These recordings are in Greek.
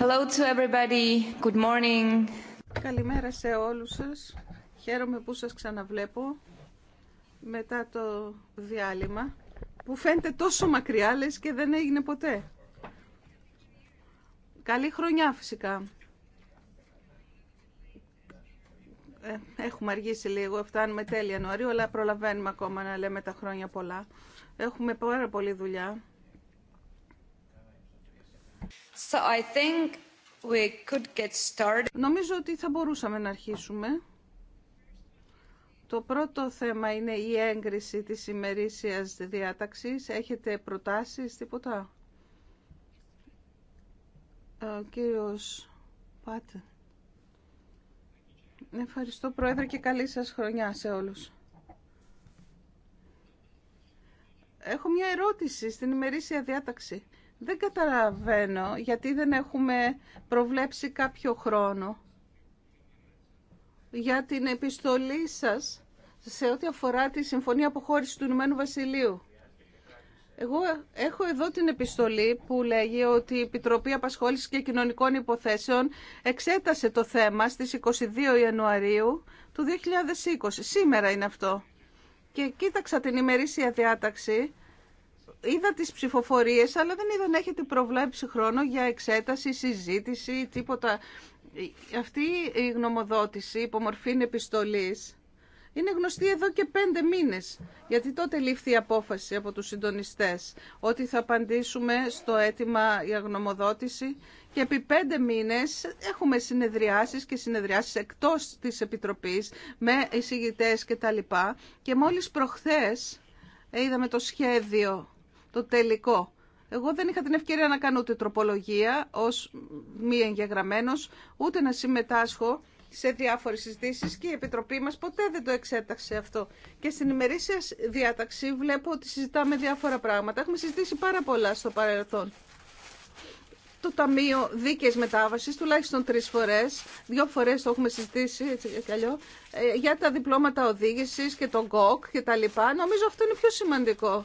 Hello to everybody. Good morning. Καλημέρα σε όλους σας. Χαίρομαι που σας ξαναβλέπω μετά το διάλειμμα που φαίνεται τόσο μακριά και δεν έγινε ποτέ. Καλή χρονιά φυσικά. Ε, έχουμε αργήσει λίγο, φτάνουμε τέλη Ιανουαρίου, αλλά προλαβαίνουμε ακόμα να λέμε τα χρόνια πολλά. Έχουμε πάρα πολλή δουλειά. Νομίζω ότι θα μπορούσαμε να αρχίσουμε. Το πρώτο θέμα είναι η έγκριση της ημερήσιας διάταξης. Έχετε προτάσεις, τίποτα. Ε, ο κύριος Πάτε. Ευχαριστώ Πρόεδρε και καλή σας χρονιά σε όλους. Έχω μια ερώτηση στην ημερήσια διάταξη. Δεν καταλαβαίνω γιατί δεν έχουμε προβλέψει κάποιο χρόνο για την επιστολή σας σε ό,τι αφορά τη Συμφωνία Αποχώρησης του Ηνωμένου Βασιλείου. Εγώ έχω εδώ την επιστολή που λέγει ότι η Επιτροπή Απασχόλησης και Κοινωνικών Υποθέσεων εξέτασε το θέμα στις 22 Ιανουαρίου του 2020. Σήμερα είναι αυτό. Και κοίταξα την ημερήσια διάταξη είδα τις ψηφοφορίες, αλλά δεν είδα να έχετε προβλέψει χρόνο για εξέταση, συζήτηση, τίποτα. Αυτή η γνωμοδότηση υπομορφή επιστολής είναι γνωστή εδώ και πέντε μήνες, γιατί τότε λήφθη η απόφαση από τους συντονιστές ότι θα απαντήσουμε στο αίτημα για γνωμοδότηση και επί πέντε μήνες έχουμε συνεδριάσεις και συνεδριάσεις εκτός της Επιτροπής με εισηγητές και τα λοιπά και μόλις προχθές είδαμε το σχέδιο το τελικό. Εγώ δεν είχα την ευκαιρία να κάνω ούτε τροπολογία ως μη εγγεγραμμένος, ούτε να συμμετάσχω σε διάφορες συζητήσεις και η Επιτροπή μας ποτέ δεν το εξέταξε αυτό. Και στην ημερήσια διάταξη βλέπω ότι συζητάμε διάφορα πράγματα. Έχουμε συζητήσει πάρα πολλά στο παρελθόν. Το Ταμείο Δίκαιης Μετάβασης, τουλάχιστον τρεις φορές, δύο φορές το έχουμε συζητήσει, έτσι και αλλιώ, ε, για τα διπλώματα οδήγηση και τον ΚΟΚ και τα λοιπά. Νομίζω αυτό είναι πιο σημαντικό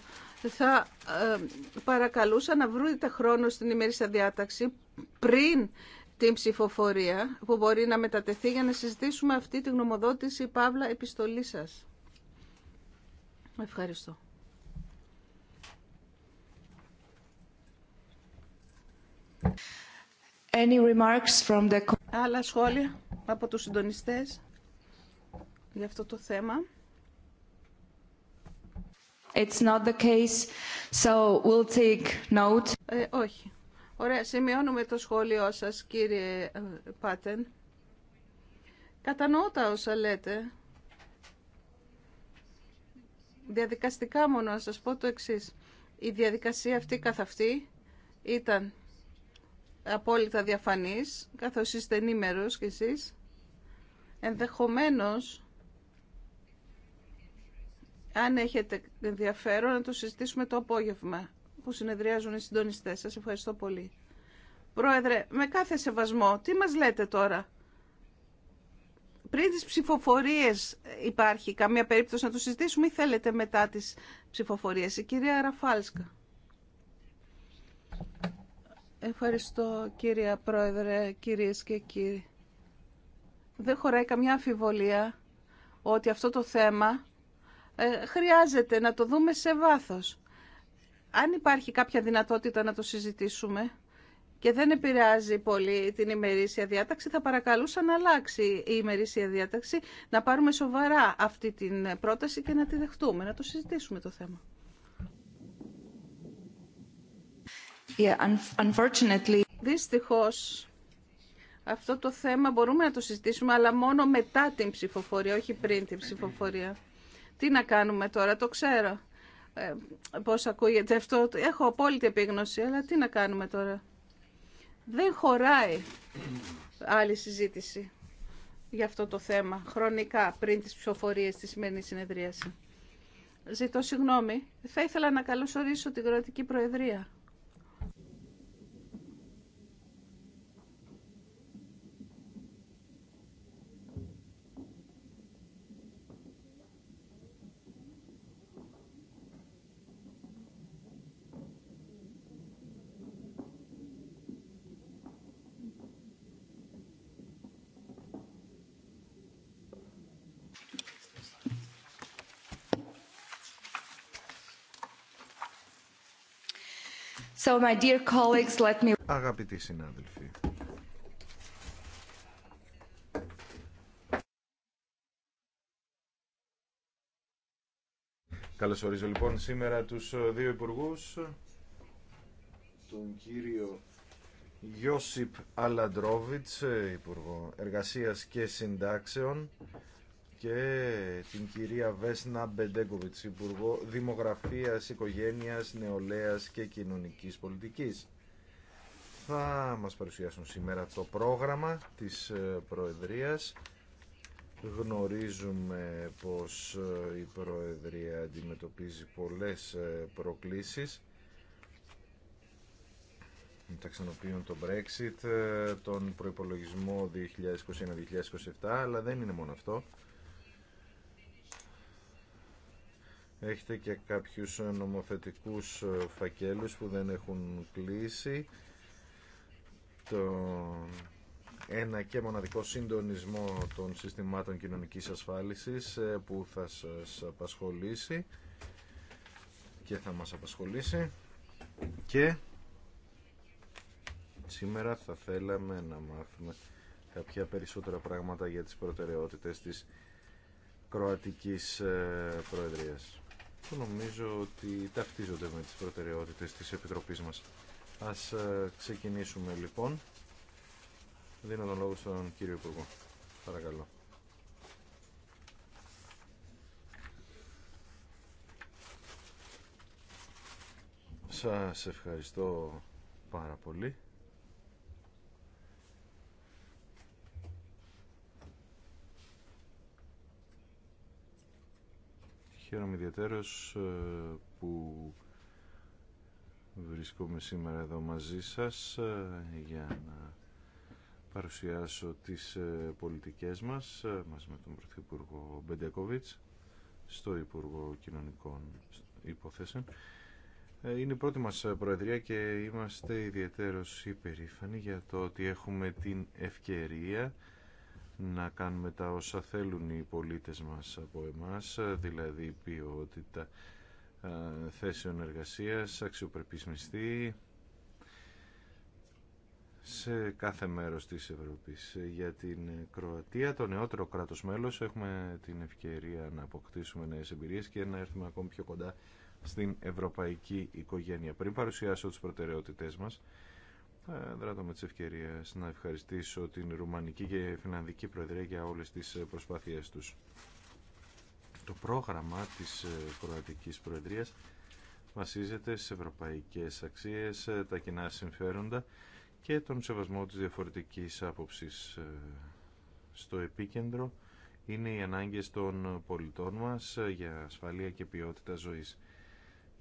θα ε, παρακαλούσα να τα χρόνο στην ημέρησα διάταξη πριν την ψηφοφορία που μπορεί να μετατεθεί για να συζητήσουμε αυτή τη γνωμοδότηση Παύλα επιστολή σας. Ευχαριστώ. Any remarks from the... Άλλα σχόλια από τους συντονιστές για αυτό το θέμα. It's so ε, όχι. Ωραία, σημειώνουμε το σχόλιο σας, κύριε ε, Πάτεν. Κατανοώ τα όσα λέτε. Διαδικαστικά μόνο να σας πω το εξής. Η διαδικασία αυτή καθ' αυτή ήταν απόλυτα διαφανής, καθώς είστε ενήμερος κι εσείς. Ενδεχομένως, αν έχετε ενδιαφέρον, να το συζητήσουμε το απόγευμα που συνεδριάζουν οι συντονιστές. Σας ευχαριστώ πολύ. Πρόεδρε, με κάθε σεβασμό, τι μας λέτε τώρα. Πριν τις ψηφοφορίες υπάρχει καμία περίπτωση να το συζητήσουμε ή θέλετε μετά τις ψηφοφορίες. Η κυρία Ραφάλσκα. Ευχαριστώ κυρία Πρόεδρε, κυρίες και κύριοι. Δεν χωράει καμιά αμφιβολία ότι αυτό το θέμα ε, χρειάζεται να το δούμε σε βάθος. Αν υπάρχει κάποια δυνατότητα να το συζητήσουμε και δεν επηρεάζει πολύ την ημερήσια διάταξη, θα παρακαλούσα να αλλάξει η ημερήσια διάταξη, να πάρουμε σοβαρά αυτή την πρόταση και να τη δεχτούμε, να το συζητήσουμε το θέμα. Yeah, unfortunately... Δυστυχώς, αυτό το θέμα μπορούμε να το συζητήσουμε, αλλά μόνο μετά την ψηφοφορία, όχι πριν την ψηφοφορία. Τι να κάνουμε τώρα, το ξέρω ε, πώς ακούγεται αυτό. Έχω απόλυτη επίγνωση, αλλά τι να κάνουμε τώρα. Δεν χωράει άλλη συζήτηση για αυτό το θέμα χρονικά πριν τις ψηφοφορίες της σημερινής συνεδρίαση. Ζητώ συγγνώμη. Θα ήθελα να καλωσορίσω την Κροατική Προεδρία. Αγαπητοί συνάδελφοι, Καλωσορίζω λοιπόν σήμερα τους ε, δύο υπουργούς, τον κύριο Γιώσιπ Αλαντρόβιτς, ε, Υπουργό Εργασίας και Συντάξεων, και την κυρία Βέσνα Μπεντέκοβιτ, Υπουργό Δημογραφία, Οικογένεια, Νεολαία και Κοινωνικής πολιτική. Θα μας παρουσιάσουν σήμερα το πρόγραμμα της ε, Προεδρίας. Γνωρίζουμε πως ε, η Προεδρία αντιμετωπίζει πολλές ε, προκλήσεις μεταξύ των οποίων το Brexit, τον προϋπολογισμό 2021-2027, αλλά δεν είναι μόνο αυτό. Έχετε και κάποιους ε, νομοθετικούς ε, φακέλους που δεν έχουν κλείσει. Το ένα και μοναδικό συντονισμό των συστημάτων κοινωνικής ασφάλισης ε, που θα σας απασχολήσει και θα μας απασχολήσει και σήμερα θα θέλαμε να μάθουμε κάποια περισσότερα πράγματα για τις προτεραιότητες της Κροατικής Προεδρίας που νομίζω ότι ταυτίζονται με τις προτεραιότητες της Επιτροπής μας. Ας ε, ξεκινήσουμε λοιπόν. Δίνω τον λόγο στον κύριο Υπουργό. Παρακαλώ. Σας ευχαριστώ πάρα πολύ. Χαίρομαι ιδιαίτερος ε, που βρισκόμαι σήμερα εδώ μαζί σας ε, για να παρουσιάσω τις ε, πολιτικές μας μαζί με τον Πρωθυπουργό Μπεντεκοβιτς στο Υπουργό Κοινωνικών Υποθέσεων. Είναι η πρώτη μας Προεδρία και είμαστε ιδιαίτερος υπερήφανοι για το ότι έχουμε την ευκαιρία να κάνουμε τα όσα θέλουν οι πολίτες μας από εμάς, δηλαδή ποιότητα ε, θέσεων εργασίας, αξιοπρεπής μισθή σε κάθε μέρος της Ευρώπης. Για την Κροατία, το νεότερο κράτος μέλος, έχουμε την ευκαιρία να αποκτήσουμε νέες εμπειρίες και να έρθουμε ακόμη πιο κοντά στην ευρωπαϊκή οικογένεια. Πριν παρουσιάσω τις προτεραιότητές μας, θα ε, δράτω με τις ευκαιρίες να ευχαριστήσω την Ρουμανική και Φιλανδική Προεδρία για όλες τις ε, προσπάθειές τους. Το πρόγραμμα της ε, Κροατικής Προεδρίας βασίζεται στις ευρωπαϊκές αξίες, τα κοινά συμφέροντα και τον σεβασμό της διαφορετικής άποψης. Στο επίκεντρο είναι οι ανάγκες των πολιτών μας για ασφαλεία και ποιότητα ζωής.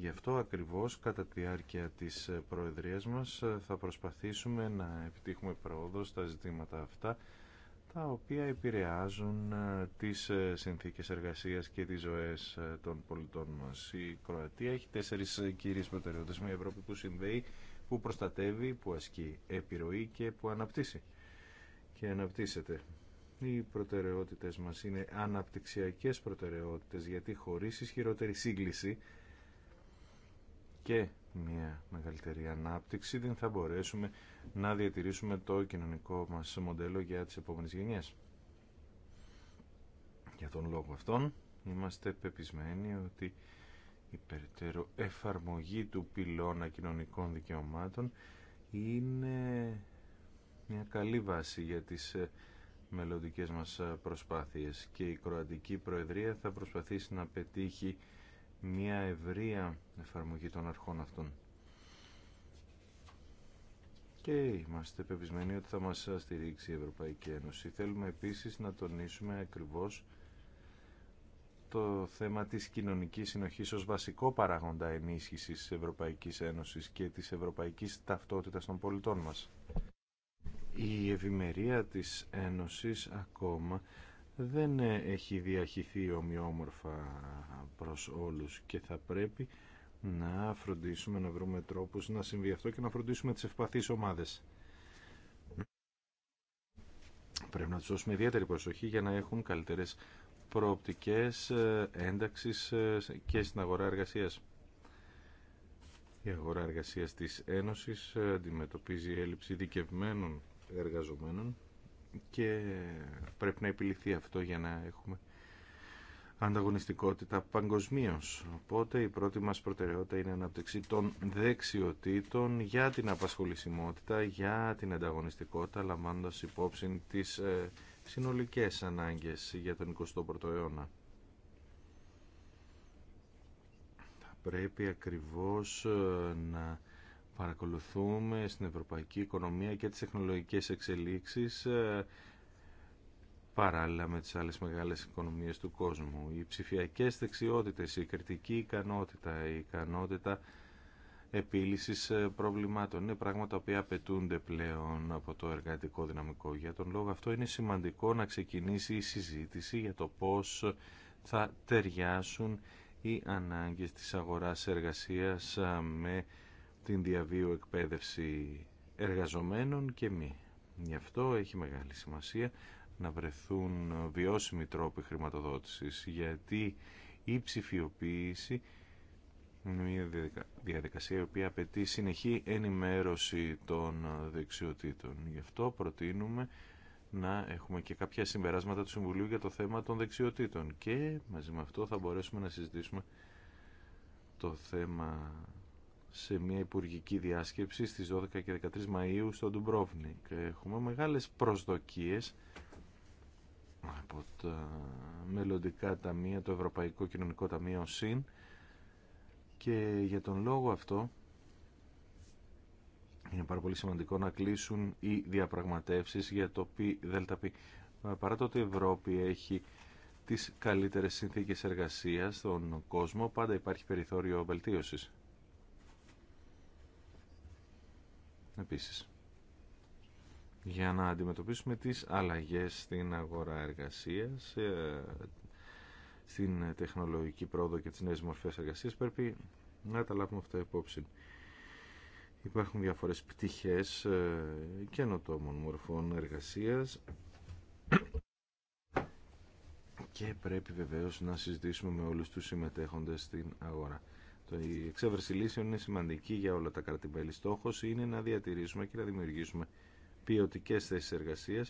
Γι' αυτό ακριβώς κατά τη διάρκεια της ε, Προεδρίας μας ε, θα προσπαθήσουμε να επιτύχουμε πρόοδο στα ζητήματα αυτά τα οποία επηρεάζουν ε, τις συνθήκες εργασίας και τις ζωές των πολιτών μας. Η Κροατία έχει τέσσερις κύριες προτεραιότητες. με Ευρώπη που συνδέει, που προστατεύει, που ασκεί επιρροή και που αναπτύσσει. Και αναπτύσσεται. Οι προτεραιότητες μας είναι αναπτυξιακές προτεραιότητες γιατί χωρίς ισχυρότερη σύγκληση και μια μεγαλύτερη ανάπτυξη δεν θα μπορέσουμε να διατηρήσουμε το κοινωνικό μας μοντέλο για τις επόμενες γενιές. Για τον λόγο αυτόν είμαστε πεπισμένοι ότι η περαιτέρω εφαρμογή του πυλώνα κοινωνικών δικαιωμάτων είναι μια καλή βάση για τις ε, μελλοντικές μας ε, προσπάθειες και η Κροατική Προεδρία θα προσπαθήσει να πετύχει μια ευρεία εφαρμογή των αρχών αυτών. Και είμαστε πεπισμένοι ότι θα μας στηρίξει η Ευρωπαϊκή Ένωση. Θέλουμε επίσης να τονίσουμε ακριβώς το θέμα της κοινωνικής συνοχής ως βασικό παράγοντα ενίσχυσης της Ευρωπαϊκής Ένωσης και της ευρωπαϊκής ταυτότητας των πολιτών μας. Η ευημερία της Ένωσης ακόμα δεν ε, έχει διαχυθεί ομοιόμορφα προς όλους και θα πρέπει να φροντίσουμε να βρούμε τρόπους να συμβεί αυτό και να φροντίσουμε τις ευπαθείς ομάδες. Πρέπει να τους δώσουμε ιδιαίτερη προσοχή για να έχουν καλύτερες προοπτικές ε, ένταξης ε, και στην αγορά εργασίας. Η αγορά εργασίας της Ένωσης αντιμετωπίζει έλλειψη δικευμένων εργαζομένων και πρέπει να επιληθεί αυτό για να έχουμε ανταγωνιστικότητα παγκοσμίω. Οπότε η πρώτη μας προτεραιότητα είναι η αναπτυξή των δεξιοτήτων για την απασχολησιμότητα, για την ανταγωνιστικότητα, λαμβάνοντας υπόψη τις ε, συνολικές ανάγκες για τον 21ο αιώνα. Πρέπει ακριβώς ε, να παρακολουθούμε στην ευρωπαϊκή οικονομία και τις τεχνολογικές εξελίξεις ε, παράλληλα με τις άλλες μεγάλες οικονομίες του κόσμου. Οι ψηφιακές δεξιότητες, η κριτική ικανότητα, η ικανότητα επίλυσης ε, προβλημάτων είναι πράγματα που απαιτούνται πλέον από το εργατικό δυναμικό. Για τον λόγο αυτό είναι σημαντικό να ξεκινήσει η συζήτηση για το πώς θα ταιριάσουν οι ανάγκες της αγοράς εργασίας ε, με την διαβίου εκπαίδευση εργαζομένων και μη. Γι' αυτό έχει μεγάλη σημασία να βρεθούν βιώσιμοι τρόποι χρηματοδότησης, γιατί η ψηφιοποίηση είναι μια διαδικασία η οποία απαιτεί συνεχή ενημέρωση των δεξιοτήτων. Γι' αυτό προτείνουμε να έχουμε και κάποια συμπεράσματα του Συμβουλίου για το θέμα των δεξιοτήτων και μαζί με αυτό θα μπορέσουμε να συζητήσουμε το θέμα σε μια υπουργική διάσκεψη στις 12 και 13 Μαΐου στο Ντουμπρόβνικ. Έχουμε μεγάλες προσδοκίες από τα μελλοντικά ταμεία, το Ευρωπαϊκό Κοινωνικό Ταμείο ΣΥΝ και για τον λόγο αυτό είναι πάρα πολύ σημαντικό να κλείσουν οι διαπραγματεύσεις για το ΠΔΠ. Παρά το ότι η Ευρώπη έχει τις καλύτερες συνθήκες εργασίας στον κόσμο, πάντα υπάρχει περιθώριο βελτίωσης. επίσης για να αντιμετωπίσουμε τις αλλαγές στην αγορά εργασίας, ε, στην τεχνολογική πρόοδο και τις νέες μορφές εργασίας πρέπει να τα λάβουμε αυτά υπόψη. Υπάρχουν διάφορες πτυχές ε, καινοτόμων μορφών εργασίας και πρέπει βεβαίως να συζητήσουμε με όλους τους συμμετέχοντες στην αγορά. Η εξέβρεση λύσεων είναι σημαντική για όλα τα κρατημέλη. στόχο είναι να διατηρήσουμε και να δημιουργήσουμε ποιοτικέ θέσει εργασία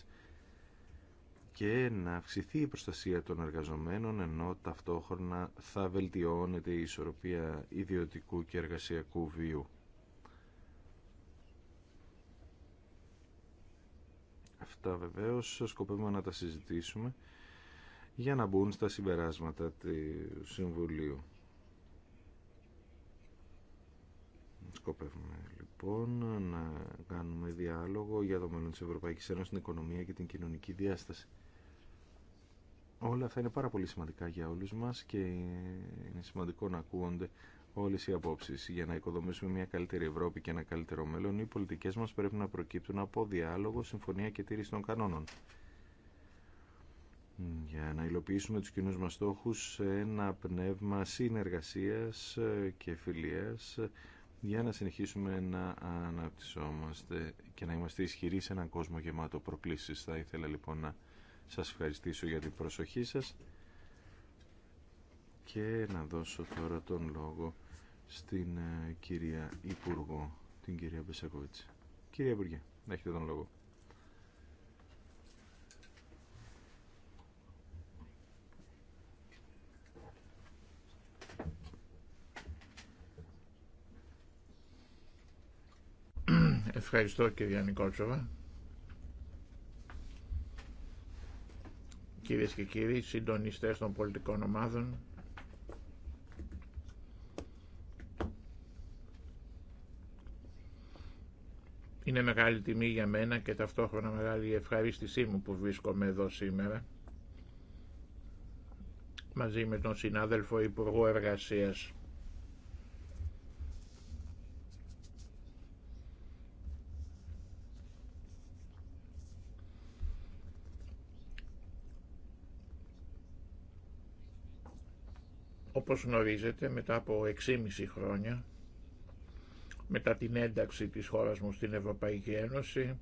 και να αυξηθεί η προστασία των εργαζομένων ενώ ταυτόχρονα θα βελτιώνεται η ισορροπία ιδιωτικού και εργασιακού βίου. Αυτά βεβαίως σκοπεύουμε να τα συζητήσουμε για να μπουν στα συμπεράσματα του Συμβουλίου. Σκοπεύουμε λοιπόν να κάνουμε διάλογο για το μέλλον της Ευρωπαϊκής Ένωσης, την οικονομία και την κοινωνική διάσταση. Όλα αυτά είναι πάρα πολύ σημαντικά για όλους μας και είναι σημαντικό να ακούγονται όλες οι απόψεις. Για να οικοδομήσουμε μια καλύτερη Ευρώπη και ένα καλύτερο μέλλον, οι πολιτικές μας πρέπει να προκύπτουν από διάλογο, συμφωνία και τήρηση των κανόνων. Για να υλοποιήσουμε τους κοινούς μας στόχους σε ένα πνεύμα συνεργασίας και φιλίας για να συνεχίσουμε να αναπτυσσόμαστε και να είμαστε ισχυροί σε έναν κόσμο γεμάτο προκλήσεις. Θα ήθελα λοιπόν να σας ευχαριστήσω για την προσοχή σας και να δώσω τώρα τον λόγο στην ε, κυρία Υπουργό, την κυρία Μπεσακοβίτση. Κυρία Υπουργέ, έχετε τον λόγο. Ευχαριστώ κυρία Νικότσοβα. Κυρίε και κύριοι, συντονιστέ των πολιτικών ομάδων, Είναι μεγάλη τιμή για μένα και ταυτόχρονα μεγάλη ευχαρίστησή μου που βρίσκομαι εδώ σήμερα μαζί με τον συνάδελφο Υπουργό Εργασίας Όπως γνωρίζετε μετά από 6,5 χρόνια, μετά την ένταξη της χώρας μου στην Ευρωπαϊκή Ένωση,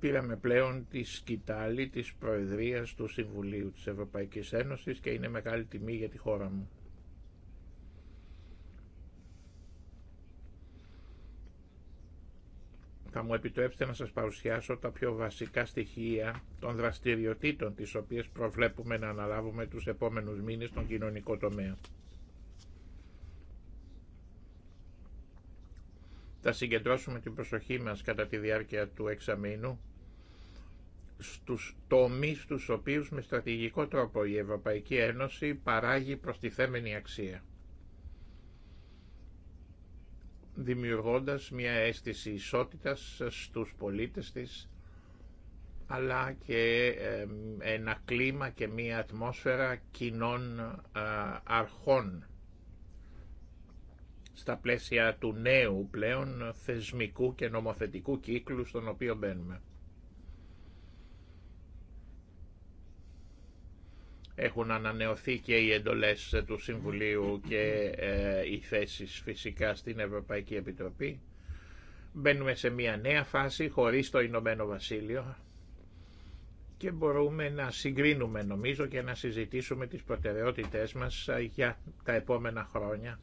πήραμε πλέον τη σκητάλη της Προεδρίας του Συμβουλίου της Ευρωπαϊκής Ένωσης και είναι μεγάλη τιμή για τη χώρα μου. θα μου επιτρέψετε να σας παρουσιάσω τα πιο βασικά στοιχεία των δραστηριοτήτων τις οποίες προβλέπουμε να αναλάβουμε τους επόμενους μήνες στον κοινωνικό τομέα. Θα συγκεντρώσουμε την προσοχή μας κατά τη διάρκεια του εξαμήνου στους τομείς στους οποίους με στρατηγικό τρόπο η Ευρωπαϊκή Ένωση παράγει προστιθέμενη αξία δημιουργώντας μια αίσθηση ισότητας στους πολίτες της, αλλά και ένα κλίμα και μια ατμόσφαιρα κοινών αρχών στα πλαίσια του νέου πλέον θεσμικού και νομοθετικού κύκλου στον οποίο μπαίνουμε. Έχουν ανανεωθεί και οι εντολές του Συμβουλίου και ε, οι θέσεις φυσικά στην Ευρωπαϊκή Επιτροπή. Μπαίνουμε σε μια νέα φάση χωρίς το Ηνωμένο Βασίλειο και μπορούμε να συγκρίνουμε νομίζω και να συζητήσουμε τις προτεραιότητές μας για τα επόμενα χρόνια.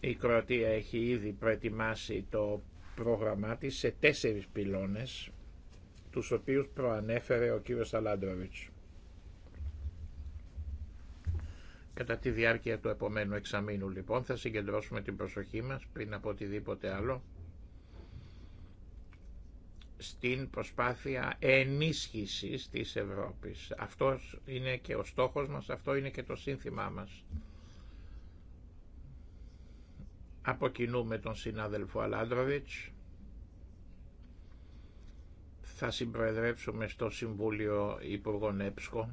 Η Κροατία έχει ήδη προετοιμάσει το πρόγραμμά της σε τέσσερις πυλώνες τους οποίους προανέφερε ο κύριος Αλάντροβιτς. Κατά τη διάρκεια του επομένου εξαμήνου λοιπόν θα συγκεντρώσουμε την προσοχή μας πριν από οτιδήποτε άλλο στην προσπάθεια ενίσχυσης της Ευρώπης. Αυτός είναι και ο στόχος μας, αυτό είναι και το σύνθημά μας. Αποκινούμε τον συνάδελφο Αλάντροβιτς θα συμπροεδρεύσουμε στο Συμβούλιο Υπουργών ΕΠΣΚΟ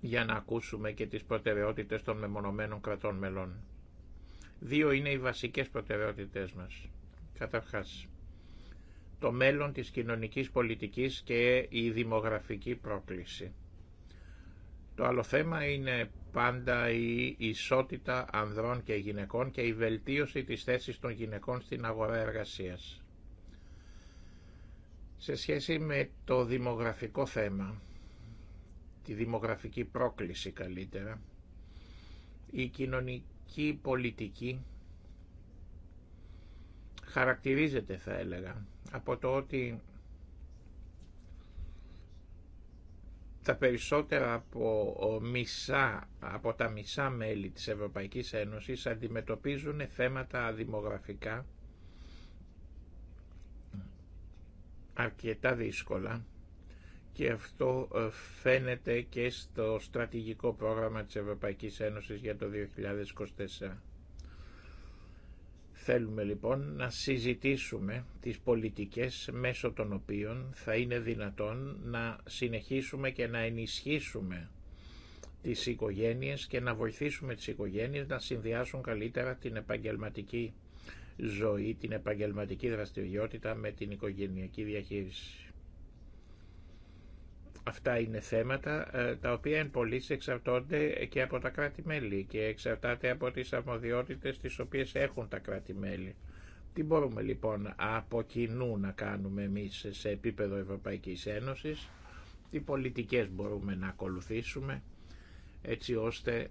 για να ακούσουμε και τις προτεραιότητες των μεμονωμένων κρατών μελών. Δύο είναι οι βασικές προτεραιότητες μας. Καταρχάς, το μέλλον της κοινωνικής πολιτικής και η δημογραφική πρόκληση. Το άλλο θέμα είναι πάντα η ισότητα ανδρών και γυναικών και η βελτίωση της θέσης των γυναικών στην αγορά εργασίας. Σε σχέση με το δημογραφικό θέμα, τη δημογραφική πρόκληση καλύτερα, η κοινωνική πολιτική χαρακτηρίζεται θα έλεγα από το ότι τα περισσότερα από, μισά, από τα μισά μέλη της Ευρωπαϊκής Ένωσης αντιμετωπίζουν θέματα δημογραφικά αρκετά δύσκολα και αυτό ε, φαίνεται και στο στρατηγικό πρόγραμμα της Ευρωπαϊκής Ένωσης για το 2024. Θέλουμε λοιπόν να συζητήσουμε τις πολιτικές μέσω των οποίων θα είναι δυνατόν να συνεχίσουμε και να ενισχύσουμε τις οικογένειες και να βοηθήσουμε τις οικογένειες να συνδυάσουν καλύτερα την επαγγελματική ζωή, την επαγγελματική δραστηριότητα με την οικογενειακή διαχείριση. Αυτά είναι θέματα ε, τα οποία εν πωλής εξαρτώνται και από τα κράτη-μέλη και εξαρτάται από τις αρμοδιότητες τις οποίες έχουν τα κράτη-μέλη. Τι μπορούμε λοιπόν από κοινού να κάνουμε εμείς σε επίπεδο Ευρωπαϊκής Ένωσης, τι πολιτικές μπορούμε να ακολουθήσουμε έτσι ώστε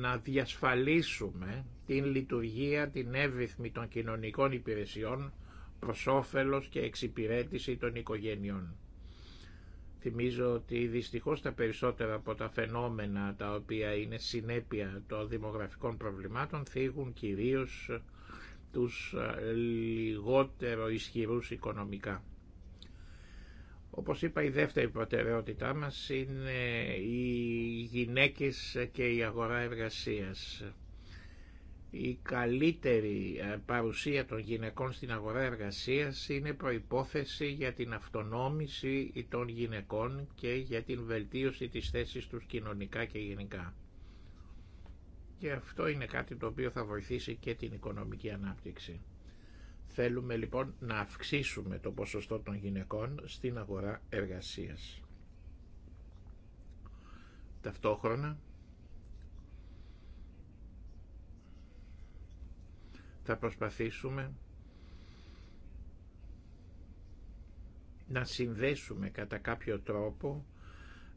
να διασφαλίσουμε την λειτουργία, την εύρυθμη των κοινωνικών υπηρεσιών προς όφελος και εξυπηρέτηση των οικογένειών. Θυμίζω ότι δυστυχώς τα περισσότερα από τα φαινόμενα τα οποία είναι συνέπεια των δημογραφικών προβλημάτων θίγουν κυρίως τους ε, λιγότερο ισχυρούς οικονομικά. Όπως είπα η δεύτερη προτεραιότητά μας είναι οι γυναίκες και η αγορά εργασίας. Η καλύτερη ε, παρουσία των γυναικών στην αγορά εργασίας είναι προϋπόθεση για την αυτονόμηση των γυναικών και για την βελτίωση της θέσης τους κοινωνικά και γενικά. Και αυτό είναι κάτι το οποίο θα βοηθήσει και την οικονομική ανάπτυξη. Θέλουμε λοιπόν να αυξήσουμε το ποσοστό των γυναικών στην αγορά εργασίας. Ταυτόχρονα θα προσπαθήσουμε να συνδέσουμε κατά κάποιο τρόπο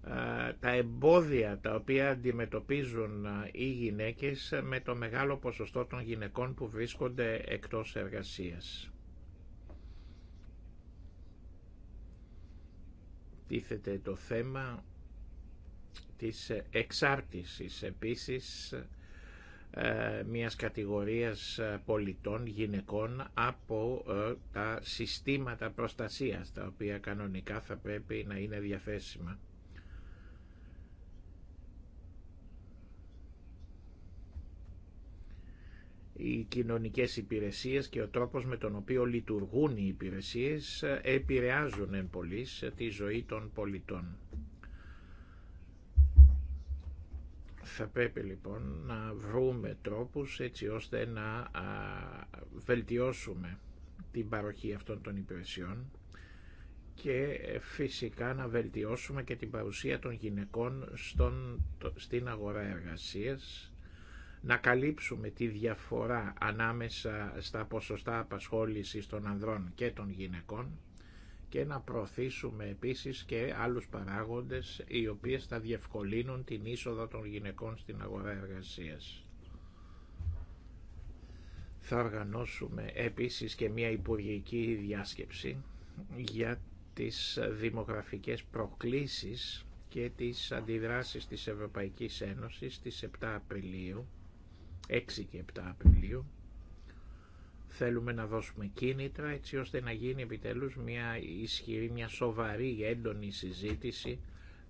ε, τα εμπόδια τα οποία αντιμετωπίζουν ε, οι γυναίκες με το μεγάλο ποσοστό των γυναικών που βρίσκονται εκτός εργασίας. Τίθεται το θέμα της εξάρτησης επίσης ε, μιας κατηγορίας πολιτών, γυναικών από τα συστήματα προστασίας τα οποία κανονικά θα πρέπει να είναι διαθέσιμα. οι κοινωνικές υπηρεσίες και ο τρόπος με τον οποίο λειτουργούν οι υπηρεσίες επηρεάζουν εν πολλής τη ζωή των πολιτών. Θα πρέπει λοιπόν να βρούμε τρόπους έτσι ώστε να βελτιώσουμε την παροχή αυτών των υπηρεσιών και φυσικά να βελτιώσουμε και την παρουσία των γυναικών στον, στην αγορά εργασίας να καλύψουμε τη διαφορά ανάμεσα στα ποσοστά απασχόλησης των ανδρών και των γυναικών και να προωθήσουμε επίσης και άλλους παράγοντες οι οποίες θα διευκολύνουν την είσοδο των γυναικών στην αγορά εργασίας. Θα οργανώσουμε επίσης και μια υπουργική διάσκεψη για τις δημογραφικές προκλήσεις και τις αντιδράσεις της Ευρωπαϊκής Ένωσης στις 7 Απριλίου 6 και 7 Απριλίου θέλουμε να δώσουμε κίνητρα έτσι ώστε να γίνει επιτέλους μια ισχυρή, μια σοβαρή έντονη συζήτηση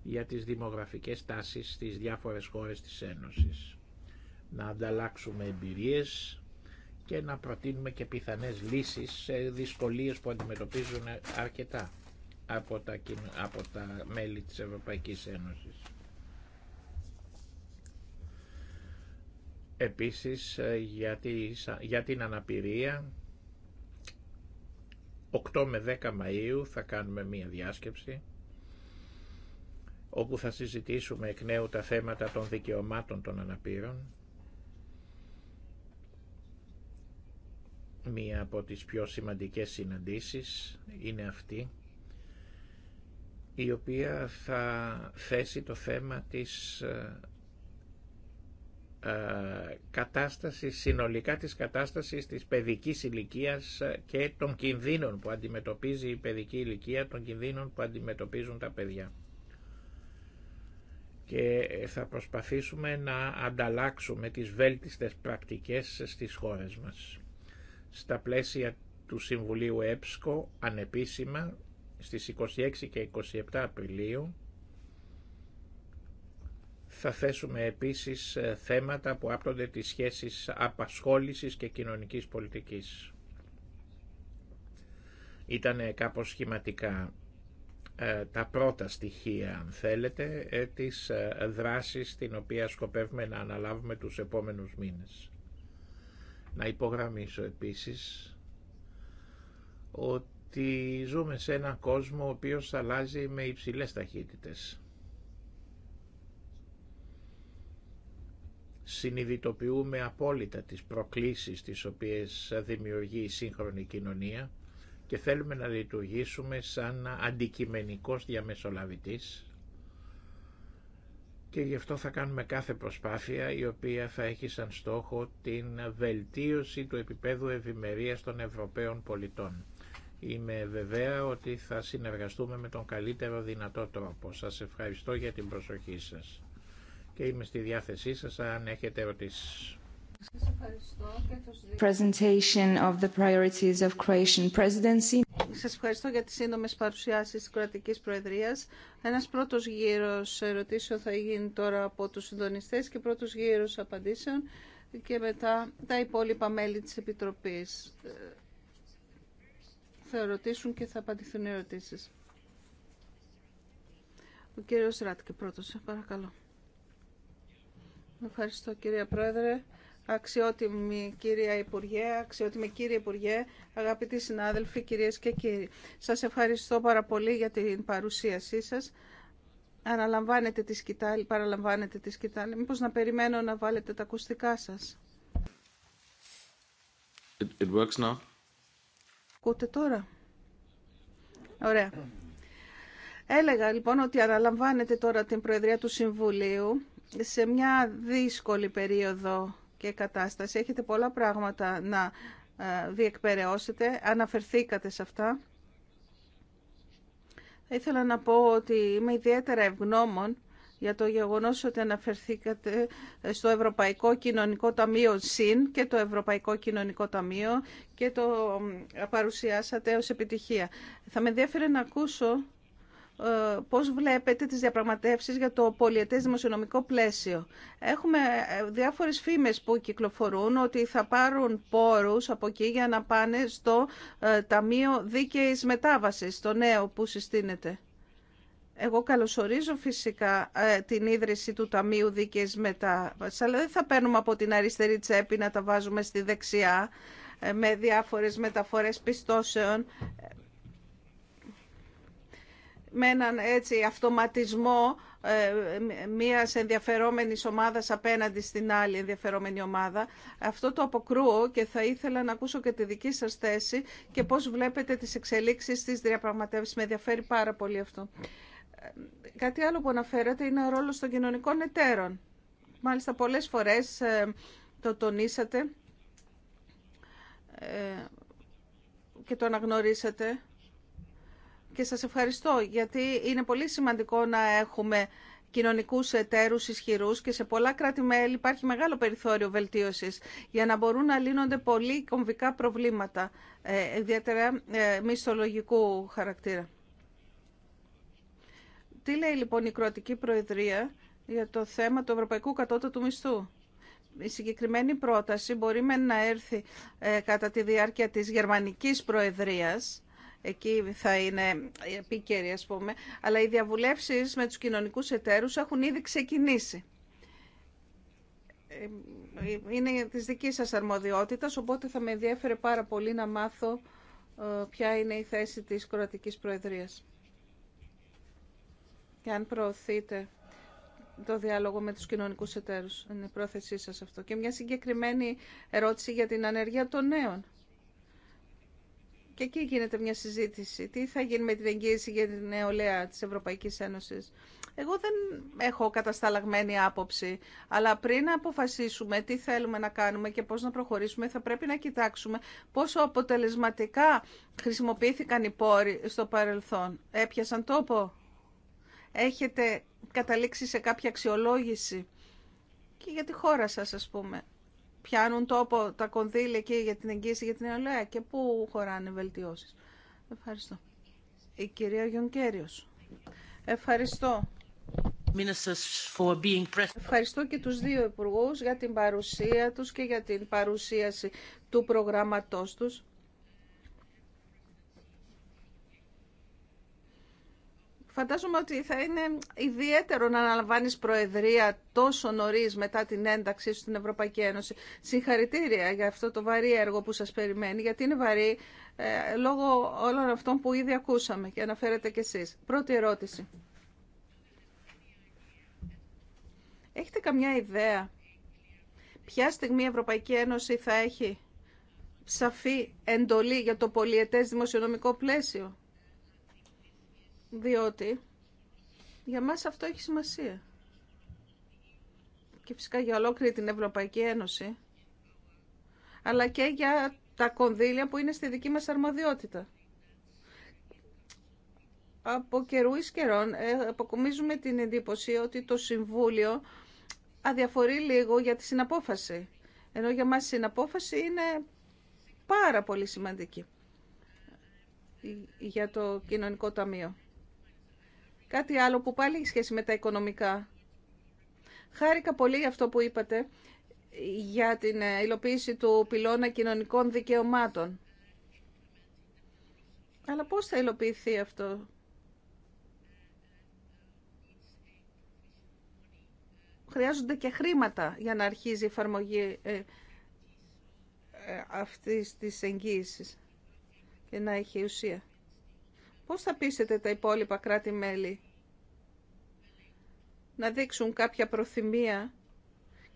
για τις δημογραφικές τάσεις στις διάφορες χώρες της Ένωσης. Να ανταλλάξουμε εμπειρίες και να προτείνουμε και πιθανές λύσεις σε δυσκολίες που αντιμετωπίζουν αρκετά από τα, από μέλη της Ευρωπαϊκής Ένωσης. Επίσης ε, για την αναπηρία 8 με 10 Μαΐου θα κάνουμε μία διάσκεψη όπου θα συζητήσουμε εκ νέου τα θέματα των δικαιωμάτων των αναπήρων. Μία από τις πιο σημαντικές συναντήσεις είναι αυτή η οποία θα θέσει το θέμα της ε, ε, κατάσταση, συνολικά της κατάστασης της παιδικής ηλικία και των κινδύνων που αντιμετωπίζει η παιδική ηλικία, των κινδύνων που αντιμετωπίζουν τα παιδιά. Και θα προσπαθήσουμε να ανταλλάξουμε τις βέλτιστες πρακτικές στις χώρες μας. Στα πλαίσια του Συμβουλίου ΕΠΣΚΟ, ανεπίσημα, στις 26 και 27 Απριλίου, θα θέσουμε επίσης ε, θέματα που άπτονται τις σχέσεις απασχόλησης και κοινωνικής πολιτικής. Ήταν κάπως σχηματικά ε, τα πρώτα στοιχεία, αν θέλετε, ε, της δράσης την οποία σκοπεύουμε να αναλάβουμε τους επόμενους μήνες. Να υπογραμμίσω επίσης ότι ζούμε σε έναν κόσμο ο οποίος αλλάζει με υψηλές ταχύτητες. συνειδητοποιούμε απόλυτα τις προκλήσεις τις οποίες δημιουργεί η σύγχρονη κοινωνία και θέλουμε να λειτουργήσουμε σαν αντικειμενικός διαμεσολαβητής και γι' αυτό θα κάνουμε κάθε προσπάθεια η οποία θα έχει σαν στόχο την βελτίωση του επίπεδου ευημερία των Ευρωπαίων πολιτών. Είμαι βεβαία ότι θα συνεργαστούμε με τον καλύτερο δυνατό τρόπο. Σας ευχαριστώ για την προσοχή σας και είμαι στη διάθεσή σας αν έχετε ερωτήσεις. Σας ευχαριστώ. Σας για τις σύντομες παρουσιάσεις της κρατικής προεδρίας. Ένας πρώτος γύρος ερωτήσεων θα γίνει τώρα από τους συντονιστές και πρώτος γύρος απαντήσεων και μετά τα υπόλοιπα μέλη της Επιτροπής θα ρωτήσουν και θα απαντηθούν οι ερωτήσεις. Ο κύριος Ράτκε πρώτος, παρακαλώ. Ευχαριστώ κυρία Πρόεδρε, αξιότιμη κυρία Υπουργέ, αξιότιμη κύριε Υπουργέ, αγαπητοί συνάδελφοι, κυρίες και κύριοι. Σας ευχαριστώ πάρα πολύ για την παρουσίασή σας. Αναλαμβάνετε τη σκητάλη, παραλαμβάνετε τη σκητάλη. Μήπως να περιμένω να βάλετε τα ακουστικά σας. It, works now. Ακούτε τώρα. Ωραία. Έλεγα λοιπόν ότι αναλαμβάνετε τώρα την Προεδρία του Συμβουλίου σε μια δύσκολη περίοδο και κατάσταση. Έχετε πολλά πράγματα να ε, διεκπαιρεώσετε. Αναφερθήκατε σε αυτά. Θα ήθελα να πω ότι είμαι ιδιαίτερα ευγνώμων για το γεγονός ότι αναφερθήκατε στο Ευρωπαϊκό Κοινωνικό Ταμείο ΣΥΝ και το Ευρωπαϊκό Κοινωνικό Ταμείο και το παρουσιάσατε ως επιτυχία. Θα με ενδιαφέρει να ακούσω ε, πώς βλέπετε τις διαπραγματεύσεις για το πολιετές δημοσιονομικό πλαίσιο. Έχουμε ε, διάφορες φήμες που κυκλοφορούν ότι θα πάρουν πόρους από εκεί για να πάνε στο ε, Ταμείο Δίκαιης Μετάβασης, το νέο που συστήνεται. Εγώ καλωσορίζω φυσικά την ίδρυση του Ταμείου Δίκαιης Μετάβασης, αλλά δεν θα παίρνουμε από την αριστερή τσέπη να τα βάζουμε στη δεξιά με διάφορες μεταφορές πιστώσεων με έναν έτσι αυτοματισμό ε, μίας ενδιαφερόμενης ομάδας απέναντι στην άλλη ενδιαφερόμενη ομάδα. Αυτό το αποκρούω και θα ήθελα να ακούσω και τη δική σας θέση και πώς βλέπετε τις εξελίξεις της διαπραγματεύσεις. Με ενδιαφέρει πάρα πολύ αυτό. Ε, κάτι άλλο που αναφέρατε είναι ο ρόλος των κοινωνικών εταίρων. Μάλιστα πολλές φορές ε, το τονίσατε και το αναγνωρίσατε και σας ευχαριστώ γιατί είναι πολύ σημαντικό να έχουμε κοινωνικούς εταίρους ισχυρούς και σε πολλά κράτη-μέλη υπάρχει μεγάλο περιθώριο βελτίωσης για να μπορούν να λύνονται πολύ κομβικά προβλήματα, ε, ιδιαίτερα ε, μισθολογικού χαρακτήρα. Τι λέει λοιπόν η Κροατική Προεδρία για το θέμα του Ευρωπαϊκού Κατώτατου Μισθού. Η συγκεκριμένη πρόταση μπορεί να έρθει ε, κατά τη διάρκεια της Γερμανικής Προεδρίας εκεί θα είναι επίκαιρη ας πούμε, αλλά οι διαβουλεύσεις με τους κοινωνικούς εταίρους έχουν ήδη ξεκινήσει. Ε, είναι της δικής σας αρμοδιότητας, οπότε θα με ενδιαφέρε πάρα πολύ να μάθω ε, ποια είναι η θέση της Κροατικής Προεδρίας. Και αν προωθείτε το διάλογο με τους κοινωνικούς εταίρους. Είναι πρόθεσή σας αυτό. Και μια συγκεκριμένη ερώτηση για την ανεργία των νέων. Και εκεί γίνεται μια συζήτηση. Τι θα γίνει με την εγγύηση για την νεολαία της Ευρωπαϊκής Ένωσης. Εγώ δεν έχω κατασταλαγμένη άποψη, αλλά πριν να αποφασίσουμε τι θέλουμε να κάνουμε και πώς να προχωρήσουμε, θα πρέπει να κοιτάξουμε πόσο αποτελεσματικά χρησιμοποιήθηκαν οι πόροι στο παρελθόν. Έπιασαν τόπο. Έχετε καταλήξει σε κάποια αξιολόγηση και για τη χώρα σας, ας πούμε πιάνουν τόπο τα κονδύλια εκεί για την εγγύηση για την νεολαία και πού χωράνε βελτιώσεις. Ευχαριστώ. Η κυρία Γιονκέριος. Ευχαριστώ. Ευχαριστώ και τους δύο υπουργούς για την παρουσία τους και για την παρουσίαση του προγράμματός τους. Φαντάζομαι ότι θα είναι ιδιαίτερο να αναλαμβάνεις προεδρία τόσο νωρίς μετά την ένταξή σου στην Ευρωπαϊκή Ένωση. Συγχαρητήρια για αυτό το βαρύ έργο που σας περιμένει, γιατί είναι βαρύ ε, λόγω όλων αυτών που ήδη ακούσαμε και αναφέρετε κι εσείς. Πρώτη ερώτηση. Έχετε καμιά ιδέα ποια στιγμή η Ευρωπαϊκή Ένωση θα έχει σαφή εντολή για το πολιετές δημοσιονομικό πλαίσιο διότι για μας αυτό έχει σημασία. Και φυσικά για ολόκληρη την Ευρωπαϊκή Ένωση, αλλά και για τα κονδύλια που είναι στη δική μας αρμοδιότητα. Από καιρού εις καιρών ε, αποκομίζουμε την εντύπωση ότι το Συμβούλιο αδιαφορεί λίγο για τη συναπόφαση. Ενώ για μας η συναπόφαση είναι πάρα πολύ σημαντική για το κοινωνικό ταμείο. Κάτι άλλο που πάλι έχει σχέση με τα οικονομικά. Χάρηκα πολύ αυτό που είπατε για την ε, υλοποίηση του πυλώνα κοινωνικών δικαιωμάτων. Αλλά πώς θα υλοποιηθεί αυτό. Χρειάζονται και χρήματα για να αρχίζει η εφαρμογή ε, ε, αυτής της εγγύησης και να έχει ουσία. Πώς θα πείσετε τα υπόλοιπα κράτη-μέλη να δείξουν κάποια προθυμία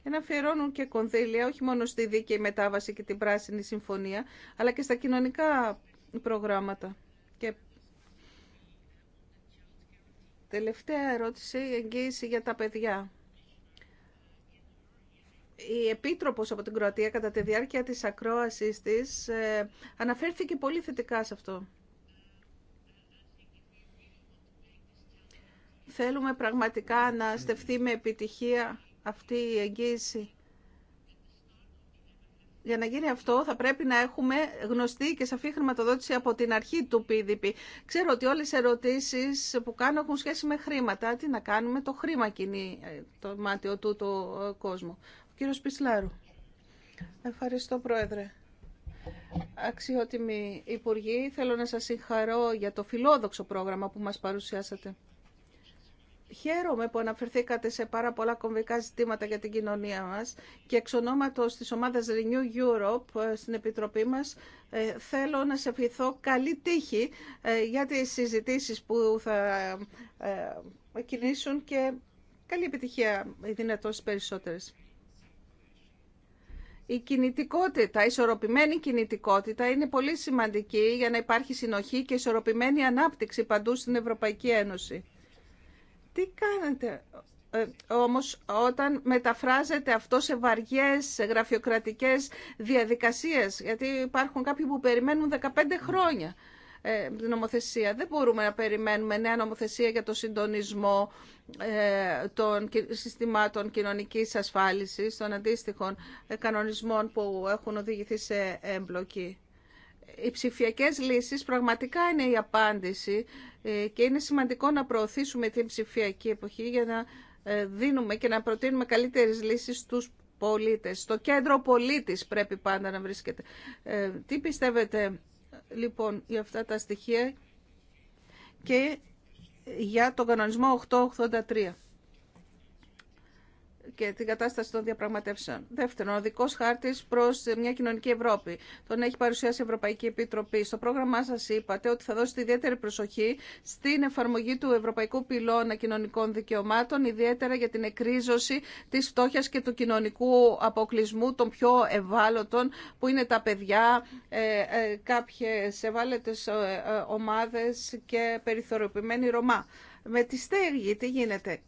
και να αφιερώνουν και κονδύλια, όχι μόνο στη δίκαιη μετάβαση και την πράσινη συμφωνία, αλλά και στα κοινωνικά προγράμματα. Και τελευταία ερώτηση, εγγύηση για τα παιδιά. Η Επίτροπος από την Κροατία κατά τη διάρκεια της ακρόασης της ε, αναφέρθηκε πολύ θετικά σε αυτό. Θέλουμε πραγματικά να στεφθεί με επιτυχία αυτή η εγγύηση. Για να γίνει αυτό θα πρέπει να έχουμε γνωστή και σαφή χρηματοδότηση από την αρχή του PDP. Ξέρω ότι όλες οι ερωτήσεις που κάνω έχουν σχέση με χρήματα. Τι να κάνουμε, το χρήμα κινεί ε, το μάτιο του το ε, κόσμο. Ο κύριος Πισλάρου. Ευχαριστώ Πρόεδρε. Αξιότιμοι Υπουργοί, θέλω να σας συγχαρώ για το φιλόδοξο πρόγραμμα που μας παρουσιάσατε. Χαίρομαι που αναφερθήκατε σε πάρα πολλά κομβικά ζητήματα για την κοινωνία μας και εξ ονόματος της ομάδας Renew Europe ε, στην Επιτροπή μας ε, θέλω να σε ευχηθώ καλή τύχη ε, για τις συζητήσεις που θα κινήσουν και καλή επιτυχία οι δυνατώσεις περισσότερες. Η κινητικότητα, η ισορροπημένη κινητικότητα είναι πολύ σημαντική για να υπάρχει συνοχή και ισορροπημένη ανάπτυξη παντού στην Ευρωπαϊκή Ένωση. Τι κάνετε ε, όμως όταν μεταφράζεται αυτό σε βαριές σε γραφειοκρατικές διαδικασίες, γιατί υπάρχουν κάποιοι που περιμένουν 15 χρόνια ε, νομοθεσία. Δεν μπορούμε να περιμένουμε νέα νομοθεσία για το συντονισμό ε, των συστημάτων κοινωνικής ασφάλισης, των αντίστοιχων ε, κανονισμών που έχουν οδηγηθεί σε εμπλοκή οι ψηφιακές λύσεις πραγματικά είναι η απάντηση ε, και είναι σημαντικό να προωθήσουμε την ψηφιακή εποχή για να ε, δίνουμε και να προτείνουμε καλύτερες λύσεις στους πολίτες. Στο κέντρο πολίτης πρέπει πάντα να βρίσκεται. Ε, τι πιστεύετε λοιπόν για αυτά τα στοιχεία και για τον κανονισμό 883 και την κατάσταση των διαπραγματεύσεων. Δεύτερον, ο δικό χάρτη προ μια κοινωνική Ευρώπη. Τον έχει παρουσιάσει η Ευρωπαϊκή Επιτροπή. Στο πρόγραμμά σα είπατε ότι θα δώσετε ιδιαίτερη προσοχή στην εφαρμογή του Ευρωπαϊκού Πυλώνα Κοινωνικών Δικαιωμάτων, ιδιαίτερα για την εκρίζωση τη φτώχεια και του κοινωνικού αποκλεισμού των πιο ευάλωτων, που είναι τα παιδιά, ε, ε, κάποιε ευάλωτε ε, ομάδε και περιθωριοποιημένοι Ρωμά. Με τη στέγη τι γίνεται.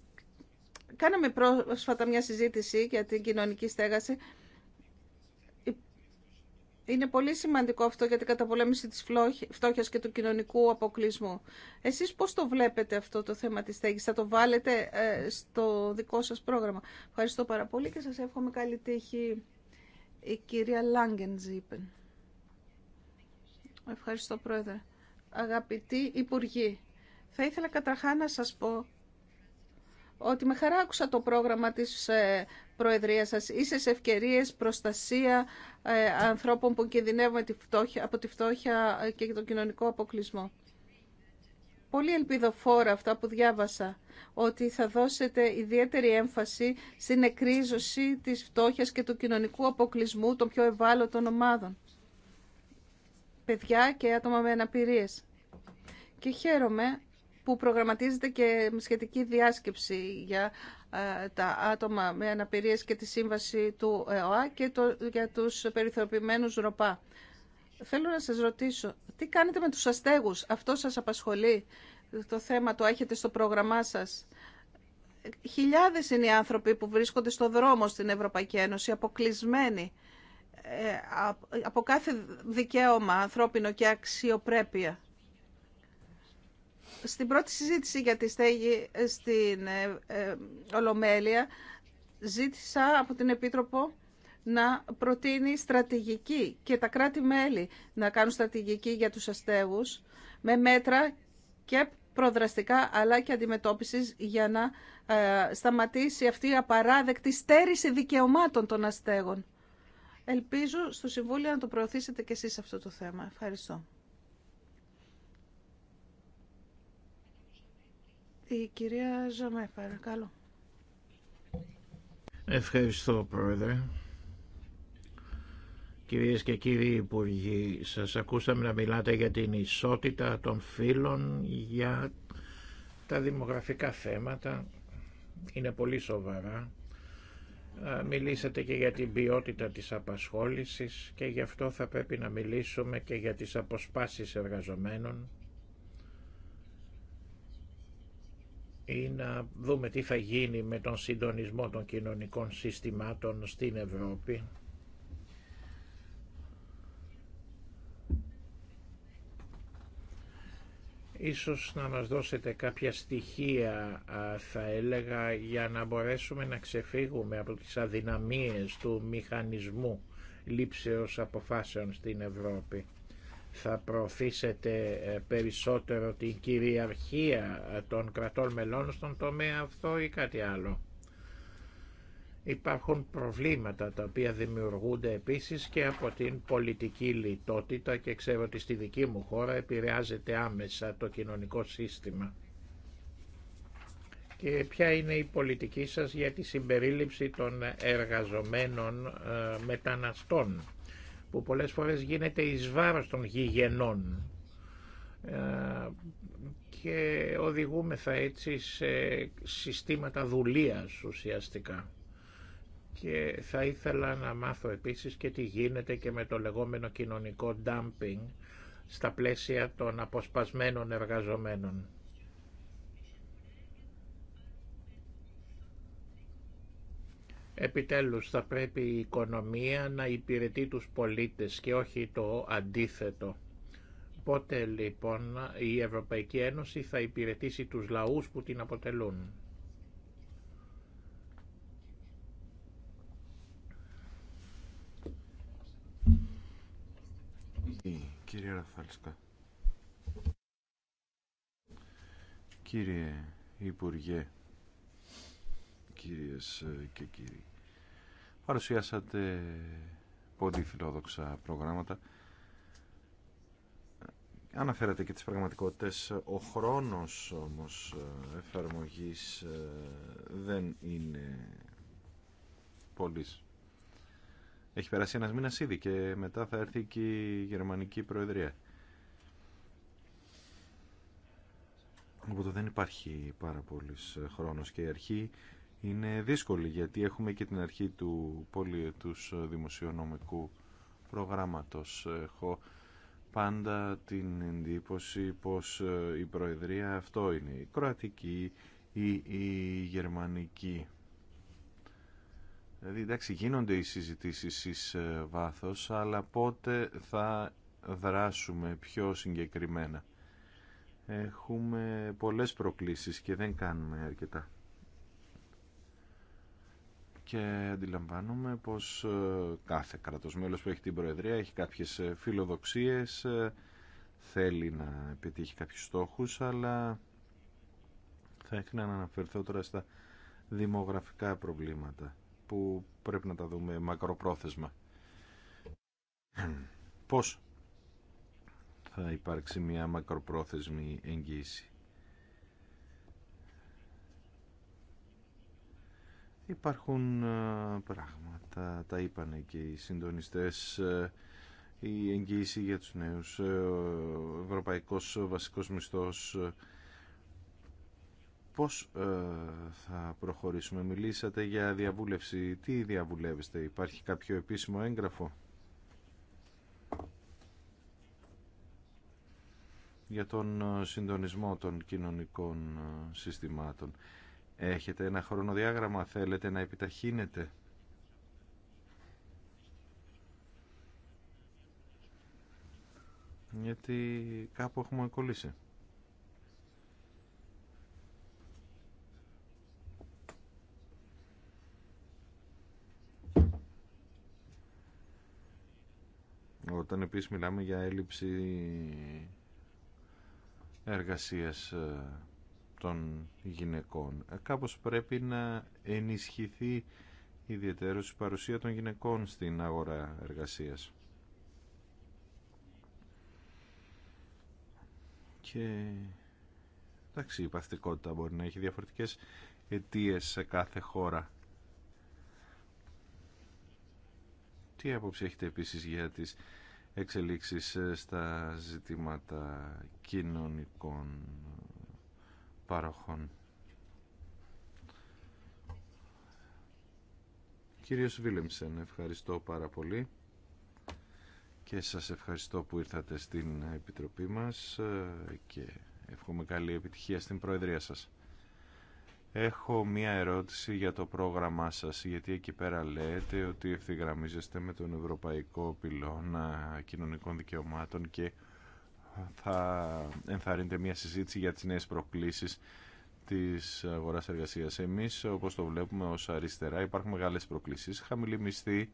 Κάναμε πρόσφατα μια συζήτηση για την κοινωνική στέγαση. Είναι πολύ σημαντικό αυτό για την καταπολέμηση της φτώχειας και του κοινωνικού αποκλεισμού. Εσείς πώς το βλέπετε αυτό το θέμα της στέγης, θα το βάλετε ε, στο δικό σας πρόγραμμα. Ευχαριστώ πάρα πολύ και σας εύχομαι καλή τύχη η κυρία Λάγκεντζίπεν. Ευχαριστώ Πρόεδρε. Αγαπητοί Υπουργοί, θα ήθελα καταρχά να σας πω ότι με χαρά άκουσα το πρόγραμμα της ε, Προεδρίας σας. Ίσες ευκαιρίες, προστασία ε, ανθρώπων που κινδυνεύουν από τη φτώχεια ε, και τον κοινωνικό αποκλεισμό. Πολύ ελπιδοφόρα αυτά που διάβασα, ότι θα δώσετε ιδιαίτερη έμφαση στην εκρίζωση της φτώχειας και του κοινωνικού αποκλεισμού των πιο ευάλωτων ομάδων. Παιδιά και άτομα με αναπηρίες. Και χαίρομαι που προγραμματίζεται και σχετική διάσκεψη για ε, τα άτομα με αναπηρίες και τη σύμβαση του ΕΟΑ και το, για τους περιθωριοποιημένους ΡΟΠΑ. Θέλω να σας ρωτήσω, τι κάνετε με τους αστέγους, αυτό σας απασχολεί, το θέμα το έχετε στο πρόγραμμά σας. Χιλιάδες είναι οι άνθρωποι που βρίσκονται στο δρόμο στην Ευρωπαϊκή Ένωση, αποκλεισμένοι ε, από κάθε δικαίωμα ανθρώπινο και αξιοπρέπεια. Στην πρώτη συζήτηση για τη στέγη στην ε, ε, Ολομέλεια ζήτησα από την Επίτροπο να προτείνει στρατηγική και τα κράτη-μέλη να κάνουν στρατηγική για τους αστέγους με μέτρα και προδραστικά αλλά και αντιμετώπισης για να ε, σταματήσει αυτή η απαράδεκτη στέρηση δικαιωμάτων των αστέγων. Ελπίζω στο Συμβούλιο να το προωθήσετε και εσείς αυτό το θέμα. Ευχαριστώ. Η κυρία Ζωμέ, παρακαλώ. Ευχαριστώ, Πρόεδρε. Κυρίες και κύριοι Υπουργοί, σας ακούσαμε να μιλάτε για την ισότητα των φύλων, για τα δημογραφικά θέματα. Είναι πολύ σοβαρά. Μιλήσατε και για την ποιότητα της απασχόλησης και γι' αυτό θα πρέπει να μιλήσουμε και για τις αποσπάσεις εργαζομένων ή να δούμε τι θα γίνει με τον συντονισμό των κοινωνικών συστημάτων στην Ευρώπη. Ίσως να μας δώσετε κάποια στοιχεία, θα έλεγα, για να μπορέσουμε να ξεφύγουμε από τις αδυναμίες του μηχανισμού λήψεως αποφάσεων στην Ευρώπη θα προωθήσετε ε, περισσότερο την κυριαρχία ε, των κρατών μελών στον τομέα αυτό ή κάτι άλλο. Υπάρχουν προβλήματα τα οποία δημιουργούνται επίσης και από την πολιτική λιτότητα και ξέρω ότι στη δική μου χώρα επηρεάζεται άμεσα το κοινωνικό σύστημα. Και ποια είναι η πολιτική σας για τη συμπερίληψη των εργαζομένων ε, μεταναστών που πολλές φορές γίνεται εις βάρος των γηγενών ε, και οδηγούμεθα έτσι σε συστήματα δουλείας ουσιαστικά. Και θα ήθελα να μάθω επίσης και τι γίνεται και με το λεγόμενο κοινωνικό dumping στα πλαίσια των αποσπασμένων εργαζομένων. Επιτέλους θα πρέπει η οικονομία να υπηρετεί τους πολίτες και όχι το αντίθετο. Πότε λοιπόν η Ευρωπαϊκή Ένωση θα υπηρετήσει τους λαούς που την αποτελούν. Κύριε Κύριε Υπουργέ κυρίες ε, και κύριοι. Παρουσιάσατε πολύ φιλόδοξα προγράμματα. Αναφέρατε και τις πραγματικότητες. Ο χρόνος όμως ε, εφαρμογής ε, δεν είναι πολύς. Έχει περάσει ένας μήνας ήδη και μετά θα έρθει και η Γερμανική Προεδρία. Οπότε δεν υπάρχει πάρα πολύς χρόνος και η αρχή είναι δύσκολη γιατί έχουμε και την αρχή του πολιετούς δημοσιονομικού προγράμματος. Έχω πάντα την εντύπωση πως ε, η Προεδρία αυτό είναι η Κροατική ή η Γερμανική. Δηλαδή εντάξει γίνονται οι συζητήσεις εις ε, βάθος αλλά πότε θα δράσουμε πιο συγκεκριμένα. Έχουμε πολλές προκλήσεις και δεν κάνουμε αρκετά και αντιλαμβάνομαι πως ε, κάθε κρατος μέλος που έχει την Προεδρία έχει κάποιες ε, φιλοδοξίες, ε, θέλει να επιτύχει κάποιους στόχους, αλλά θα ήθελα να αναφερθώ τώρα στα δημογραφικά προβλήματα που πρέπει να τα δούμε μακροπρόθεσμα. Πώς θα υπάρξει μια μακροπρόθεσμη εγγύηση. Υπάρχουν ε, πράγματα, τα είπαν και οι συντονιστές, ε, η εγγύηση για τους νέους, ε, ο ευρωπαϊκός βασικός μισθός, πώς θα προχωρήσουμε. Μιλήσατε για διαβούλευση. Τι διαβουλεύεστε, υπάρχει κάποιο επίσημο έγγραφο. για τον συντονισμό των κοινωνικών συστημάτων. Έχετε ένα χρονοδιάγραμμα, θέλετε να επιταχύνετε. Γιατί κάπου έχουμε κολλήσει. Όταν επίσης μιλάμε για έλλειψη εργασίας ε, των γυναικών. Ε, κάπως πρέπει να ενισχυθεί ιδιαίτερως η παρουσία των γυναικών στην αγορά εργασίας. Και εντάξει, η παθητικότητα μπορεί να έχει διαφορετικές αιτίες σε κάθε χώρα. Τι άποψη έχετε επίσης για τις εξελίξεις ε, στα ζητήματα κοινωνικών παροχών. Κύριος Βίλεμσεν, ευχαριστώ πάρα πολύ και σας ευχαριστώ που ήρθατε στην Επιτροπή μας ε, και εύχομαι καλή επιτυχία στην Προεδρία σας. Έχω μία ερώτηση για το πρόγραμμά σας, γιατί εκεί πέρα λέτε ότι ευθυγραμμίζεστε με τον Ευρωπαϊκό Πυλώνα Κοινωνικών Δικαιωμάτων και θα ενθαρρύνεται μια συζήτηση για τις νέες προκλήσεις της αγοράς εργασίας. Εμείς, όπως το βλέπουμε ως αριστερά, υπάρχουν μεγάλες προκλήσεις. Χαμηλή μισθή,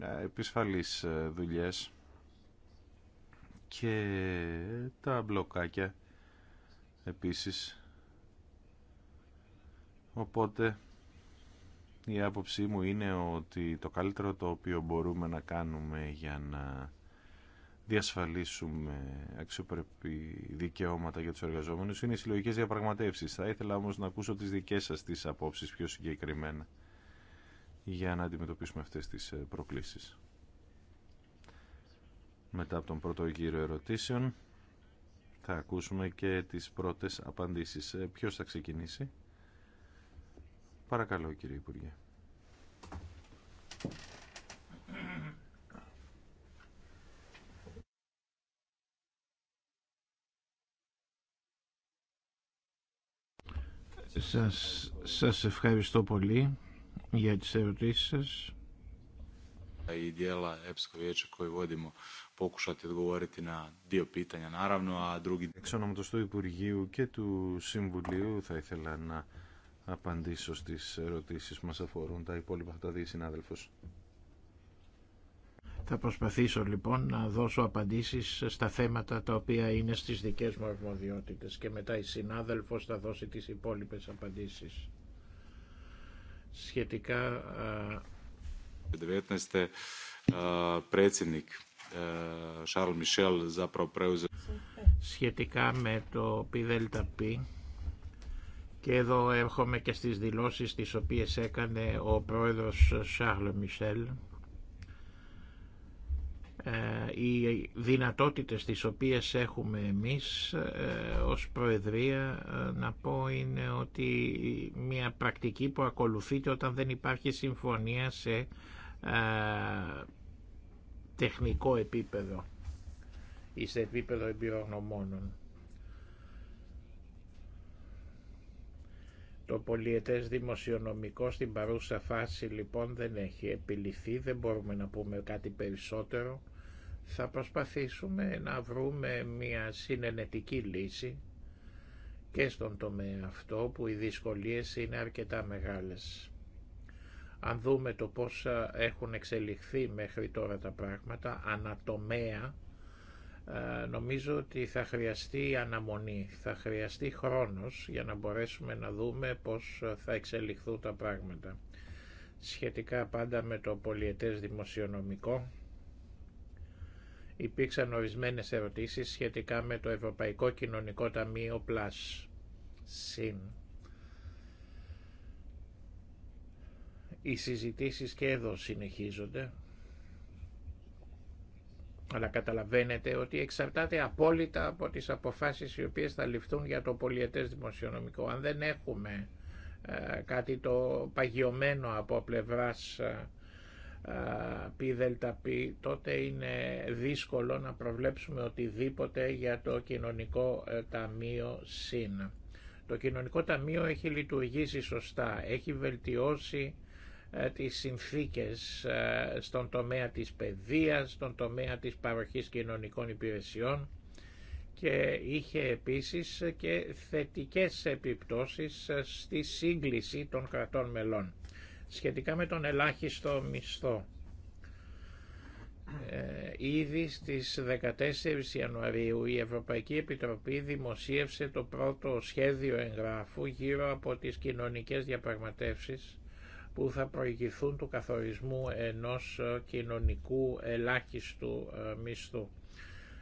ε, επισφαλείς ε, δουλειές και τα μπλοκάκια επίσης. Οπότε η άποψή μου είναι ότι το καλύτερο το οποίο μπορούμε να κάνουμε για να διασφαλίσουμε αξιοπρεπή δικαιώματα για τους εργαζόμενους είναι οι συλλογικές διαπραγματεύσεις. Θα ήθελα όμως να ακούσω τις δικές σας τις απόψεις πιο συγκεκριμένα για να αντιμετωπίσουμε αυτές τις ε, προκλήσεις. Μετά από τον πρώτο γύρο ερωτήσεων θα ακούσουμε και τις πρώτες απαντήσεις. Ε, ποιος θα ξεκινήσει. Παρακαλώ κύριε Υπουργέ. Σας, σας ευχαριστώ πολύ για τις ερωτήσεις σας. i dijela Epsko vijeća koji vodimo pokušati odgovoriti na dio pitanja naravno, a drugi... Εξ ονόματος του Υπουργείου και του Συμβουλίου θα ήθελα να απαντήσω στις ερωτήσεις μας αφορούν τα υπόλοιπα θα τα δει συνάδελφος. Θα προσπαθήσω λοιπόν να δώσω απαντήσεις στα θέματα τα οποία είναι στις δικές μου αρμοδιότητες και μετά η συνάδελφος θα δώσει τις υπόλοιπες απαντήσεις. Σχετικά... 19. Πρέτσινικ Σαρλ Μισελ Σχετικά με το ΠΔΠ και εδώ έρχομαι και στις δηλώσεις τις οποίες έκανε ο πρόεδρος Σαρλ Μισελ ε, οι δυνατότητες τις οποίες έχουμε εμείς ε, ως Προεδρία ε, να πω είναι ότι μια πρακτική που ακολουθείται όταν δεν υπάρχει συμφωνία σε τεχνικό επίπεδο ή σε επίπεδο εμπειρογνωμόνων. Το πολιετές δημοσιονομικό στην παρούσα φάση λοιπόν δεν έχει επιληθεί, δεν μπορούμε να πούμε κάτι περισσότερο θα προσπαθήσουμε να βρούμε μια συνενετική λύση και στον τομέα αυτό που οι δυσκολίες είναι αρκετά μεγάλες. Αν δούμε το πώς έχουν εξελιχθεί μέχρι τώρα τα πράγματα, ανατομέα, νομίζω ότι θα χρειαστεί αναμονή, θα χρειαστεί χρόνος για να μπορέσουμε να δούμε πώς θα εξελιχθούν τα πράγματα. Σχετικά πάντα με το πολιετές δημοσιονομικό, υπήρξαν ορισμένες ερωτήσεις σχετικά με το Ευρωπαϊκό Κοινωνικό Ταμείο Plus. Συν. Οι συζητήσεις και εδώ συνεχίζονται, αλλά καταλαβαίνετε ότι εξαρτάται απόλυτα από τις αποφάσεις οι οποίες θα ληφθούν για το πολιετές δημοσιονομικό. Αν δεν έχουμε ε, κάτι το παγιωμένο από πλευράς ε, ε, πι τότε είναι δύσκολο να προβλέψουμε οτιδήποτε για το κοινωνικό ε, ταμείο ΣΥΝ. Το κοινωνικό ταμείο έχει λειτουργήσει σωστά, έχει βελτιώσει ε, τις συνθήκες στον τομέα της παιδείας, στον τομέα της παροχής κοινωνικών υπηρεσιών και είχε επίσης και θετικές επιπτώσεις στη σύγκληση των κρατών μελών σχετικά με τον ελάχιστο μισθό. Ε, ήδη στις 14 Ιανουαρίου η Ευρωπαϊκή Επιτροπή δημοσίευσε το πρώτο σχέδιο εγγράφου γύρω από τις κοινωνικές διαπραγματεύσεις που θα προηγηθούν του καθορισμού ενός ε, κοινωνικού ελάχιστου ε, μισθού.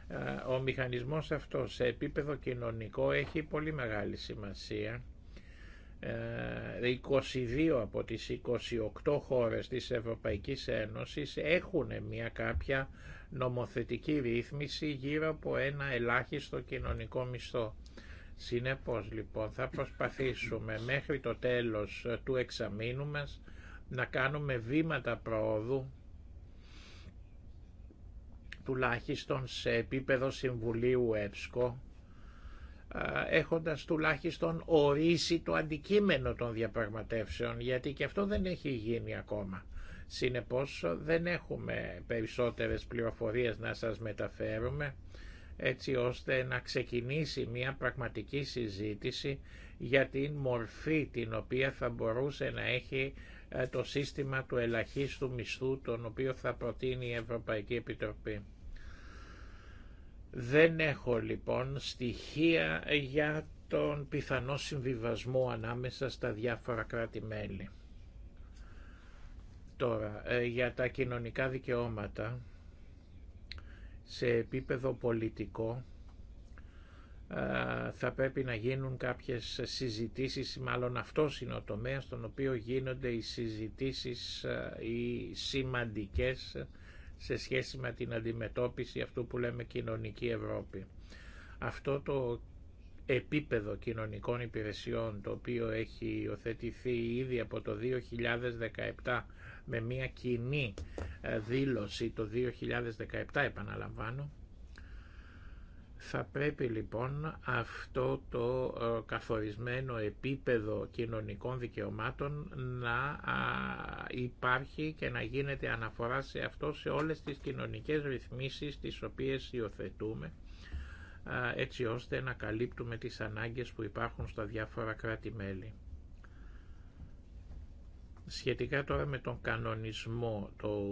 Ε, ο μηχανισμός αυτός σε επίπεδο κοινωνικό έχει πολύ μεγάλη σημασία 22 ε, από τις 28 χώρες της Ευρωπαϊκής Ένωσης έχουν μια κάποια νομοθετική ρύθμιση γύρω από ένα ελάχιστο κοινωνικό μισθό. Συνεπώς λοιπόν θα προσπαθήσουμε μέχρι το τέλος του εξαμήνου μας να κάνουμε βήματα προόδου τουλάχιστον σε επίπεδο Συμβουλίου ΕΠΣΚΟ ε, έχοντας τουλάχιστον ορίσει το αντικείμενο των διαπραγματεύσεων, γιατί και αυτό δεν έχει γίνει ακόμα. Συνεπώς δεν έχουμε περισσότερες πληροφορίες να σας μεταφέρουμε, έτσι ώστε να ξεκινήσει μια πραγματική συζήτηση για την μορφή την οποία θα μπορούσε να έχει ε, το σύστημα του ελαχίστου μισθού, τον οποίο θα προτείνει η Ευρωπαϊκή Επιτροπή. Δεν έχω λοιπόν στοιχεία για τον πιθανό συμβιβασμό ανάμεσα στα διάφορα κράτη-μέλη. Τώρα, ε, για τα κοινωνικά δικαιώματα σε επίπεδο πολιτικό ε, θα πρέπει να γίνουν κάποιες συζητήσεις, μάλλον αυτό είναι ο τομέας στον οποίο γίνονται οι συζητήσεις ε, οι σημαντικές σε σχέση με την αντιμετώπιση αυτού που λέμε κοινωνική Ευρώπη. Αυτό το επίπεδο κοινωνικών υπηρεσιών το οποίο έχει υιοθετηθεί ήδη από το 2017 με μια κοινή ε, δήλωση το 2017 επαναλαμβάνω θα πρέπει λοιπόν αυτό το ε, καθορισμένο επίπεδο κοινωνικών δικαιωμάτων να υπάρχει και να γίνεται αναφορά σε αυτό σε όλες τις κοινωνικές ρυθμίσεις τις οποίες υιοθετούμε έτσι ώστε να καλύπτουμε τις ανάγκες που υπάρχουν στα διάφορα κράτη-μέλη. Σχετικά τώρα με τον κανονισμό το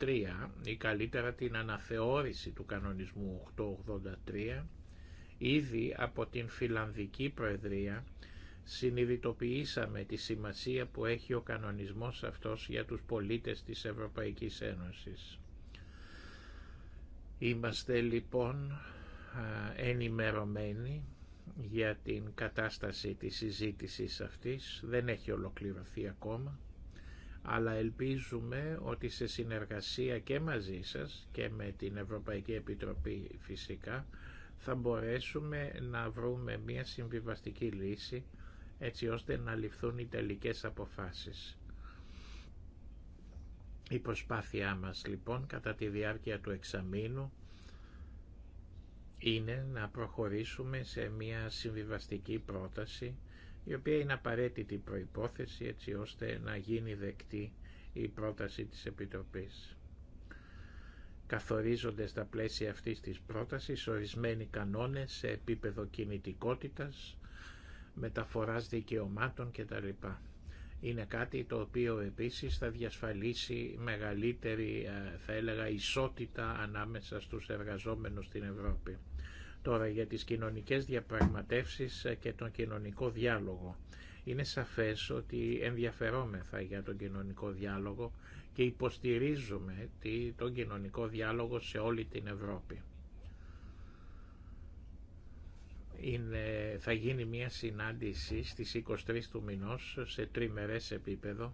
883 ή καλύτερα την αναθεώρηση του κανονισμού 883 ήδη από την Φιλανδική Προεδρία συνειδητοποιήσαμε τη σημασία που έχει ο κανονισμός αυτός για τους πολίτες της Ευρωπαϊκής Ένωσης. Είμαστε λοιπόν ενημερωμένοι για την κατάσταση της συζήτησης αυτής. Δεν έχει ολοκληρωθεί ακόμα, αλλά ελπίζουμε ότι σε συνεργασία και μαζί σας και με την Ευρωπαϊκή Επιτροπή φυσικά θα μπορέσουμε να βρούμε μια συμβιβαστική λύση έτσι ώστε να ληφθούν οι τελικές αποφάσεις. Η προσπάθειά μας λοιπόν κατά τη διάρκεια του εξαμήνου είναι να προχωρήσουμε σε μια συμβιβαστική πρόταση η οποία είναι απαραίτητη προϋπόθεση έτσι ώστε να γίνει δεκτή η πρόταση της Επιτροπής. Καθορίζονται στα πλαίσια αυτής της πρότασης ορισμένοι κανόνες σε επίπεδο κινητικότητας, μεταφοράς δικαιωμάτων κτλ. Είναι κάτι το οποίο επίσης θα διασφαλίσει μεγαλύτερη, ε, θα έλεγα, ισότητα ανάμεσα στους εργαζόμενους στην Ευρώπη. Τώρα για τις κοινωνικές διαπραγματεύσεις ε, και τον κοινωνικό διάλογο. Είναι σαφές ότι ενδιαφερόμεθα για τον κοινωνικό διάλογο και υποστηρίζουμε τον κοινωνικό διάλογο σε όλη την Ευρώπη. Είναι, θα γίνει μια συνάντηση στις 23 του μηνός σε τριμερές επίπεδο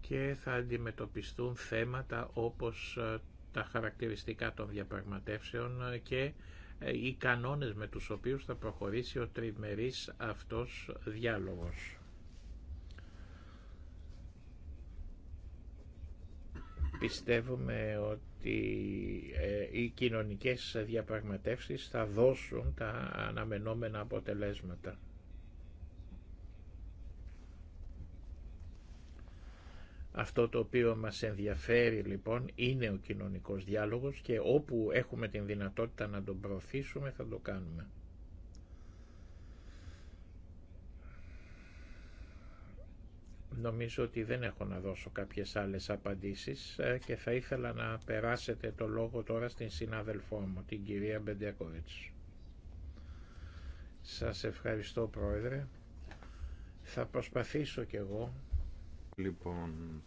και θα αντιμετωπιστούν θέματα όπως ε, τα χαρακτηριστικά των διαπραγματεύσεων ε, και ε, οι κανόνες με τους οποίους θα προχωρήσει ο τριμερής αυτός διάλογος. Πιστεύουμε ότι ε, οι κοινωνικές διαπραγματεύσεις θα δώσουν τα αναμενόμενα αποτελέσματα. Αυτό το οποίο μας ενδιαφέρει λοιπόν είναι ο κοινωνικός διάλογος και όπου έχουμε την δυνατότητα να τον προωθήσουμε θα το κάνουμε. Νομίζω ότι δεν έχω να δώσω κάποιες άλλες απαντήσεις ε, και θα ήθελα να περάσετε το λόγο τώρα στην συνάδελφό μου, την κυρία Μπεντιακόβιτς. Σας ευχαριστώ Πρόεδρε. Θα προσπαθήσω κι εγώ Λοιπόν,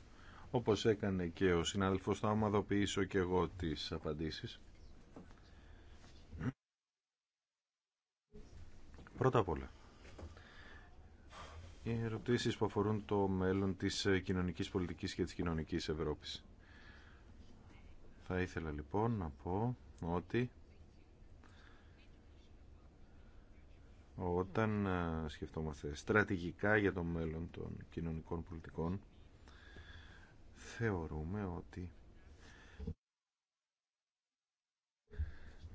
όπως έκανε και ο συνάδελφος, θα ομαδοποιήσω και εγώ τις απαντήσεις. Πρώτα απ' όλα, οι ερωτήσεις που αφορούν το μέλλον της κοινωνικής πολιτικής και της κοινωνικής Ευρώπης. Θα ήθελα λοιπόν να πω ότι όταν ε, σκεφτόμαστε στρατηγικά για το μέλλον των κοινωνικών πολιτικών θεωρούμε ότι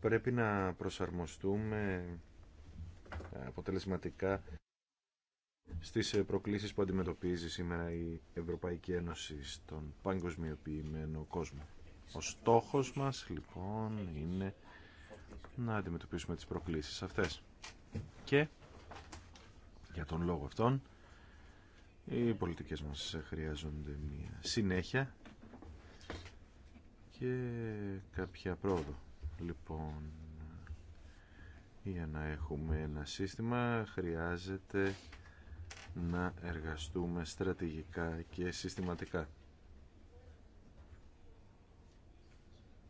πρέπει να προσαρμοστούμε ε, αποτελεσματικά στις ε, προκλήσεις που αντιμετωπίζει σήμερα η Ευρωπαϊκή Ένωση στον παγκοσμιοποιημένο κόσμο. Ο στόχος μας λοιπόν είναι να αντιμετωπίσουμε τις προκλήσεις αυτές και για τον λόγο αυτόν οι πολιτικές μας χρειάζονται μια συνέχεια και κάποια πρόοδο. Λοιπόν, για να έχουμε ένα σύστημα χρειάζεται να εργαστούμε στρατηγικά και συστηματικά.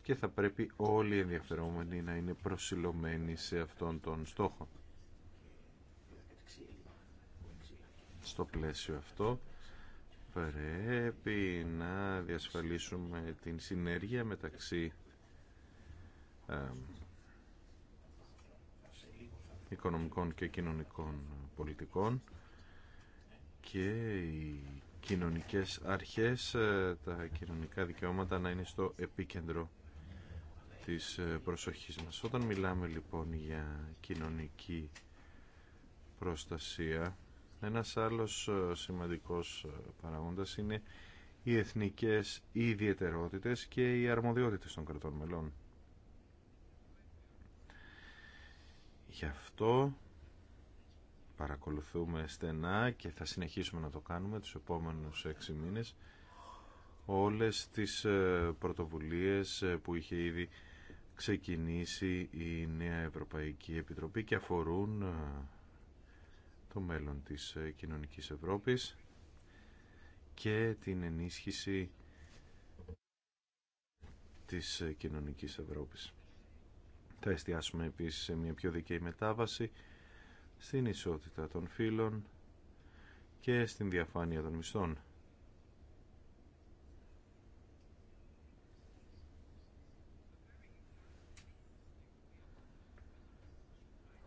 Και θα πρέπει όλοι οι ενδιαφερόμενοι να είναι προσιλωμένοι σε αυτόν τον στόχο. στο πλαίσιο αυτό πρέπει να διασφαλίσουμε την συνέργεια μεταξύ ε, οικονομικών και κοινωνικών πολιτικών και οι κοινωνικές αρχές, ε, τα κοινωνικά δικαιώματα να είναι στο επίκεντρο της ε, προσοχής μας. Όταν μιλάμε λοιπόν για κοινωνική προστασία ένας άλλος ε, σημαντικός ε, παραγόντας είναι οι εθνικές ιδιαιτερότητες και οι αρμοδιότητες των κρατών μελών. Γι' αυτό παρακολουθούμε στενά και θα συνεχίσουμε να το κάνουμε τους επόμενους έξι μήνες όλες τις ε, πρωτοβουλίες που είχε ήδη ξεκινήσει η Νέα Ευρωπαϊκή Επιτροπή και αφορούν το μέλλον της ε, κοινωνικής Ευρώπης και την ενίσχυση της ε, κοινωνικής Ευρώπης. Θα εστιάσουμε επίσης σε μια πιο δικαίη μετάβαση στην ισότητα των φύλων και στην διαφάνεια των μισθών.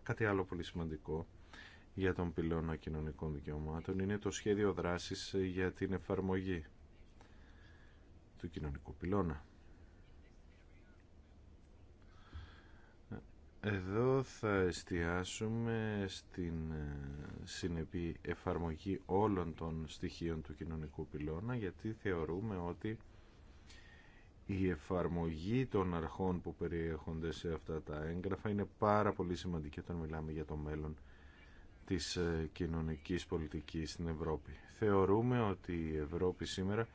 Κάτι άλλο πολύ σημαντικό για τον πυλώνα κοινωνικών δικαιωμάτων είναι το σχέδιο δράσης για την εφαρμογή του κοινωνικού πυλώνα. Εδώ θα εστιάσουμε στην ε, συνεπή εφαρμογή όλων των στοιχείων του κοινωνικού πυλώνα γιατί θεωρούμε ότι η εφαρμογή των αρχών που περιέχονται σε αυτά τα έγγραφα είναι πάρα πολύ σημαντική όταν μιλάμε για το μέλλον της ε, κοινωνικής πολιτικής στην Ευρώπη. Θεωρούμε ότι η Ευρώπη σήμερα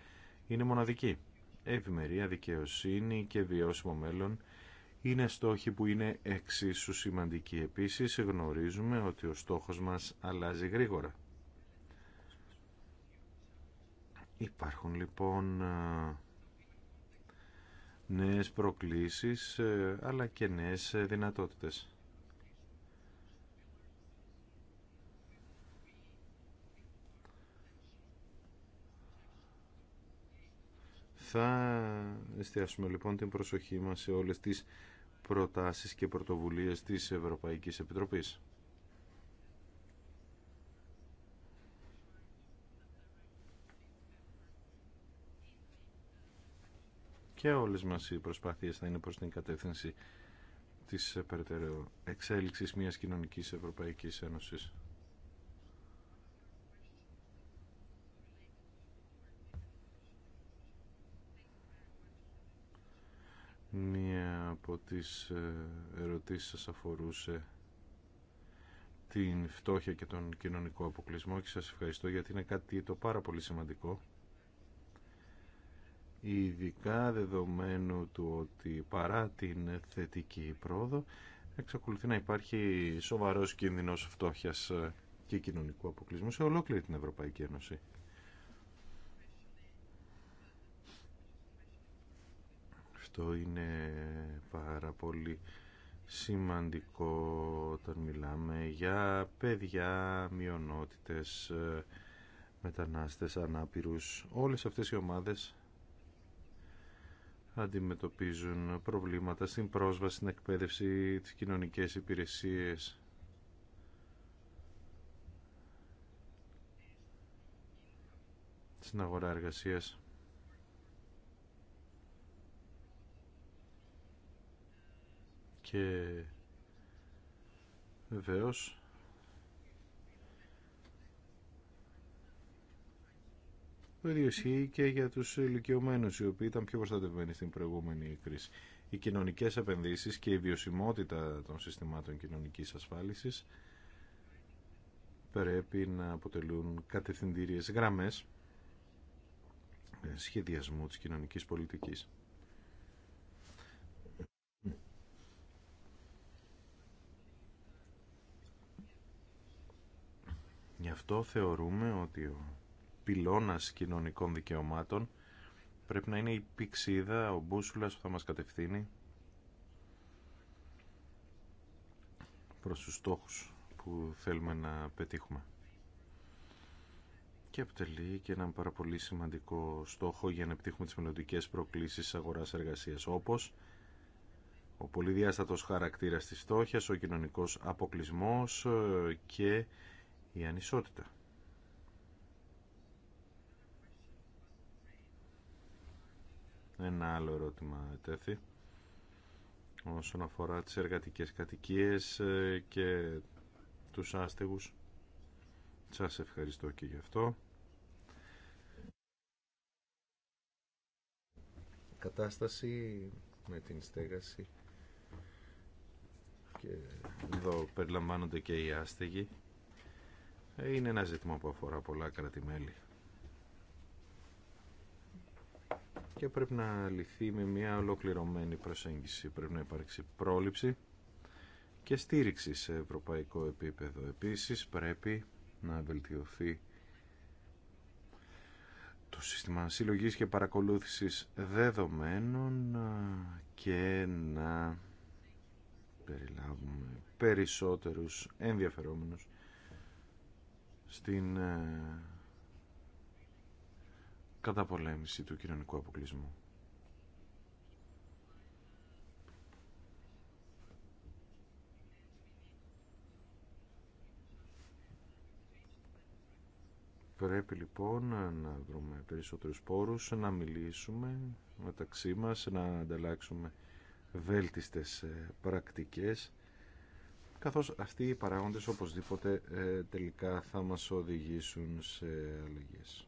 είναι μοναδική. Ευημερία, δικαιοσύνη και βιώσιμο μέλλον είναι στόχοι που είναι εξίσου σημαντικοί. Επίσης γνωρίζουμε ότι ο στόχος μας αλλάζει γρήγορα. Υπάρχουν λοιπόν ε, νέες προκλήσεις ε, αλλά και νέες δυνατότητες. Θα εστιάσουμε λοιπόν την προσοχή μας σε όλες τις προτάσεις και πρωτοβουλίες της Ευρωπαϊκής Επιτροπής. Και όλες μας οι προσπάθειες θα είναι προς την κατεύθυνση της περαιτέρω εξέλιξης μιας κοινωνικής Ευρωπαϊκής Ένωσης. Μία από τις ε, ερωτήσεις σας αφορούσε την φτώχεια και τον κοινωνικό αποκλεισμό και σας ευχαριστώ γιατί είναι κάτι το πάρα πολύ σημαντικό ειδικά δεδομένου του ότι παρά την θετική πρόοδο εξακολουθεί να υπάρχει σοβαρός κίνδυνος φτώχειας ε, και κοινωνικού αποκλεισμού σε ολόκληρη την Ευρωπαϊκή Ένωση. αυτό είναι πάρα πολύ σημαντικό όταν μιλάμε για παιδιά, μειονότητες, ε, μετανάστες, ανάπηρους. Όλες αυτές οι ομάδες αντιμετωπίζουν προβλήματα στην πρόσβαση, στην εκπαίδευση, τις κοινωνικές υπηρεσίες. στην αγορά εργασίας. και βεβαίως Το ίδιο ισχύει και για τους ηλικιωμένους, οι οποίοι ήταν πιο προστατευμένοι στην προηγούμενη κρίση. Οι κοινωνικές επενδύσεις και η βιωσιμότητα των συστημάτων κοινωνικής ασφάλισης πρέπει να αποτελούν κατευθυντήριες γραμμές σχεδιασμού της κοινωνικής πολιτικής. Γι' αυτό θεωρούμε ότι ο πυλώνας κοινωνικών δικαιωμάτων πρέπει να είναι η πηξίδα, ο μπούσουλας που θα μας κατευθύνει προς τους στόχους που θέλουμε να πετύχουμε. Και αποτελεί και έναν πάρα πολύ σημαντικό στόχο για να επιτύχουμε τις μελλοντικέ προκλήσεις αγοράς-εργασίας, όπως ο πολυδιάστατος χαρακτήρας της στόχιας ο κοινωνικός αποκλεισμός ε, και η ανισότητα. Ένα άλλο ερώτημα τέθη όσον αφορά τις εργατικές κατοικίες ε, και τους άστεγους. Σας ευχαριστώ και γι' αυτό. κατάσταση με την στέγαση και εδώ περιλαμβάνονται και οι άστεγοι είναι ένα ζήτημα που αφορά πολλά κράτη-μέλη Και πρέπει να λυθεί με μια ολοκληρωμένη προσέγγιση. Πρέπει να υπάρξει πρόληψη και στήριξη σε ευρωπαϊκό επίπεδο. Επίσης πρέπει να βελτιωθεί το σύστημα συλλογής και παρακολούθησης δεδομένων και να περιλάβουμε περισσότερους ενδιαφερόμενους στην ε, καταπολέμηση του κοινωνικού αποκλεισμού. Πρέπει λοιπόν να βρούμε περισσότερους πόρους, να μιλήσουμε μεταξύ μας, να ανταλλάξουμε βέλτιστες ε, πρακτικές καθώς αυτοί οι παράγοντες οπωσδήποτε ε, τελικά θα μας οδηγήσουν σε αλλαγές.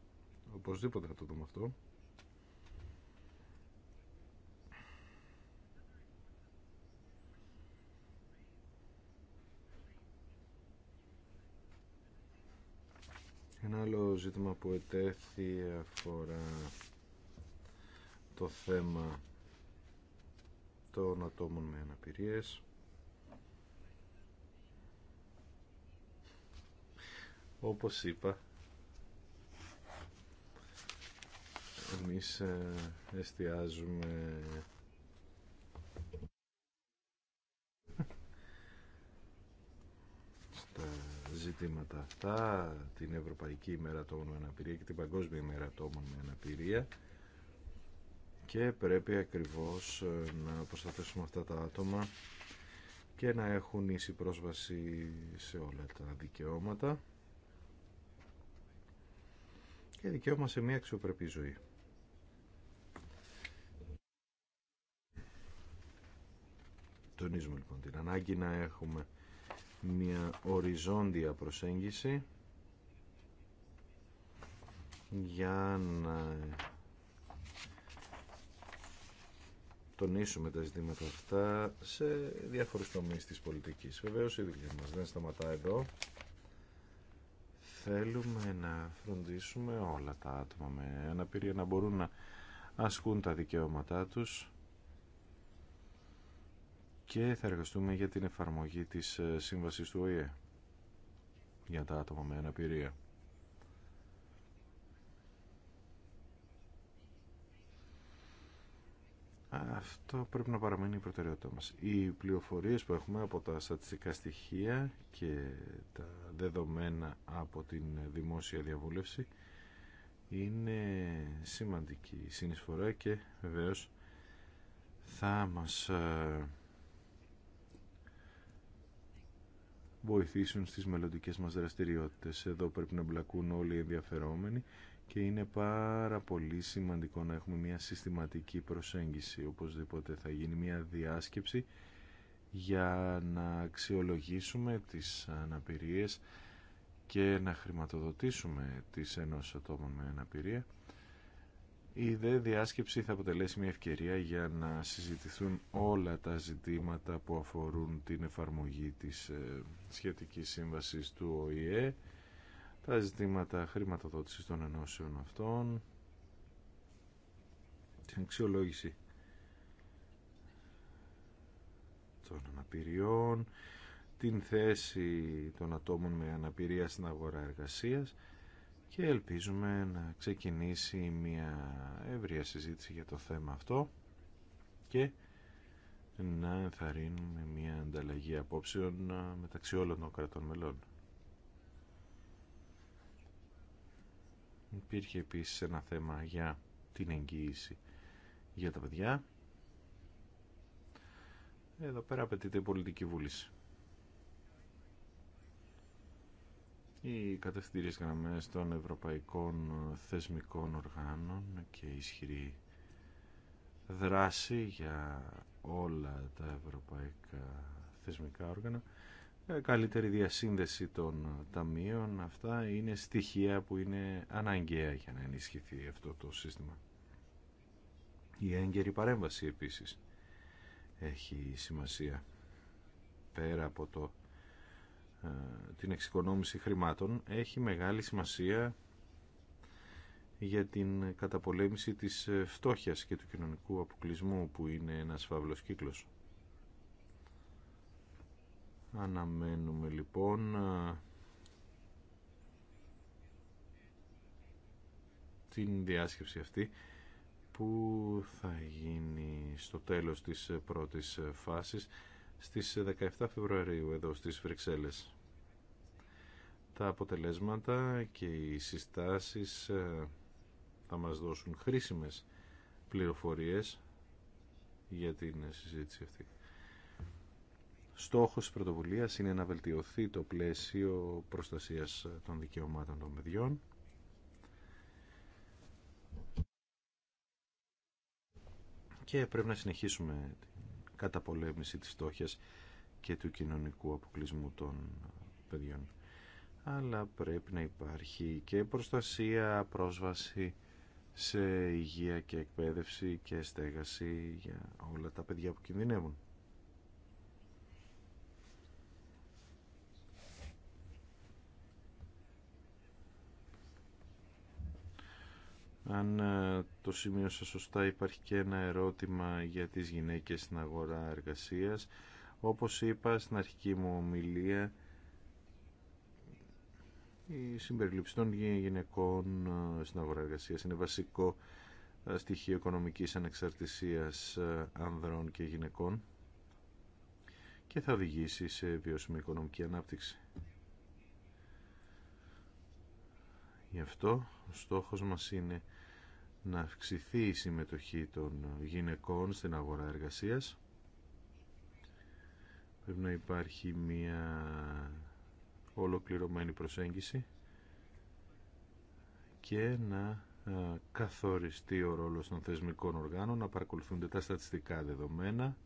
Οπωσδήποτε θα το δούμε αυτό. Ένα άλλο ζήτημα που ετέθη αφορά το θέμα των ατόμων με αναπηρίες. όπως είπα εμείς ε, εστιάζουμε στα ζητήματα αυτά την Ευρωπαϊκή ημέρα ατόμων με αναπηρία και την Παγκόσμια ημέρα ατόμων με αναπηρία και πρέπει ακριβώς ε, να προστατεύσουμε αυτά τα άτομα και να έχουν ίση πρόσβαση σε όλα τα δικαιώματα και δικαίωμα σε μια αξιοπρεπή ζωή. Τονίζουμε λοιπόν την ανάγκη να έχουμε μια οριζόντια προσέγγιση για να τονίσουμε τα ζητήματα αυτά σε διάφορους τομείς της πολιτικής. Βεβαίως η δουλειά μας δεν σταματά εδώ θέλουμε να φροντίσουμε όλα τα άτομα με αναπηρία να μπορούν να ασκούν τα δικαιώματά τους και θα εργαστούμε για την εφαρμογή της ε, σύμβασης του ΟΗΕ για τα άτομα με αναπηρία. Αυτό πρέπει να παραμείνει η προτεραιότητά μας. Οι πληροφορίες που έχουμε από τα στατιστικά στοιχεία και τα δεδομένα από την δημόσια διαβούλευση είναι σημαντική συνεισφορά και βεβαίως θα μας ε, βοηθήσουν στις μελλοντικές μας δραστηριότητες. Εδώ πρέπει να μπλακούν όλοι οι ενδιαφερόμενοι και είναι πάρα πολύ σημαντικό να έχουμε μια συστηματική προσέγγιση. Οπωσδήποτε θα γίνει μια διάσκεψη για να αξιολογήσουμε τις αναπηρίες και να χρηματοδοτήσουμε τις ενός ατόμων με αναπηρία. Η δε διάσκεψη θα αποτελέσει μια ευκαιρία για να συζητηθούν όλα τα ζητήματα που αφορούν την εφαρμογή της ε, σχετικής σύμβασης του ΟΗΕ τα ζητήματα χρηματοδότησης των ενώσεων αυτών, την αξιολόγηση των αναπηριών, την θέση των ατόμων με αναπηρία στην αγορά εργασίας και ελπίζουμε να ξεκινήσει μια εύρια συζήτηση για το θέμα αυτό και να ενθαρρύνουμε μια ανταλλαγή απόψεων μεταξύ όλων των κρατών μελών. Υπήρχε επίσης ένα θέμα για την εγγύηση για τα παιδιά. Εδώ πέρα απαιτείται η πολιτική βούληση. Οι κατευθυντήριες γραμμές των ευρωπαϊκών θεσμικών οργάνων και ισχυρή δράση για όλα τα ευρωπαϊκά θεσμικά όργανα ε, καλύτερη διασύνδεση των ταμείων. Αυτά είναι στοιχεία που είναι αναγκαία για να ενισχυθεί αυτό το σύστημα. Η έγκαιρη παρέμβαση επίσης έχει σημασία πέρα από το, ε, την εξοικονόμηση χρημάτων έχει μεγάλη σημασία για την καταπολέμηση της ε, φτώχειας και του κοινωνικού αποκλεισμού που είναι ένας φαύλος κύκλος. Αναμένουμε λοιπόν την διάσκεψη αυτή που θα γίνει στο τέλος της πρώτης φάσης στις 17 Φεβρουαρίου εδώ στις Βρυξέλλες. Τα αποτελέσματα και οι συστάσεις θα μας δώσουν χρήσιμες πληροφορίες για την συζήτηση αυτή. Στόχος της πρωτοβουλίας είναι να βελτιωθεί το πλαίσιο προστασίας των δικαιωμάτων των παιδιών και πρέπει να συνεχίσουμε την καταπολέμηση της στόχιας και του κοινωνικού αποκλεισμού των παιδιών. Αλλά πρέπει να υπάρχει και προστασία, πρόσβαση σε υγεία και εκπαίδευση και στέγαση για όλα τα παιδιά που κινδυνεύουν. Αν ε, το σημείωσα σωστά υπάρχει και ένα ερώτημα για τις γυναίκες στην αγορά εργασίας. Όπως είπα στην αρχική μου ομιλία, η συμπεριληψή των γυναικών ε, στην αγορά εργασίας είναι βασικό ε, στοιχείο οικονομικής ανεξαρτησίας ανδρών και γυναικών και θα οδηγήσει σε βιώσιμη οικονομική ανάπτυξη. Γι' αυτό ο στόχος μας είναι να αυξηθεί η συμμετοχή των γυναικών στην αγορά εργασίας. Πρέπει να υπάρχει μια ολοκληρωμένη προσέγγιση και να καθοριστεί ο ρόλος των θεσμικών οργάνων, να παρακολουθούνται τα στατιστικά δεδομένα,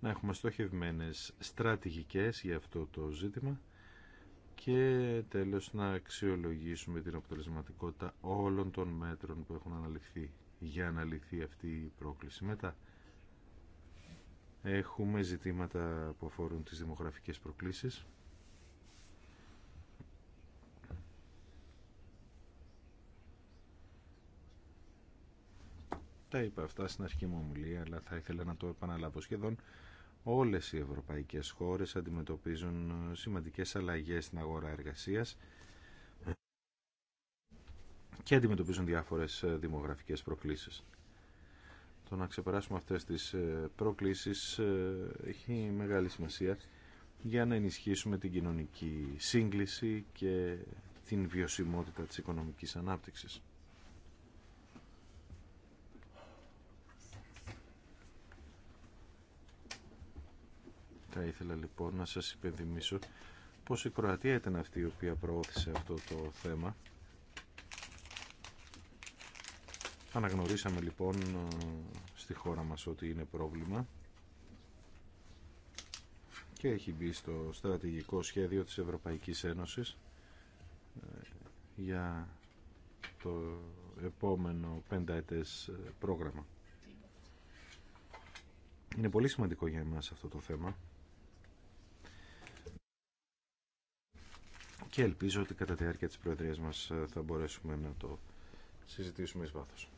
να έχουμε στοχευμένες στρατηγικές για αυτό το ζήτημα και τέλος να αξιολογήσουμε την αποτελεσματικότητα όλων των μέτρων που έχουν αναλυθεί για να λυθεί αυτή η πρόκληση. Μετά έχουμε ζητήματα που αφορούν τις δημογραφικές προκλήσεις. Τα είπα αυτά στην αρχή μου ομιλία, αλλά θα ήθελα να το επαναλάβω σχεδόν Όλες οι ευρωπαϊκές χώρες αντιμετωπίζουν ε, σημαντικές αλλαγές στην αγορά εργασίας και αντιμετωπίζουν διάφορες ε, δημογραφικές προκλήσεις. Το να ξεπεράσουμε αυτές τις ε, προκλήσεις έχει μεγάλη σημασία για να ενισχύσουμε την κοινωνική σύγκληση και την βιωσιμότητα της οικονομικής ανάπτυξης. Θα ήθελα λοιπόν να σας υπενθυμίσω πως η Κροατία ήταν αυτή η οποία προώθησε αυτό το θέμα. Αναγνωρίσαμε λοιπόν στη χώρα μας ότι είναι πρόβλημα και έχει μπει στο στρατηγικό σχέδιο της Ευρωπαϊκής Ένωσης ε, για το επόμενο πενταετές ε, πρόγραμμα. Είναι πολύ σημαντικό για εμάς αυτό το θέμα. και ελπίζω ότι κατά τη διάρκεια της Προεδρίας μας ε, θα μπορέσουμε να το συζητήσουμε εις βάθος.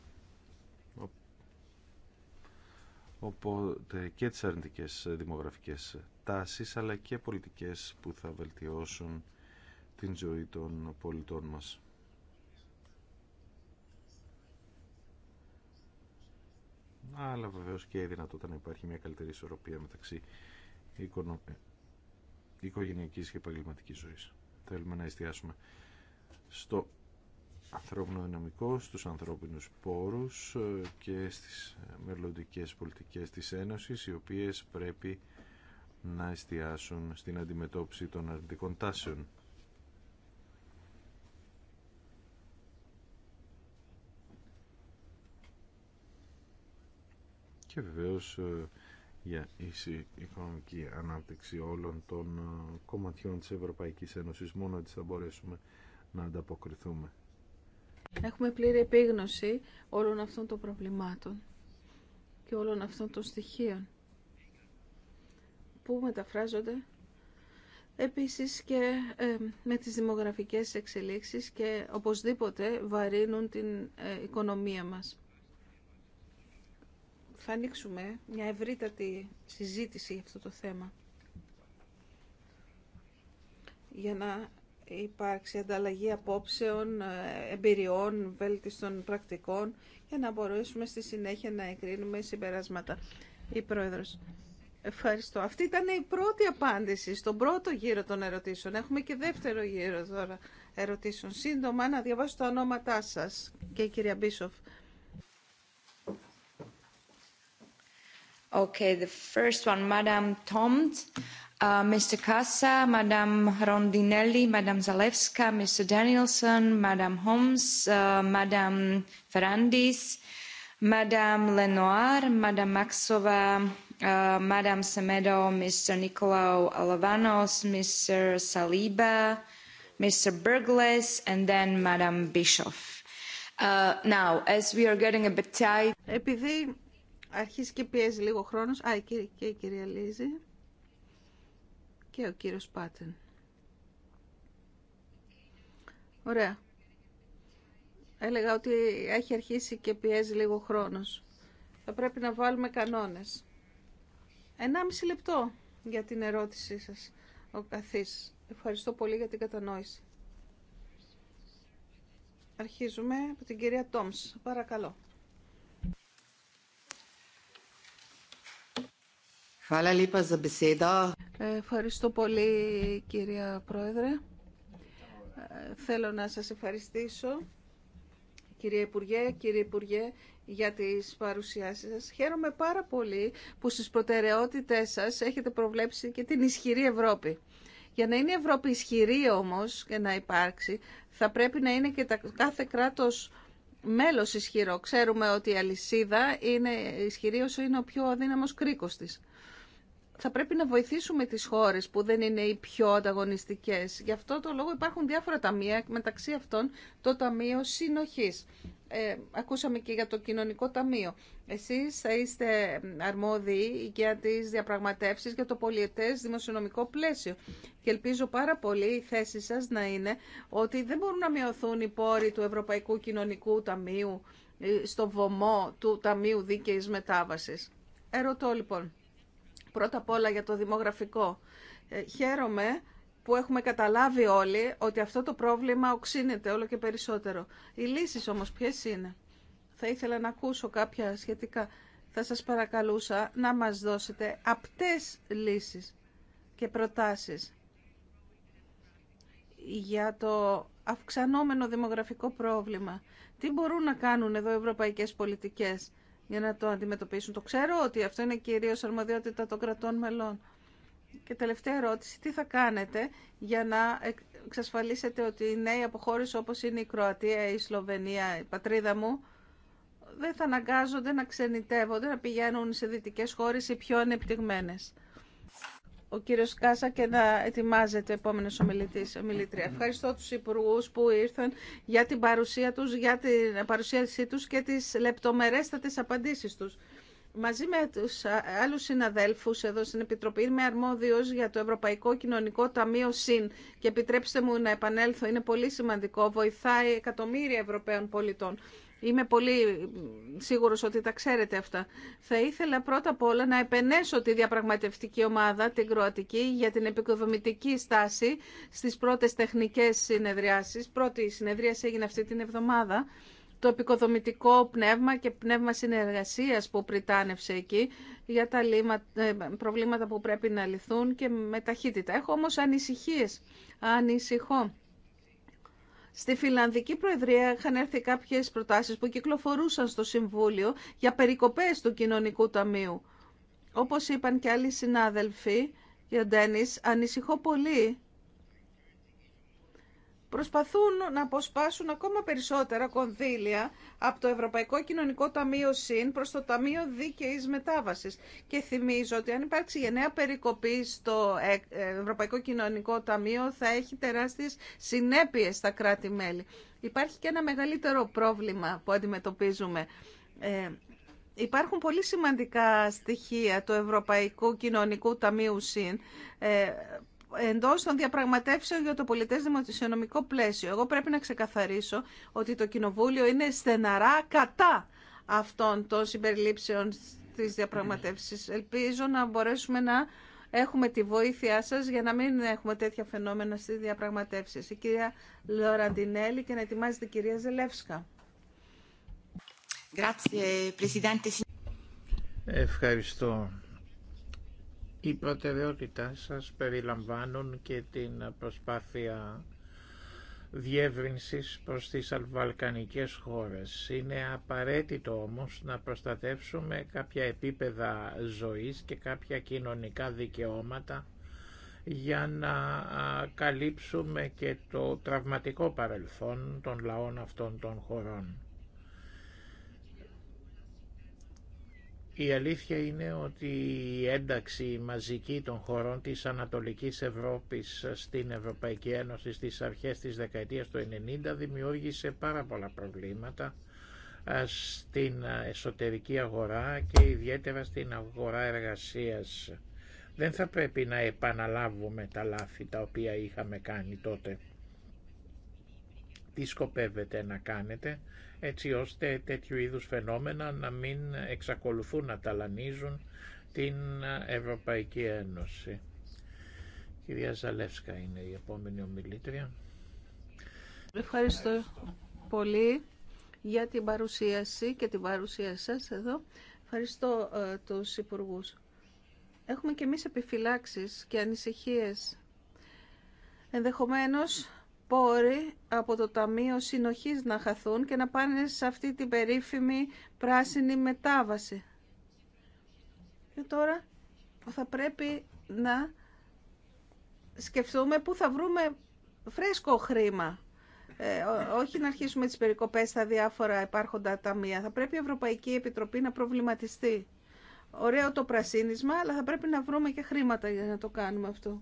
Οπότε και τις αρνητικές ε, δημογραφικές τάσεις αλλά και πολιτικές που θα βελτιώσουν την ζωή των πολιτών μας. αλλά βεβαίως και η δυνατότητα να υπάρχει μια καλύτερη ισορροπία μεταξύ οικογενειακής και επαγγελματική ζωής θέλουμε να εστιάσουμε στο ανθρώπινο δυναμικό, στους ανθρώπινους πόρους ε, και στις μελλοντικές πολιτικές της Ένωσης, οι οποίες πρέπει να εστιάσουν στην αντιμετώπιση των αρνητικών τάσεων. Και βεβαίως ε, για ίση οικονομική ανάπτυξη όλων των ε, κομματιών της Ευρωπαϊκής Ένωσης. Μόνο έτσι θα μπορέσουμε να ανταποκριθούμε. Έχουμε πλήρη επίγνωση όλων αυτών των προβλημάτων και όλων αυτών των στοιχείων που μεταφράζονται επίσης και ε, με τις δημογραφικές εξελίξεις και οπωσδήποτε βαρύνουν την ε, οικονομία μας θα ανοίξουμε μια ευρύτατη συζήτηση για αυτό το θέμα. Για να υπάρξει ανταλλαγή απόψεων, ε, εμπειριών, βέλτιστων πρακτικών για να μπορέσουμε στη συνέχεια να εκρίνουμε συμπεράσματα. Η Πρόεδρος. Ευχαριστώ. Αυτή ήταν η πρώτη απάντηση στον πρώτο γύρο των ερωτήσεων. Έχουμε και δεύτερο γύρο τώρα ερωτήσεων. Σύντομα να διαβάσω τα ονόματά σας και η κυρία Μπίσοφ. Okay, the first one, Madam Tomt, Mr. Kassa, Madam Rondinelli, Madam Zalewska, Mr. Danielson, Madam Holmes, Madam Ferrandis, Madam Lenoir, Madam Maxova, Madam Semedo, Mr. Nicolau Alavanos, Mr. Saliba, Mr. Burgles, and then Madam Bischoff. Now, as we are getting a bit tight... Αρχίζει και πιέζει λίγο χρόνος. Α, και η κυρία Λίζη και ο κύριος Πάτεν. Ωραία. Έλεγα ότι έχει αρχίσει και πιέζει λίγο χρόνος. Θα πρέπει να βάλουμε κανόνες. 1,5 λεπτό για την ερώτησή σας, ο καθής. Ευχαριστώ πολύ για την κατανόηση. Αρχίζουμε από την κυρία Τόμς. Παρακαλώ. Ευχαριστώ πολύ κυρία Πρόεδρε. Θέλω να σας ευχαριστήσω κύριε Υπουργέ, κύριε Υπουργέ για τις παρουσιάσεις σας. Χαίρομαι πάρα πολύ που στις προτεραιότητές σας έχετε προβλέψει και την ισχυρή Ευρώπη. Για να είναι η Ευρώπη ισχυρή όμως και να υπάρξει, θα πρέπει να είναι και τα, κάθε κράτος μέλος ισχυρό. Ξέρουμε ότι η αλυσίδα είναι ισχυρή όσο είναι ο πιο αδύναμος κρίκος της θα πρέπει να βοηθήσουμε τις χώρες που δεν είναι οι πιο ανταγωνιστικές. Γι' αυτό το λόγο υπάρχουν διάφορα ταμεία, μεταξύ αυτών το Ταμείο Συνοχής. Ε, ακούσαμε και για το Κοινωνικό Ταμείο. Εσείς θα είστε αρμόδιοι για τις διαπραγματεύσεις για το πολιετές δημοσιονομικό πλαίσιο. Και ελπίζω πάρα πολύ η θέση σας να είναι ότι δεν μπορούν να μειωθούν οι πόροι του Ευρωπαϊκού Κοινωνικού Ταμείου ε, στο βωμό του Ταμείου Δίκαιης Μετάβασης. Ερωτώ λοιπόν Πρώτα απ' όλα για το δημογραφικό. Ε, χαίρομαι που έχουμε καταλάβει όλοι ότι αυτό το πρόβλημα οξύνεται όλο και περισσότερο. Οι λύσεις όμως ποιες είναι. Θα ήθελα να ακούσω κάποια σχετικά. Θα σας παρακαλούσα να μας δώσετε απτές λύσεις και προτάσεις για το αυξανόμενο δημογραφικό πρόβλημα. Τι μπορούν να κάνουν εδώ οι ευρωπαϊκές πολιτικές για να το αντιμετωπίσουν. Το ξέρω ότι αυτό είναι κυρίως αρμοδιότητα των κρατών μελών. Και τελευταία ερώτηση, τι θα κάνετε για να εξασφαλίσετε ότι οι νέοι από χώρες όπως είναι η Κροατία, η Σλοβενία, η πατρίδα μου, δεν θα αναγκάζονται να ξενιτεύονται, να πηγαίνουν σε δυτικές χώρες οι πιο ανεπτυγμένες ο κύριος Κάσα και να ετοιμάζεται ο επόμενος ομιλητής, ομιλητρία. Ευχαριστώ τους υπουργούς που ήρθαν για την παρουσία τους, για την παρουσίασή τους και τις λεπτομερέστατες απαντήσεις τους. Μαζί με τους άλλους συναδέλφους εδώ στην Επιτροπή είμαι αρμόδιος για το Ευρωπαϊκό Κοινωνικό Ταμείο ΣΥΝ και επιτρέψτε μου να επανέλθω, είναι πολύ σημαντικό, βοηθάει εκατομμύρια Ευρωπαίων πολιτών. Είμαι πολύ σίγουρος ότι τα ξέρετε αυτά. Θα ήθελα πρώτα απ' όλα να επενέσω τη διαπραγματευτική ομάδα, την Κροατική, για την επικοδομητική στάση στις πρώτες τεχνικές συνεδριάσεις. Πρώτη συνεδρίαση έγινε αυτή την εβδομάδα. Το επικοδομητικό πνεύμα και πνεύμα συνεργασίας που πριτάνευσε εκεί για τα ε, προβλήματα που πρέπει να λυθούν και με ταχύτητα. Έχω όμως ανησυχίες. Ανησυχώ Στη Φιλανδική Προεδρία είχαν έρθει κάποιες προτάσεις που κυκλοφορούσαν στο Συμβούλιο για περικοπές του Κοινωνικού Ταμείου. Όπως είπαν και άλλοι συνάδελφοι, ο Ντένις, ανησυχώ πολύ προσπαθούν να αποσπάσουν ακόμα περισσότερα κονδύλια από το Ευρωπαϊκό Κοινωνικό Ταμείο ΣΥΝ προς το Ταμείο Δίκαιης Μετάβασης. Και θυμίζω ότι αν υπάρξει γενναία περικοπή στο ε, ε, Ευρωπαϊκό Κοινωνικό Ταμείο θα έχει τεράστιες συνέπειες στα κράτη-μέλη. Υπάρχει και ένα μεγαλύτερο πρόβλημα που αντιμετωπίζουμε. Ε, υπάρχουν πολύ σημαντικά στοιχεία του Ευρωπαϊκού Κοινωνικού Ταμείου ΣΥΝ ε, Εντό των διαπραγματεύσεων για το πολιτέ δημοσιονομικό πλαίσιο. Εγώ πρέπει να ξεκαθαρίσω ότι το Κοινοβούλιο είναι στεναρά κατά αυτών των συμπεριλήψεων στι διαπραγματεύσει. Ελπίζω να μπορέσουμε να έχουμε τη βοήθειά σα για να μην έχουμε τέτοια φαινόμενα στι διαπραγματεύσει. Η κυρία Λοραντινέλη και να ετοιμάζεται η κυρία Ζελεύσκα. Ευχαριστώ η προτεραιότητά σας περιλαμβάνουν και την προσπάθεια διεύρυνσης προς τις αλβαλκανικές χώρες. Είναι απαραίτητο όμως να προστατεύσουμε κάποια επίπεδα ζωής και κάποια κοινωνικά δικαιώματα για να καλύψουμε και το τραυματικό παρελθόν των λαών αυτών των χωρών. Η αλήθεια είναι ότι η ένταξη μαζική των χωρών της Ανατολικής Ευρώπης στην Ευρωπαϊκή Ένωση στις αρχές της δεκαετίας του 90 δημιούργησε πάρα πολλά προβλήματα ε, στην εσωτερική αγορά και ιδιαίτερα στην αγορά εργασίας. Δεν θα πρέπει να επαναλάβουμε τα λάθη τα οποία είχαμε κάνει τότε. Τι σκοπεύετε να κάνετε έτσι ώστε τέτοιου είδους φαινόμενα να μην εξακολουθούν να ταλανίζουν την Ευρωπαϊκή Ένωση. κυρία Ζαλεύσκα είναι η επόμενη ομιλήτρια. Ευχαριστώ πολύ για την παρουσίαση και την παρουσία σας εδώ. Ευχαριστώ ε, τους υπουργούς. Έχουμε και εμείς επιφυλάξεις και ανησυχίες. Ενδεχομένως πόροι από το Ταμείο Συνοχής να χαθούν και να πάνε σε αυτή την περίφημη πράσινη μετάβαση. Και τώρα θα πρέπει να σκεφτούμε πού θα βρούμε φρέσκο χρήμα. Ε, όχι να αρχίσουμε τις περικοπές στα διάφορα υπάρχοντα ταμεία. Θα πρέπει η Ευρωπαϊκή Επιτροπή να προβληματιστεί. Ωραίο το πρασίνισμα, αλλά θα πρέπει να βρούμε και χρήματα για να το κάνουμε αυτό.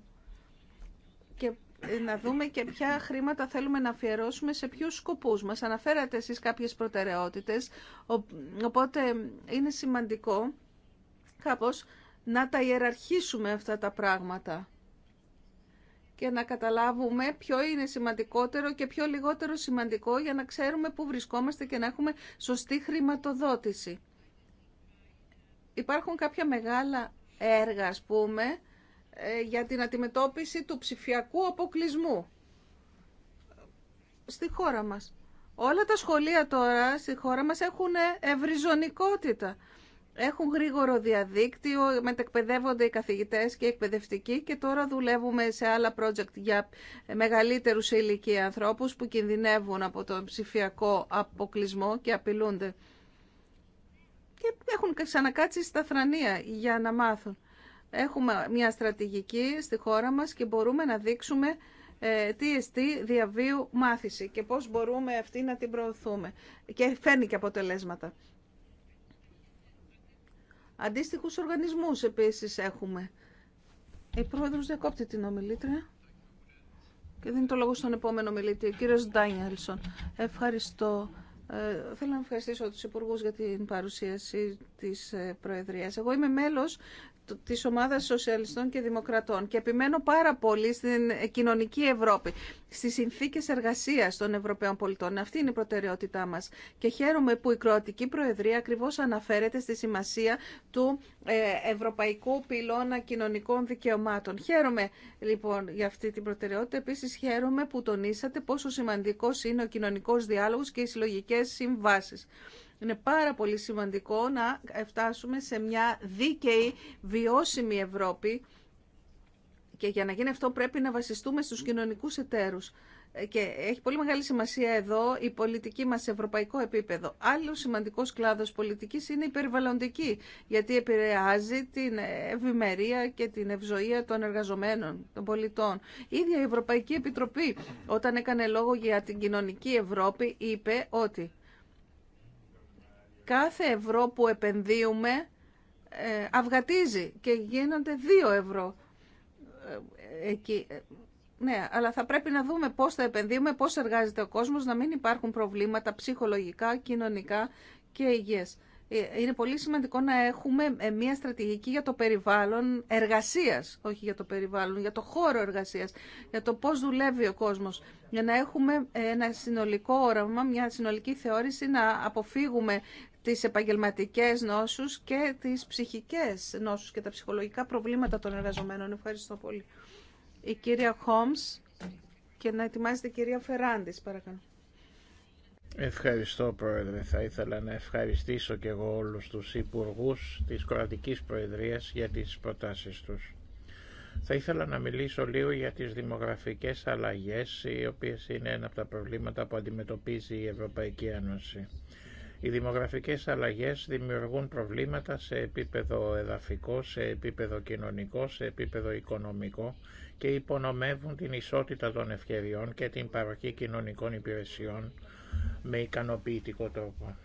Ε, να δούμε και ποια χρήματα θέλουμε να αφιερώσουμε σε ποιους σκοπούς μας. Αναφέρατε εσείς κάποιες προτεραιότητες, οπότε είναι σημαντικό κάπως να τα ιεραρχήσουμε αυτά τα πράγματα και να καταλάβουμε ποιο είναι σημαντικότερο και ποιο λιγότερο σημαντικό για να ξέρουμε πού βρισκόμαστε και να έχουμε σωστή χρηματοδότηση. Υπάρχουν κάποια μεγάλα έργα, ας πούμε, ε, για την αντιμετώπιση του ψηφιακού αποκλεισμού στη χώρα μας. Όλα τα σχολεία τώρα στη χώρα μας έχουν ευρυζωνικότητα. Έχουν γρήγορο διαδίκτυο, μετεκπαιδεύονται οι καθηγητές και οι εκπαιδευτικοί και τώρα δουλεύουμε σε άλλα project για μεγαλύτερους σε ηλικία ανθρώπους που κινδυνεύουν από τον ψηφιακό αποκλεισμό και απειλούνται. Και έχουν ξανακάτσει στα θρανία για να μάθουν. Έχουμε μια στρατηγική στη χώρα μας και μπορούμε να δείξουμε ε, τι εστί διαβίου μάθηση και πώς μπορούμε αυτή να την προωθούμε. Και φέρνει και αποτελέσματα. Αντίστοιχους οργανισμούς επίσης έχουμε. Η πρόεδρος διακόπτει την ομιλήτρια και δίνει το λόγο στον επόμενο μιλήτη, ο κύριος Ντάνιελσον. Ευχαριστώ. Ε, θέλω να ευχαριστήσω τους υπουργούς για την παρουσίαση της ε, Προεδρίας. Εγώ είμαι μέλος της ομάδας σοσιαλιστών και δημοκρατών και επιμένω πάρα πολύ στην κοινωνική Ευρώπη, στις συνθήκες εργασίας των Ευρωπαίων πολιτών. Αυτή είναι η προτεραιότητά μας και χαίρομαι που η Κροατική Προεδρία ακριβώς αναφέρεται στη σημασία του ε, Ευρωπαϊκού Πυλώνα Κοινωνικών Δικαιωμάτων. Χαίρομαι λοιπόν για αυτή την προτεραιότητα. Επίσης χαίρομαι που τονίσατε πόσο σημαντικός είναι ο κοινωνικός διάλογος και οι συλλογικέ συμβάσει. Είναι πάρα πολύ σημαντικό να φτάσουμε σε μια δίκαιη, βιώσιμη Ευρώπη και για να γίνει αυτό πρέπει να βασιστούμε στους κοινωνικούς εταίρους. Και έχει πολύ μεγάλη σημασία εδώ η πολιτική μας σε ευρωπαϊκό επίπεδο. Άλλο σημαντικός κλάδος πολιτικής είναι η περιβαλλοντική, γιατί επηρεάζει την ευημερία και την ευζοία των εργαζομένων, των πολιτών. Η ίδια η Ευρωπαϊκή Επιτροπή, όταν έκανε λόγο για την κοινωνική Ευρώπη, είπε ότι Κάθε ευρώ που επενδύουμε ε, αυγατίζει και γίνονται δύο ευρώ. Ε, εκεί. Ε, ναι, αλλά θα πρέπει να δούμε πώς θα επενδύουμε, πώς εργάζεται ο κόσμος, να μην υπάρχουν προβλήματα ψυχολογικά, κοινωνικά και υγιές. Είναι πολύ σημαντικό να έχουμε μια στρατηγική για το περιβάλλον εργασίας, όχι για το περιβάλλον, για το χώρο εργασίας, για το πώς δουλεύει ο κόσμος, για να έχουμε ένα συνολικό όραμα, μια συνολική θεώρηση, να αποφύγουμε τις επαγγελματικές νόσους και τις ψυχικές νόσους και τα ψυχολογικά προβλήματα των εργαζομένων. Ευχαριστώ πολύ. Η κυρία Χόμς και να ετοιμάζεται η κυρία Φεράντης, παρακαλώ. Ευχαριστώ Πρόεδρε. Θα ήθελα να ευχαριστήσω και εγώ όλους τους υπουργούς της κορατικής Προεδρίας για τις προτάσεις τους. Θα ήθελα να μιλήσω λίγο για τις δημογραφικές αλλαγές, οι οποίες είναι ένα από τα προβλήματα που αντιμετωπίζει η Ευρωπαϊκή Ένωση. Οι δημογραφικές αλλαγές δημιουργούν προβλήματα σε επίπεδο εδαφικό, σε επίπεδο κοινωνικό, σε επίπεδο οικονομικό και υπονομεύουν την ισότητα των ευκαιριών και την παροχή κοινωνικών υπηρεσιών με ικανοποιητικό τρόπο.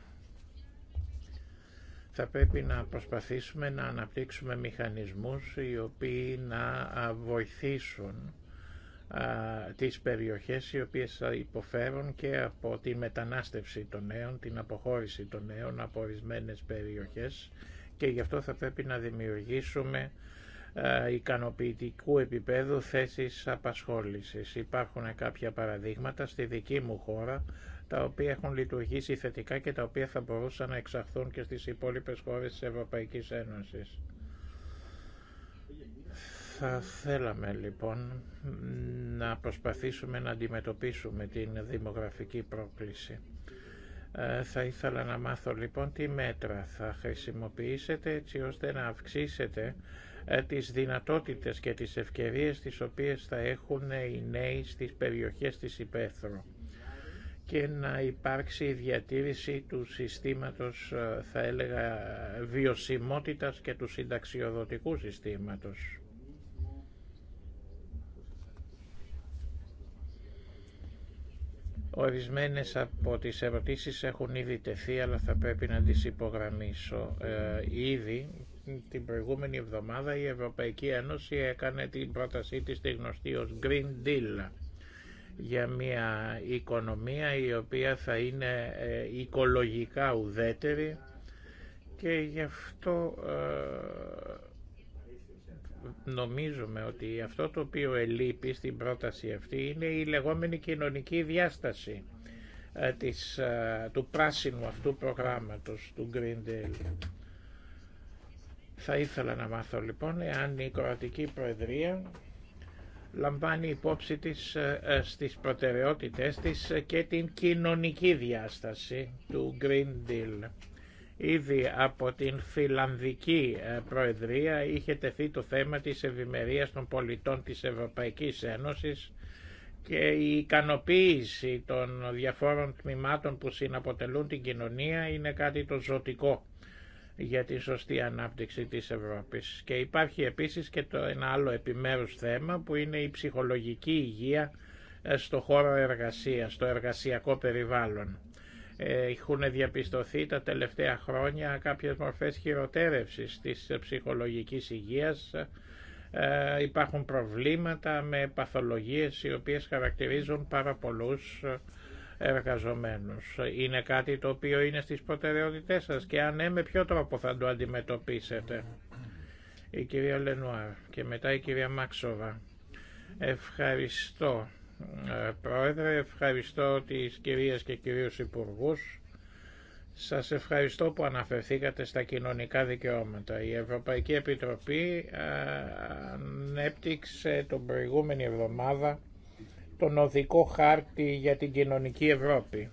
Θα πρέπει να προσπαθήσουμε να αναπτύξουμε μηχανισμούς οι οποίοι να βοηθήσουν τις περιοχές οι οποίες θα υποφέρουν και από τη μετανάστευση των νέων, την αποχώρηση των νέων από ορισμένε περιοχές και γι' αυτό θα πρέπει να δημιουργήσουμε ικανοποιητικού επίπεδου θέσεις απασχόλησης. Υπάρχουν κάποια παραδείγματα στη δική μου χώρα τα οποία έχουν λειτουργήσει θετικά και τα οποία θα μπορούσαν να εξαχθούν και στις υπόλοιπες χώρες της Ευρωπαϊκής Ένωσης. Θα θέλαμε λοιπόν να προσπαθήσουμε να αντιμετωπίσουμε την δημογραφική πρόκληση. Ε, θα ήθελα να μάθω λοιπόν τι μέτρα θα χρησιμοποιήσετε έτσι ώστε να αυξήσετε ε, τις δυνατότητες και τις ευκαιρίες τις οποίες θα έχουν οι νέοι στις περιοχές της υπαίθρου και να υπάρξει η διατήρηση του συστήματος, ε, θα έλεγα, βιωσιμότητας και του συνταξιοδοτικού συστήματος. Ορισμένες από τις ερωτήσεις έχουν ήδη τεθεί, αλλά θα πρέπει να τις υπογραμμίσω. Ε, ήδη την προηγούμενη εβδομάδα η Ευρωπαϊκή Ένωση έκανε την πρότασή της τη γνωστή ως Green Deal για μια οικονομία η οποία θα είναι ε, οικολογικά ουδέτερη και γι' αυτό ε, νομίζουμε ότι αυτό το οποίο ελείπει στην πρόταση αυτή είναι η λεγόμενη κοινωνική διάσταση ε, της, ε, του πράσινου αυτού προγράμματος του Green Deal. Θα ήθελα να μάθω λοιπόν εάν η Κροατική Προεδρία λαμβάνει υπόψη της ε, στις προτεραιότητες της και την κοινωνική διάσταση του Green Deal. Ήδη από την Φιλανδική ε, Προεδρία είχε τεθεί το θέμα της ευημερία των πολιτών της Ευρωπαϊκής Ένωσης και η ικανοποίηση των διαφόρων τμήματων που συναποτελούν την κοινωνία είναι κάτι το ζωτικό για τη σωστή ανάπτυξη της Ευρώπης. Και υπάρχει επίσης και το ένα άλλο επιμέρους θέμα που είναι η ψυχολογική υγεία ε, στο χώρο εργασίας, στο εργασιακό περιβάλλον. Έχουν διαπιστωθεί τα τελευταία χρόνια κάποιες μορφές χειροτέρευσης της ψυχολογικής υγείας. Ε, υπάρχουν προβλήματα με παθολογίες οι οποίες χαρακτηρίζουν πάρα πολλούς εργαζομένους. Είναι κάτι το οποίο είναι στις προτεραιότητές σας και αν ναι με ποιο τρόπο θα το αντιμετωπίσετε. Η κυρία Λενουάρ και μετά η κυρία Μάξοβα. Ευχαριστώ. Ε, πρόεδρε, ευχαριστώ τις κυρίες και κυρίους υπουργούς. Σας ευχαριστώ που αναφερθήκατε στα κοινωνικά δικαιώματα. Η Ευρωπαϊκή Επιτροπή ε, ανέπτυξε τον προηγούμενη εβδομάδα τον οδικό χάρτη για την κοινωνική Ευρώπη.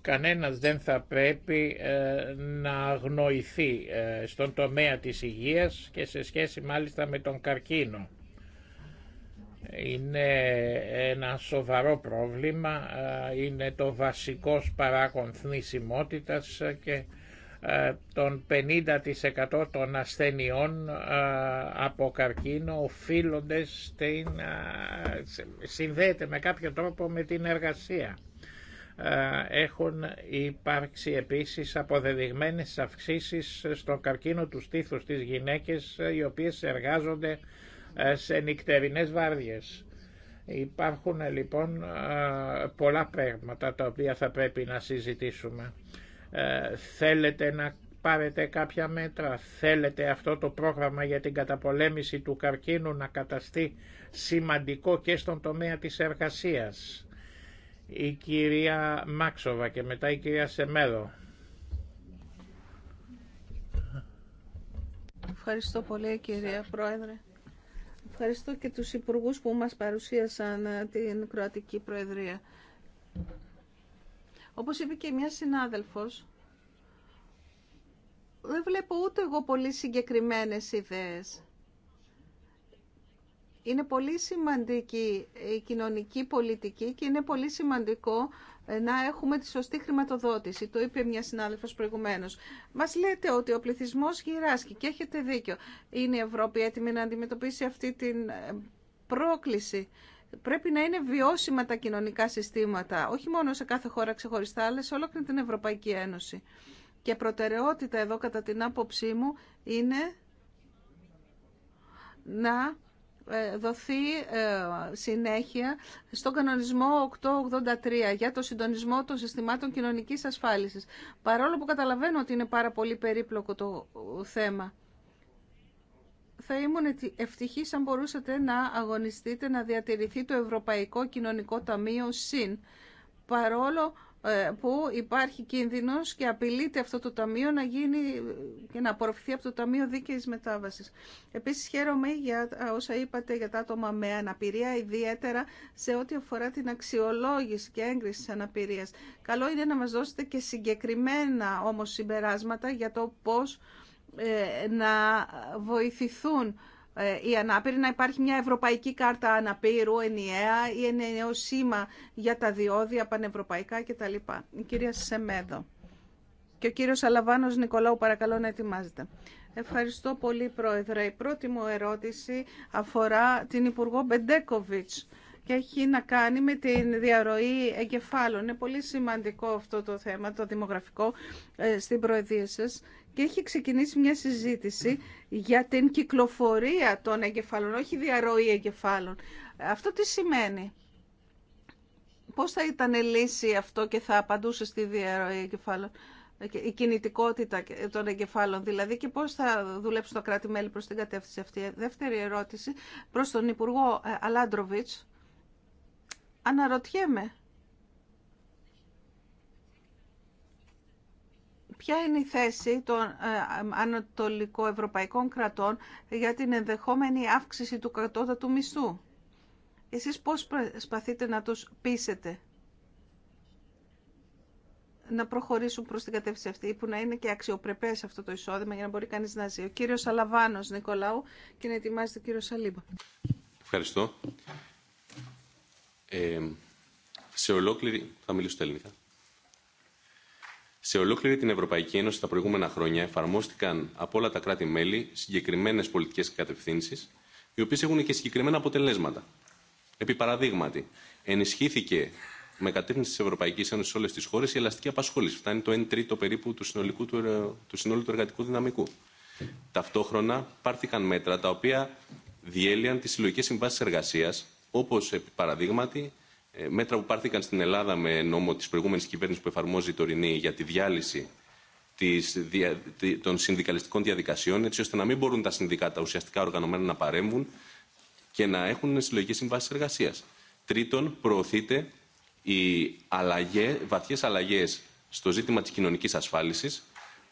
Κανένας δεν θα πρέπει ε, να αγνοηθεί στον τομέα της υγείας και σε σχέση μάλιστα με τον καρκίνο είναι ένα σοβαρό πρόβλημα, είναι το βασικός παράγον θνησιμότητας και των 50% των ασθενειών από καρκίνο οφείλονται συνδέεται με κάποιο τρόπο με την εργασία. Έχουν υπάρξει επίσης αποδεδειγμένες αυξήσεις στο καρκίνο του στήθους της γυναίκες οι οποίες εργάζονται ε, σε νυχτερινές βάρδιες. Υπάρχουν ε, λοιπόν ε, πολλά πράγματα τα οποία θα πρέπει να συζητήσουμε. Θέλετε να πάρετε κάποια μέτρα, θέλετε αυτό το πρόγραμμα για την καταπολέμηση του καρκίνου να καταστεί σημαντικό και στον τομέα της εργασίας. Η κυρία Μάξοβα και μετά η κυρία Σεμέδο. Ευχαριστώ πολύ κυρία Πρόεδρε ευχαριστώ και τους υπουργούς που μας παρουσίασαν ε, την Κροατική Προεδρία. Όπως είπε και μια συνάδελφος, δεν βλέπω ούτε εγώ πολύ συγκεκριμένες ιδέες. Είναι πολύ σημαντική η κοινωνική πολιτική και είναι πολύ σημαντικό να έχουμε τη σωστή χρηματοδότηση. Το είπε μια συνάδελφο προηγουμένω. Μας λέτε ότι ο πληθυσμό γυράσκει και έχετε δίκιο. Είναι η Ευρώπη έτοιμη να αντιμετωπίσει αυτή την ε, πρόκληση. Πρέπει να είναι βιώσιμα τα κοινωνικά συστήματα, όχι μόνο σε κάθε χώρα ξεχωριστά, αλλά σε ολόκληρη την Ευρωπαϊκή Ένωση. Και προτεραιότητα εδώ, κατά την άποψή μου, είναι να ε, δοθεί ε, συνέχεια στον κανονισμό 883 για το συντονισμό των συστημάτων κοινωνικής ασφάλισης. Παρόλο που καταλαβαίνω ότι είναι πάρα πολύ περίπλοκο το θέμα, θα ήμουν ευτυχής αν μπορούσατε να αγωνιστείτε να διατηρηθεί το Ευρωπαϊκό Κοινωνικό Ταμείο ΣΥΝ, παρόλο ε, που υπάρχει κίνδυνος και απειλείται αυτό το ταμείο να γίνει και να απορροφηθεί από το Ταμείο Δίκαιης Μετάβασης. Επίσης χαίρομαι για όσα είπατε για τα άτομα με αναπηρία, ιδιαίτερα σε ό,τι αφορά την αξιολόγηση και έγκριση της αναπηρίας. Καλό είναι να μας δώσετε και συγκεκριμένα όμως συμπεράσματα για το πώς ε, να βοηθηθούν ε, η ανάπηρη, να υπάρχει μια ευρωπαϊκή κάρτα αναπήρου ενιαία ή ενιαίο σήμα για τα διόδια πανευρωπαϊκά κτλ. Η κυρία Σεμέδο. Και ο κύριος Αλαβάνος Νικολάου παρακαλώ να ετοιμάζεται. Ευχαριστώ πολύ Πρόεδρε. Η πρώτη μου ερώτηση αφορά την Υπουργό Μπεντέκοβιτς και έχει να κάνει με την διαρροή εγκεφάλων. Είναι πολύ σημαντικό αυτό το θέμα, το δημογραφικό, ε, στην Προεδρία σας και έχει ξεκινήσει μια συζήτηση για την κυκλοφορία των εγκεφάλων, όχι διαρροή εγκεφάλων. Αυτό τι σημαίνει. Πώς θα ήταν λύση αυτό και θα απαντούσε στη διαρροή εγκεφάλων, η κινητικότητα των εγκεφάλων δηλαδή και πώς θα δουλέψουν το κράτη-μέλη προς την κατεύθυνση αυτή. Δεύτερη ερώτηση προς τον Υπουργό ε, Αλάντροβιτς. Αναρωτιέμαι Ποια είναι η θέση των ε, ανατολικοευρωπαϊκών κρατών για την ενδεχόμενη αύξηση του κατώτατου μισθού. Εσείς πώς προσπαθείτε να τους πείσετε να προχωρήσουν προς την κατεύθυνση αυτή που να είναι και αξιοπρεπές αυτό το εισόδημα για να μπορεί κανείς να ζει. Ο κύριος Αλαβάνος Νικολάου και να ετοιμάζεται ο κύριος Σαλίμπα. Ευχαριστώ. Ε, σε ολόκληρη... Θα μιλήσω στα ελληνικά. Σε ολόκληρη την Ευρωπαϊκή Ένωση τα προηγούμενα χρόνια εφαρμόστηκαν από όλα τα κράτη-μέλη συγκεκριμένε πολιτικέ κατευθύνσει, οι οποίε έχουν και συγκεκριμένα αποτελέσματα. Επί παραδείγματι, ενισχύθηκε με κατεύθυνση τη Ευρωπαϊκή Ένωση σε όλε τι χώρε η ελαστική απασχόληση. Φτάνει το 1 τρίτο περίπου του, συνολικού, του, του συνόλου του εργατικού δυναμικού. Ταυτόχρονα πάρθηκαν μέτρα τα οποία διέλυαν τι συλλογικέ συμβάσει εργασία, όπω επί παραδείγματι ε, μέτρα που πάρθηκαν στην Ελλάδα με νόμο της προηγούμενης κυβέρνησης που εφαρμόζει η τωρινή για τη διάλυση της, των συνδικαλιστικών διαδικασιών έτσι ώστε να μην μπορούν τα συνδικάτα ουσιαστικά οργανωμένα να παρέμβουν και να έχουν συλλογικές συμβάσεις εργασίας. Τρίτον, προωθείται οι αλλαγέ, βαθιές αλλαγές στο ζήτημα της κοινωνικής ασφάλισης.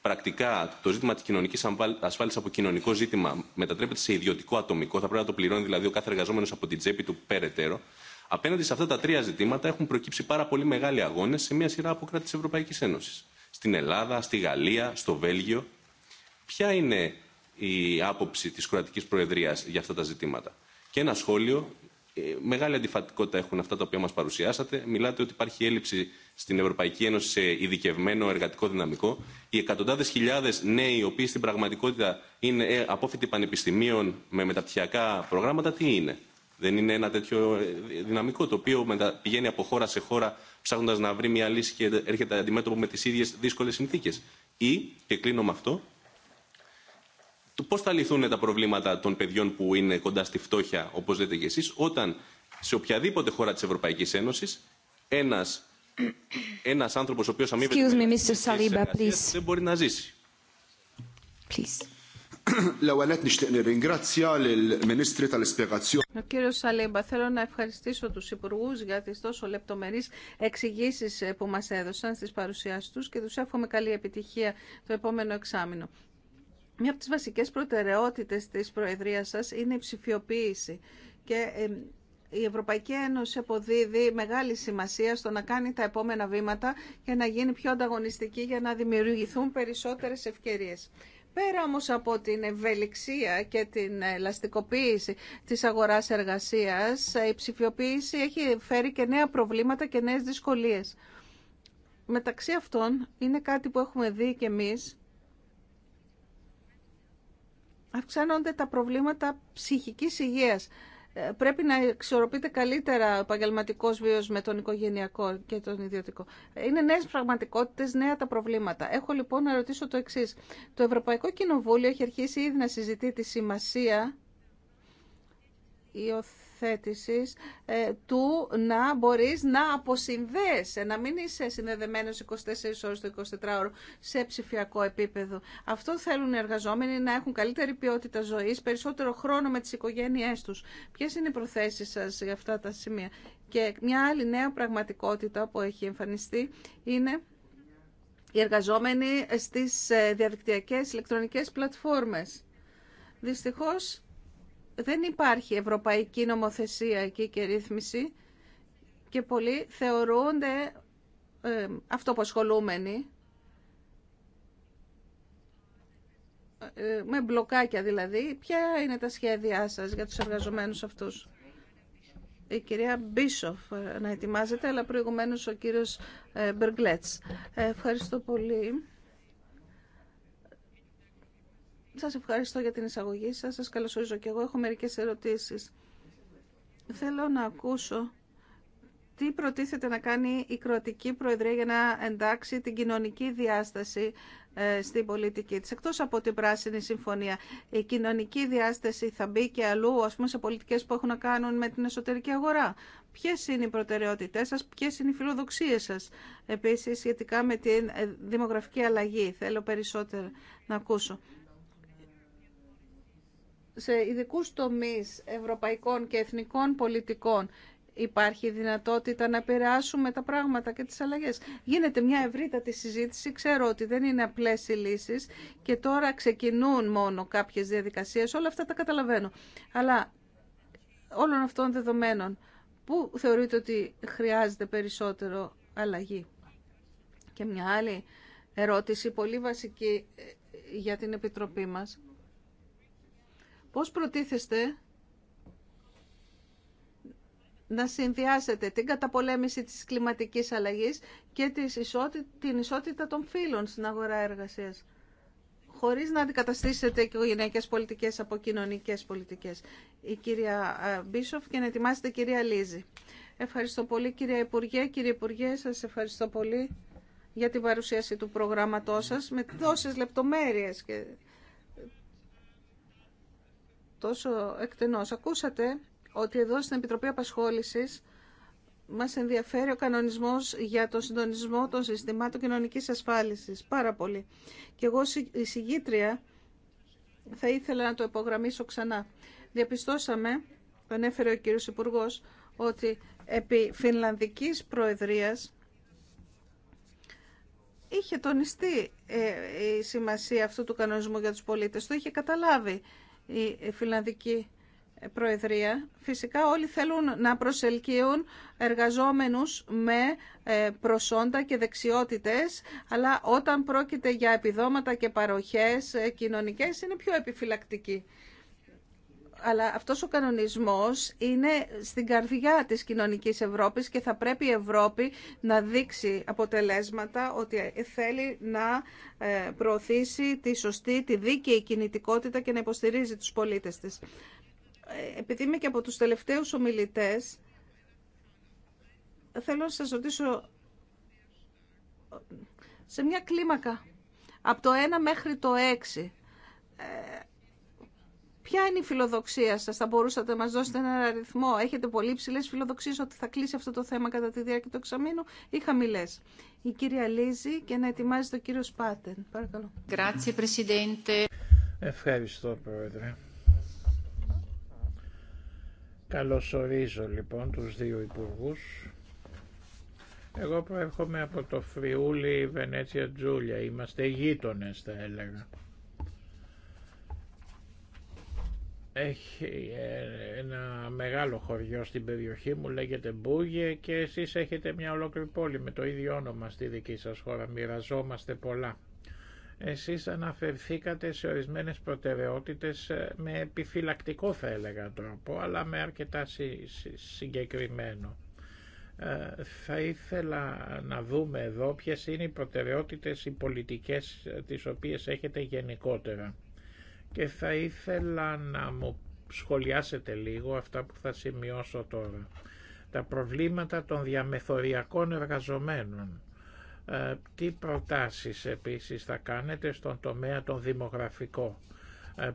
Πρακτικά το ζήτημα της κοινωνικής ασφάλισης από κοινωνικό ζήτημα μετατρέπεται σε ιδιωτικό ατομικό. Θα πρέπει να το πληρώνει δηλαδή ο κάθε εργαζόμενος από την τσέπη του περαιτέρω. Απέναντι σε αυτά τα τρία ζητήματα έχουν προκύψει πάρα πολύ μεγάλοι αγώνε σε μια σειρά από κράτη τη Ευρωπαϊκή Ένωση. Στην Ελλάδα, στη Γαλλία, στο Βέλγιο. Ποια είναι η άποψη τη Κροατική Προεδρία για αυτά τα ζητήματα. Και ένα σχόλιο. Ε, μεγάλη αντιφατικότητα έχουν αυτά τα οποία μα παρουσιάσατε. Μιλάτε ότι υπάρχει έλλειψη στην Ευρωπαϊκή Ένωση σε ειδικευμένο εργατικό δυναμικό. Οι εκατοντάδε χιλιάδε νέοι, οι οποίοι στην πραγματικότητα είναι ε, απόφοιτοι πανεπιστημίων με μεταπτυχιακά προγράμματα, τι είναι. Δεν είναι ένα τέτοιο ε, δυναμικό το οποίο πηγαίνει από χώρα σε χώρα ψάχνοντα να βρει μια λύση και έρχεται αντιμέτωπο με τι ίδιε δύσκολε συνθήκε. Ή, και κλείνω με αυτό, το πώ θα λυθούν τα προβλήματα των παιδιών που είναι κοντά στη φτώχεια, όπω λέτε κι εσεί, όταν σε οποιαδήποτε χώρα τη Ευρωπαϊκή Ένωση ένα ένας άνθρωπο ο οποίο αμείβεται. Δεν μπορεί να ζήσει. Ο κύριο θέλω να ευχαριστήσω του υπουργού για τι τόσο λεπτομερεί εξηγήσει ε, που μα έδωσαν στι παρουσιάσει του και του εύχομαι καλή επιτυχία το επόμενο εξάμεινο. Μία από τι βασικέ προτεραιότητε τη Προεδρία σα είναι η ψηφιοποίηση και η Ευρωπαϊκή Ένωση αποδίδει μεγάλη σημασία στο να κάνει τα επόμενα βήματα και να γίνει πιο ανταγωνιστική για να δημιουργηθούν περισσότερε ευκαιρίε. Πέρα όμως από την ευελιξία και την ελαστικοποίηση της αγοράς εργασίας, η ψηφιοποίηση έχει φέρει και νέα προβλήματα και νέες δυσκολίες. Μεταξύ αυτών είναι κάτι που έχουμε δει και εμείς. Αυξάνονται τα προβλήματα ψυχικής υγείας ε, πρέπει να εξορροπείται καλύτερα ο επαγγελματικό βίο με τον οικογενειακό και τον ιδιωτικό. Είναι νέε πραγματικότητε, νέα τα προβλήματα. Έχω λοιπόν να ρωτήσω το εξή. Το Ευρωπαϊκό Κοινοβούλιο έχει αρχίσει ήδη να συζητεί τη σημασία ε, του να μπορείς να αποσυνδέεσαι, ε, να μην είσαι συνδεδεμένος 24 ώρες το 24ωρο σε ψηφιακό επίπεδο. Αυτό θέλουν οι εργαζόμενοι να έχουν καλύτερη ποιότητα ζωής, περισσότερο χρόνο με τις οικογένειές τους. Ποιες είναι οι προθέσεις σας για αυτά τα σημεία. Και μια άλλη νέα πραγματικότητα που έχει εμφανιστεί είναι οι εργαζόμενοι στις ε, διαδικτυακές ηλεκτρονικές πλατφόρμες. Δυστυχώς δεν υπάρχει ευρωπαϊκή νομοθεσία εκεί και ρύθμιση και πολλοί θεωρούνται ε, αυτοπασχολούμενοι ε, με μπλοκάκια δηλαδή. Ποια είναι τα σχέδιά σας για τους εργαζομένους αυτούς. Η κυρία Μπίσοφ ε, να ετοιμάζεται, αλλά προηγουμένως ο κύριος ε, Μπεργκλέτς. Ε, ευχαριστώ πολύ. Σας ευχαριστώ για την εισαγωγή σας. Σας καλωσορίζω και εγώ. Έχω μερικές ερωτήσεις. Θέλω να ακούσω τι προτίθεται να κάνει η Κροατική Προεδρία για να εντάξει την κοινωνική διάσταση ε, στην πολιτική της. Εκτός από την Πράσινη Συμφωνία, η κοινωνική διάσταση θα μπει και αλλού, ας πούμε, σε πολιτικές που έχουν να κάνουν με την εσωτερική αγορά. Ποιες είναι οι προτεραιότητές σας, ποιες είναι οι φιλοδοξίες σας. Επίσης, σχετικά με την ε, δημογραφική αλλαγή, θέλω περισσότερο να ακούσω σε ειδικού τομεί ευρωπαϊκών και εθνικών πολιτικών υπάρχει δυνατότητα να επηρεάσουμε τα πράγματα και τις αλλαγές. Γίνεται μια ευρύτατη συζήτηση, ξέρω ότι δεν είναι απλές οι λύσεις και τώρα ξεκινούν μόνο κάποιες διαδικασίες, όλα αυτά τα καταλαβαίνω. Αλλά όλων αυτών δεδομένων, πού θεωρείτε ότι χρειάζεται περισσότερο αλλαγή. Και μια άλλη ερώτηση, πολύ βασική ε, για την Επιτροπή μας. Πώς προτίθεστε να συνδυάσετε την καταπολέμηση της κλιματικής αλλαγής και την ισότητα των φύλων στην αγορά εργασίας χωρίς να αντικαταστήσετε και γυναίκες πολιτικές από κοινωνικέ πολιτικές. Η κυρία ε, Μπίσοφ και να ετοιμάσετε κυρία Λίζη. Ευχαριστώ πολύ κυρία Υπουργέ. Κύριε Υπουργέ, σας ευχαριστώ πολύ για την παρουσίαση του προγράμματός σας με τόσες λεπτομέρειες και τόσο εκτενώς. Ακούσατε ότι εδώ στην Επιτροπή Απασχόλησης μας ενδιαφέρει ο κανονισμός για τον συντονισμό των συστημάτων κοινωνικής ασφάλισης. Πάρα πολύ. Και εγώ η συγγήτρια θα ήθελα να το υπογραμμίσω ξανά. Διαπιστώσαμε, το ανέφερε ο κύριος υπουργό, ότι επί Φινλανδικής Προεδρίας είχε τονιστεί ε, η σημασία αυτού του κανονισμού για τους πολίτες. Το είχε καταλάβει η Φιλανδική Προεδρία. Φυσικά όλοι θέλουν να προσελκύουν εργαζόμενους με ε, προσόντα και δεξιότητες, αλλά όταν πρόκειται για επιδόματα και παροχές ε, κοινωνικές είναι πιο επιφυλακτικοί αλλά αυτός ο κανονισμός είναι στην καρδιά της κοινωνικής Ευρώπης και θα πρέπει η Ευρώπη να δείξει αποτελέσματα ότι θέλει να ε, προωθήσει τη σωστή, τη δίκαιη κινητικότητα και να υποστηρίζει τους πολίτες της. Επειδή είμαι και από τους τελευταίους ομιλητές, θέλω να σας ρωτήσω σε μια κλίμακα από το 1 μέχρι το 6 Ποια είναι η φιλοδοξία σας, θα μπορούσατε να μας δώσετε ένα αριθμό. Έχετε πολύ ψηλέ φιλοδοξίες ότι θα κλείσει αυτό το θέμα κατά τη διάρκεια του εξαμήνου ή χαμηλέ. Η κυρία Λίζη και να ετοιμάζει το κύριο Σπάτεν. Παρακαλώ. Ευχαριστώ, Πρόεδρε. Καλωσορίζω λοιπόν τους δύο υπουργού Εγώ προέρχομαι από το Φριούλι Βενέτσια Τζούλια. Είμαστε γείτονες θα έλεγα. έχει ε, ένα μεγάλο χωριό στην περιοχή μου, λέγεται Μπούγε και εσείς έχετε μια ολόκληρη πόλη με το ίδιο όνομα στη δική σας χώρα, μοιραζόμαστε πολλά. Εσείς αναφερθήκατε σε ορισμένες προτεραιότητες ε, με επιφυλακτικό θα έλεγα τρόπο, αλλά με αρκετά συγκεκριμένο. Ε, θα ήθελα να δούμε εδώ ποιες είναι οι προτεραιότητες, οι πολιτικές τις οποίες έχετε γενικότερα και θα ήθελα να μου σχολιάσετε λίγο αυτά που θα σημειώσω τώρα. Τα προβλήματα των διαμεθοριακών εργαζομένων. Ε, τι προτάσεις επίσης θα κάνετε στον τομέα τον δημογραφικό. Ε,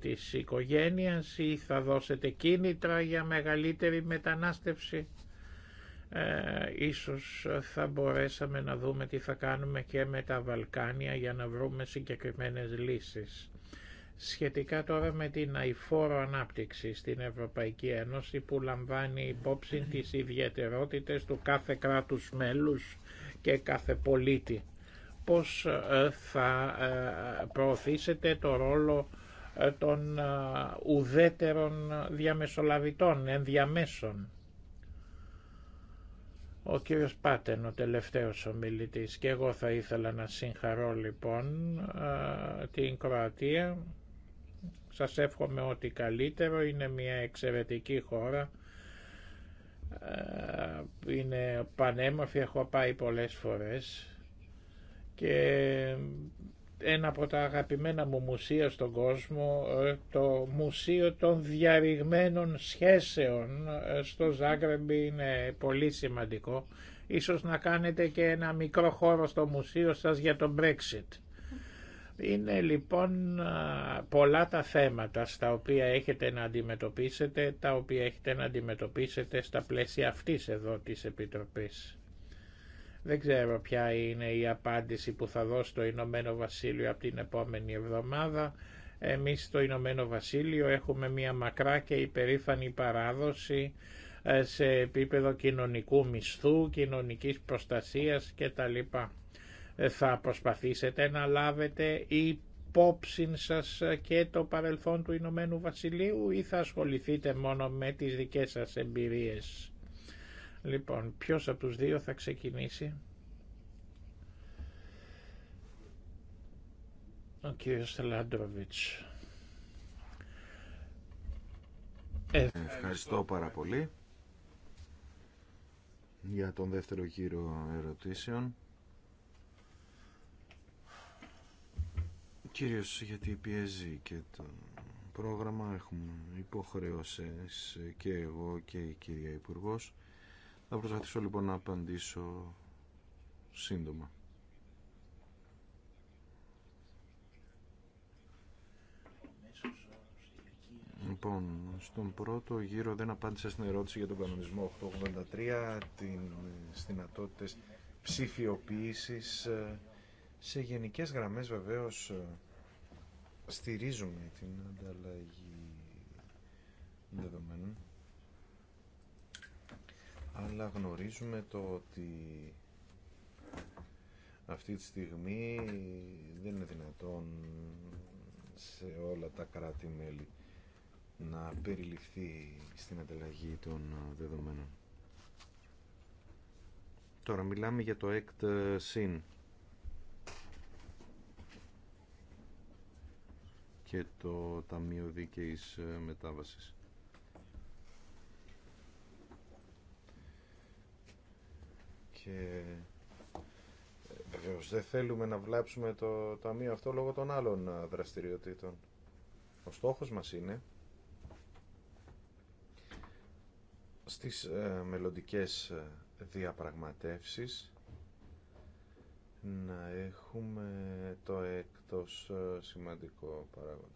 της οικογένειας ή θα δώσετε κίνητρα για μεγαλύτερη μετανάστευση. Ε, ίσως θα μπορέσαμε να δούμε τι θα κάνουμε και με τα Βαλκάνια για να βρούμε συγκεκριμένες λύσεις. Σχετικά τώρα με την αηφόρο ανάπτυξη στην Ευρωπαϊκή Ένωση που λαμβάνει υπόψη τις ιδιαιτερότητες του κάθε κράτους μέλους και κάθε πολίτη. Πώς ε, θα ε, προωθήσετε το ρόλο ε, των ουδέτερων διαμεσολαβητών, ενδιαμέσων. Ο κύριος Πάτεν, ο τελευταίος ομιλητής, και εγώ θα ήθελα να συγχαρώ λοιπόν την Κροατία σας εύχομαι ότι καλύτερο, είναι μια εξαιρετική χώρα, ε, είναι πανέμορφη, έχω πάει πολλές φορές και ένα από τα αγαπημένα μου μουσεία στον κόσμο, ε, το Μουσείο των Διαρριγμένων Σχέσεων ε, στο Ζάγκρεμπι είναι πολύ σημαντικό. Ίσως να κάνετε και ένα μικρό χώρο στο μουσείο σας για το Brexit. Είναι λοιπόν πολλά τα θέματα στα οποία έχετε να αντιμετωπίσετε, τα οποία έχετε να αντιμετωπίσετε στα πλαίσια αυτής εδώ της Επιτροπής. Δεν ξέρω ποια είναι η απάντηση που θα δώσω το Ηνωμένο Βασίλειο από την επόμενη εβδομάδα. Εμείς στο Ηνωμένο Βασίλειο έχουμε μια μακρά και υπερήφανη παράδοση ε, σε επίπεδο κοινωνικού μισθού, κοινωνικής προστασίας κτλ. Ε, θα προσπαθήσετε να λάβετε υπόψη σας και το παρελθόν του Ηνωμένου Βασιλείου ή θα ασχοληθείτε μόνο με τις δικές σας εμπειρίες. Λοιπόν, ποιος από τους δύο θα ξεκινήσει. Ο κύριος Λάντροβιτς. Ε, Ευχαριστώ πάρα πολύ για τον δεύτερο γύρο ερωτήσεων. Κυρίως γιατί πιέζει και το πρόγραμμα έχουμε υποχρεώσεις και εγώ και η κυρία Υπουργός. Θα προσπαθήσω λοιπόν να απαντήσω σύντομα. Λοιπόν, στον πρώτο γύρο δεν απάντησα στην ερώτηση για τον κανονισμό 883, την ε, δυνατότητε ψηφιοποίησης. Ε, σε γενικές γραμμές βεβαίως ε, στηρίζουμε την ανταλλαγή δεδομένων αλλά γνωρίζουμε το ότι αυτή τη στιγμή δεν είναι δυνατόν σε όλα τα κράτη-μέλη να περιληφθεί στην ανταλλαγή των δεδομένων. Τώρα μιλάμε για το ΕΚΤ ΣΥΝ και το Ταμείο Δίκαιης ε, Μετάβασης. Και ε, βεβαίω δεν θέλουμε να βλάψουμε το Ταμείο αυτό λόγω των άλλων ε, δραστηριοτήτων. Ο στόχος μας είναι στις μελλοντικές διαπραγματεύσεις να έχουμε το έκτος ε, σημαντικό παράγοντα.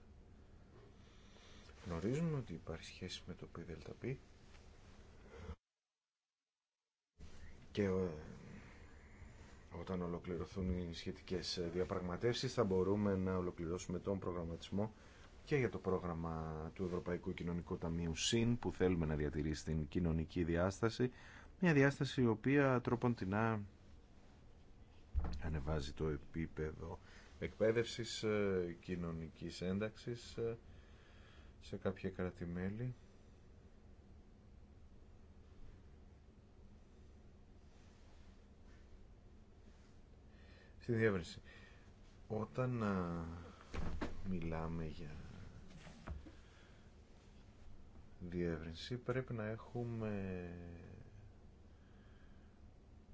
Γνωρίζουμε ότι υπάρχει σχέση με το πίδελταπή. και ε, όταν ολοκληρωθούν οι σχετικές ε, διαπραγματεύσεις θα μπορούμε να ολοκληρώσουμε τον προγραμματισμό και για το πρόγραμμα του Ευρωπαϊκού Κοινωνικού Ταμείου ΣΥΝ που θέλουμε να διατηρήσει την κοινωνική διάσταση μια διάσταση η οποία τρόπον την ανεβάζει το επίπεδο εκπαίδευσης, ε, κοινωνικής ένταξης ε, σε κάποια κρατημέλη. Στη διεύρυνση. Όταν ε, μιλάμε για διεύρυνση πρέπει να έχουμε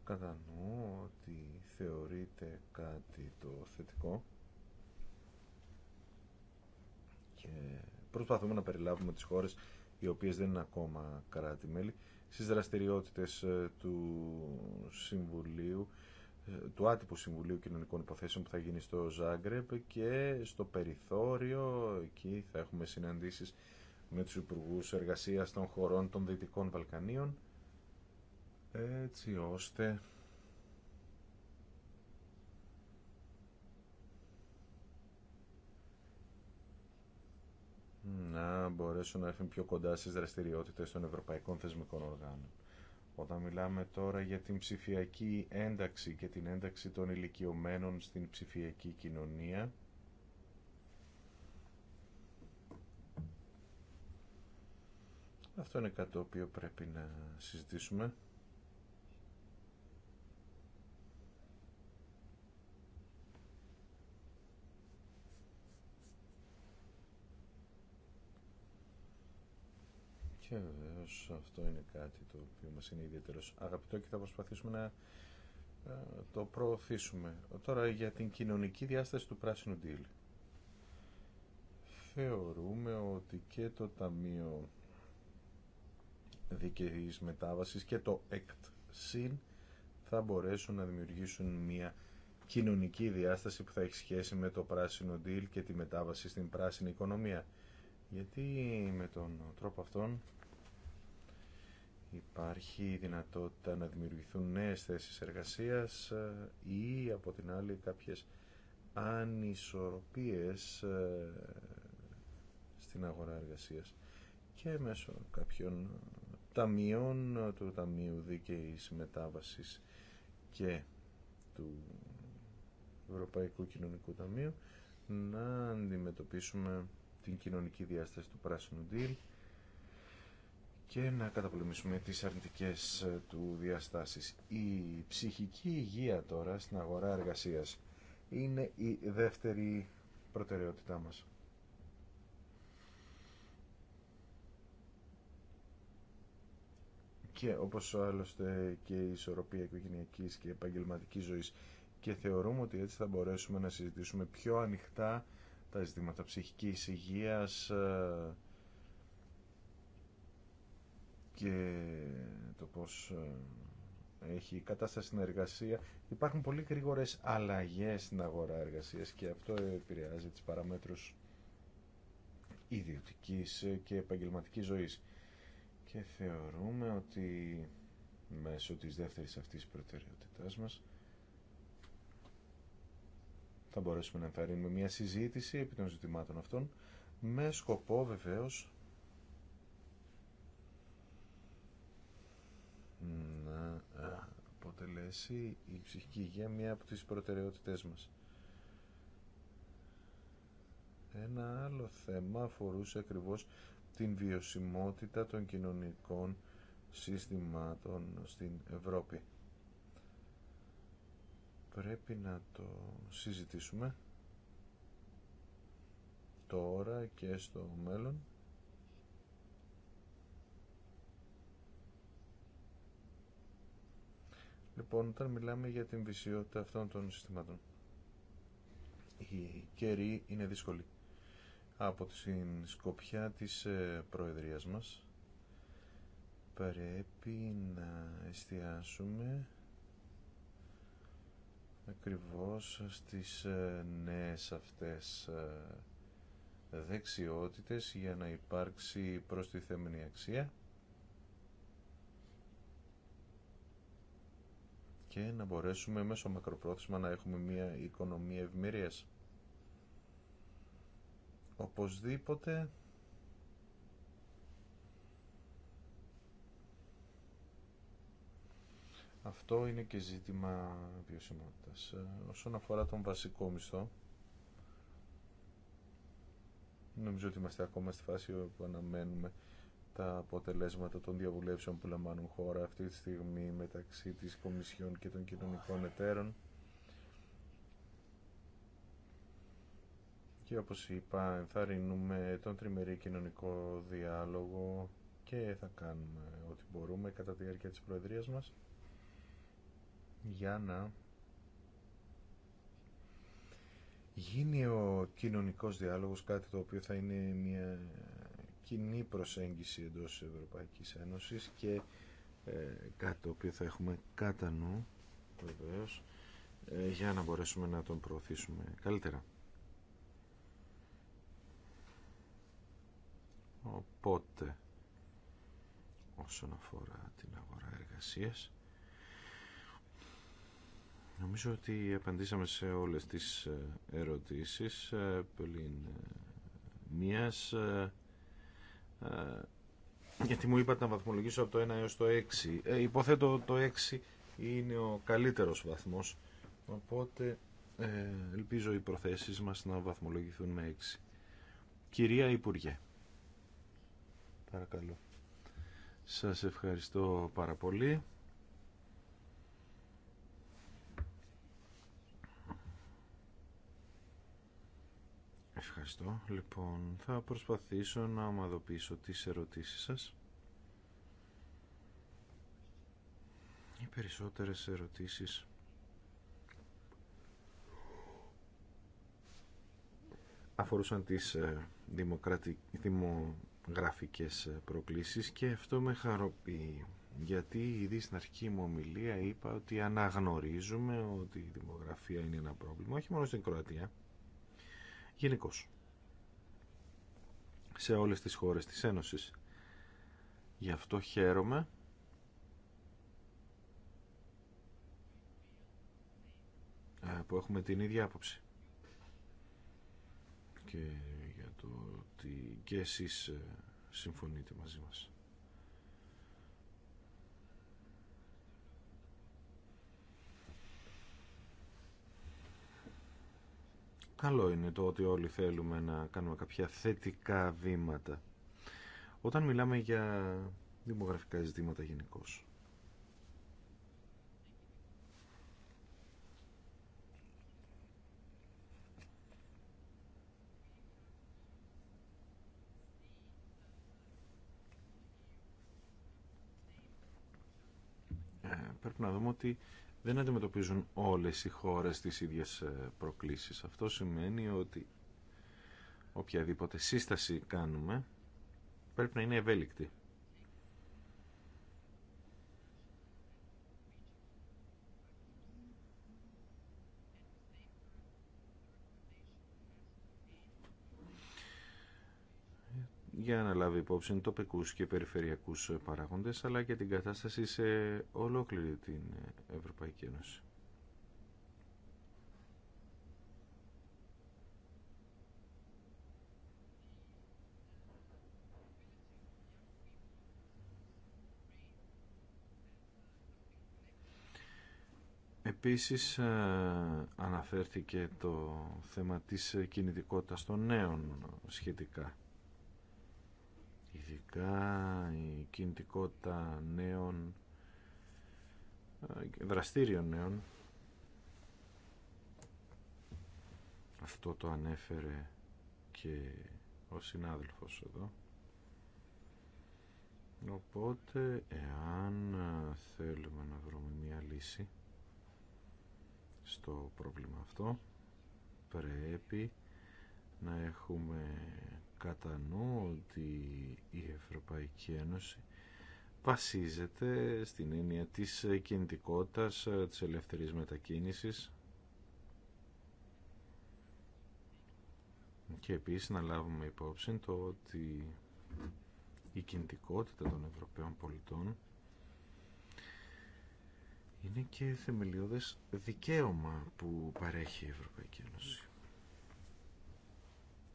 κατά νου ότι θεωρείται κάτι το θετικό και προσπαθούμε να περιλάβουμε τις χώρες οι οποίες δεν είναι ακόμα κράτη-μέλη στις δραστηριότητες ε, του Συμβουλίου ε, του άτυπου Συμβουλίου Κοινωνικών Υποθέσεων που θα γίνει στο Ζάγκρεπ και στο περιθώριο εκεί θα έχουμε συναντήσεις με τους Υπουργούς Εργασίας των χωρών των Δυτικών Βαλκανίων έτσι ώστε να μπορέσουν να έρθουν πιο κοντά στις δραστηριότητες των ευρωπαϊκών θεσμικών οργάνων. Όταν μιλάμε τώρα για την ψηφιακή ένταξη και την ένταξη των ηλικιωμένων στην ψηφιακή κοινωνία, αυτό είναι κάτι το οποίο πρέπει να συζητήσουμε. Και βεβαίω αυτό είναι κάτι το οποίο μας είναι ιδιαίτερο αγαπητό και θα προσπαθήσουμε να ε, το προωθήσουμε. Τώρα για την κοινωνική διάσταση του πράσινου deal. Θεωρούμε ότι και το Ταμείο Δικαιής Μετάβασης και το ΕΚΤΣΥΝ θα μπορέσουν να δημιουργήσουν μια κοινωνική διάσταση που θα έχει σχέση με το πράσινο deal και τη μετάβαση στην πράσινη οικονομία. Γιατί με τον τρόπο αυτόν υπάρχει η δυνατότητα να δημιουργηθούν νέες θέσεις εργασίας ε, ή από την άλλη κάποιες ανισορροπίες ε, στην αγορά εργασίας και μέσω κάποιων ταμείων του Ταμείου Δίκαιης Μετάβασης και του Ευρωπαϊκού Κοινωνικού Ταμείου να αντιμετωπίσουμε την κοινωνική διάσταση του Πράσινου Deal και να καταπολεμήσουμε τις αρνητικές ε, του διαστάσεις. Η ψυχική υγεία τώρα στην αγορά εργασίας είναι η δεύτερη προτεραιότητά μας. Και όπως άλλωστε και η ισορροπία οικογενειακής και επαγγελματικής ζωής και θεωρούμε ότι έτσι θα μπορέσουμε να συζητήσουμε πιο ανοιχτά τα ζητήματα ψυχικής υγείας, ε, και το πώς ε, έχει η κατάσταση στην εργασία. Υπάρχουν πολύ γρήγορες αλλαγές στην αγορά εργασίας και αυτό επηρεάζει τις παραμέτρους ιδιωτικής και επαγγελματικής ζωής. Και θεωρούμε ότι μέσω της δεύτερης αυτής προτεραιότητάς μας θα μπορέσουμε να ενθαρρύνουμε μια συζήτηση επί των ζητημάτων αυτών με σκοπό βεβαίως να ε, αποτελέσει η ψυχική υγεία μία από τις προτεραιότητές μας. Ένα άλλο θέμα αφορούσε ακριβώς την βιωσιμότητα των κοινωνικών συστημάτων στην Ευρώπη. Πρέπει να το συζητήσουμε τώρα και στο μέλλον Λοιπόν, όταν μιλάμε για την βυσιότητα αυτών των συστημάτων, οι καιροί είναι δύσκολοι. Από τη σκοπιά της ε, Προεδρίας μας πρέπει να εστιάσουμε ακριβώς στις ε, νέες αυτές ε, δεξιότητες για να υπάρξει προστιθέμενη αξία και να μπορέσουμε μέσω μακροπρόθεσμα να έχουμε μια οικονομία ευημερίας. Οπωσδήποτε Αυτό είναι και ζήτημα βιωσιμότητας. Ε, όσον αφορά τον βασικό μισθό, νομίζω ότι είμαστε ακόμα στη φάση που αναμένουμε τα αποτελέσματα των διαβουλεύσεων που λαμβάνουν χώρα αυτή τη στιγμή μεταξύ της Κομισιόν και των κοινωνικών εταίρων. Και όπως είπα, ενθαρρύνουμε τον τριμερή κοινωνικό διάλογο και θα κάνουμε ό,τι μπορούμε κατά τη διάρκεια της Προεδρίας μας για να γίνει ο κοινωνικός διάλογος κάτι το οποίο θα είναι μια κοινή προσέγγιση εντός της Ευρωπαϊκής Ένωσης και ε, κάτι το οποίο θα έχουμε κατά νου βεβαίως, ε, για να μπορέσουμε να τον προωθήσουμε καλύτερα. Οπότε, όσον αφορά την αγορά εργασίας, νομίζω ότι απαντήσαμε σε όλες τις ε, ερωτήσεις πλην μίας ε, γιατί μου είπατε να βαθμολογήσω από το 1 έως το 6. Ε, υποθέτω το 6 είναι ο καλύτερος βαθμός, οπότε ε, ελπίζω οι προθέσεις μας να βαθμολογηθούν με 6. Κυρία Υπουργέ, παρακαλώ. Σας ευχαριστώ πάρα πολύ. Ευχαριστώ. Λοιπόν, θα προσπαθήσω να ομαδοποιήσω τις ερωτήσεις σας. Οι περισσότερες ερωτήσεις αφορούσαν τις ε, δημογραφικές ε, προκλήσεις και αυτό με χαροποιεί. Γιατί ήδη στην αρχή μου ομιλία είπα ότι αναγνωρίζουμε ότι η δημογραφία είναι ένα πρόβλημα, όχι μόνο στην Κροατία, γενικώ σε όλες τις χώρες της Ένωσης. Γι' αυτό χαίρομαι ε, που έχουμε την ίδια άποψη. Και για το ότι και εσείς ε, συμφωνείτε μαζί μας. καλό είναι το ότι όλοι θέλουμε να κάνουμε κάποια θετικά βήματα. Όταν μιλάμε για δημογραφικά ζητήματα γενικώς. πρέπει να δούμε ότι δεν αντιμετωπίζουν όλες οι χώρες τις ίδιες ε, προκλήσεις. Αυτό σημαίνει ότι οποιαδήποτε σύσταση κάνουμε πρέπει να είναι ευέλικτη. για να λάβει υπόψη τοπικούς και περιφερειακούς παράγοντες αλλά και την κατάσταση σε ολόκληρη την Ευρωπαϊκή Ένωση. Επίσης ε, αναφέρθηκε το θέμα της κινητικότητας των νέων σχετικά ειδικά η κινητικότητα νέων ε, δραστήριων νέων αυτό το ανέφερε και ο συνάδελφος εδώ οπότε εάν ε, θέλουμε να βρούμε μια λύση στο πρόβλημα αυτό πρέπει να έχουμε κατά ότι η Ευρωπαϊκή Ένωση βασίζεται στην έννοια της κινητικότητας, της ελεύθερης μετακίνησης και επίσης να λάβουμε υπόψη το ότι η κινητικότητα των Ευρωπαίων πολιτών είναι και θεμελιώδες δικαίωμα που παρέχει η Ευρωπαϊκή Ένωση.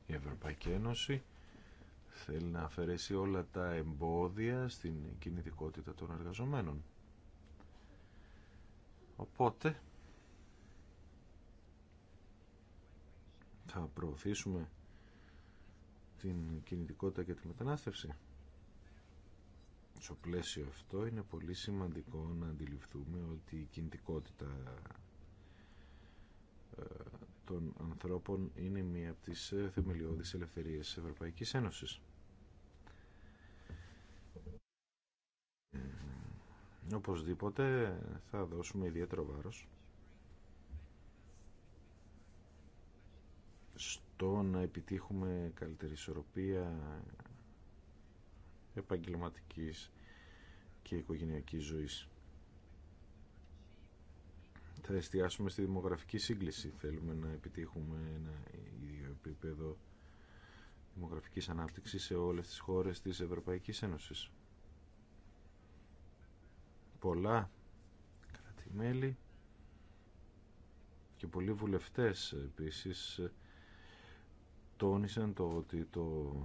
Η Ευρωπαϊκή Ένωση θέλει να αφαιρέσει όλα τα εμπόδια στην κινητικότητα των εργαζομένων. Οπότε θα προωθήσουμε την κινητικότητα και τη μετανάστευση. Στο πλαίσιο αυτό είναι πολύ σημαντικό να αντιληφθούμε ότι η κινητικότητα ε, των ανθρώπων είναι μία από τις ε, θεμελιώδεις ελευθερίες της Ευρωπαϊκής Ένωσης. Ε, οπωσδήποτε θα δώσουμε ιδιαίτερο βάρος στο να επιτύχουμε καλύτερη ισορροπία επαγγελματικής και οικογενειακής ζωής θα εστιάσουμε στη δημογραφική σύγκληση. Θέλουμε να επιτύχουμε ένα ίδιο επίπεδο δημογραφικής ανάπτυξης σε όλες τις χώρες της Ευρωπαϊκής Ένωσης. Πολλά κρατημέλη και πολλοί βουλευτές επίσης τόνισαν το ότι το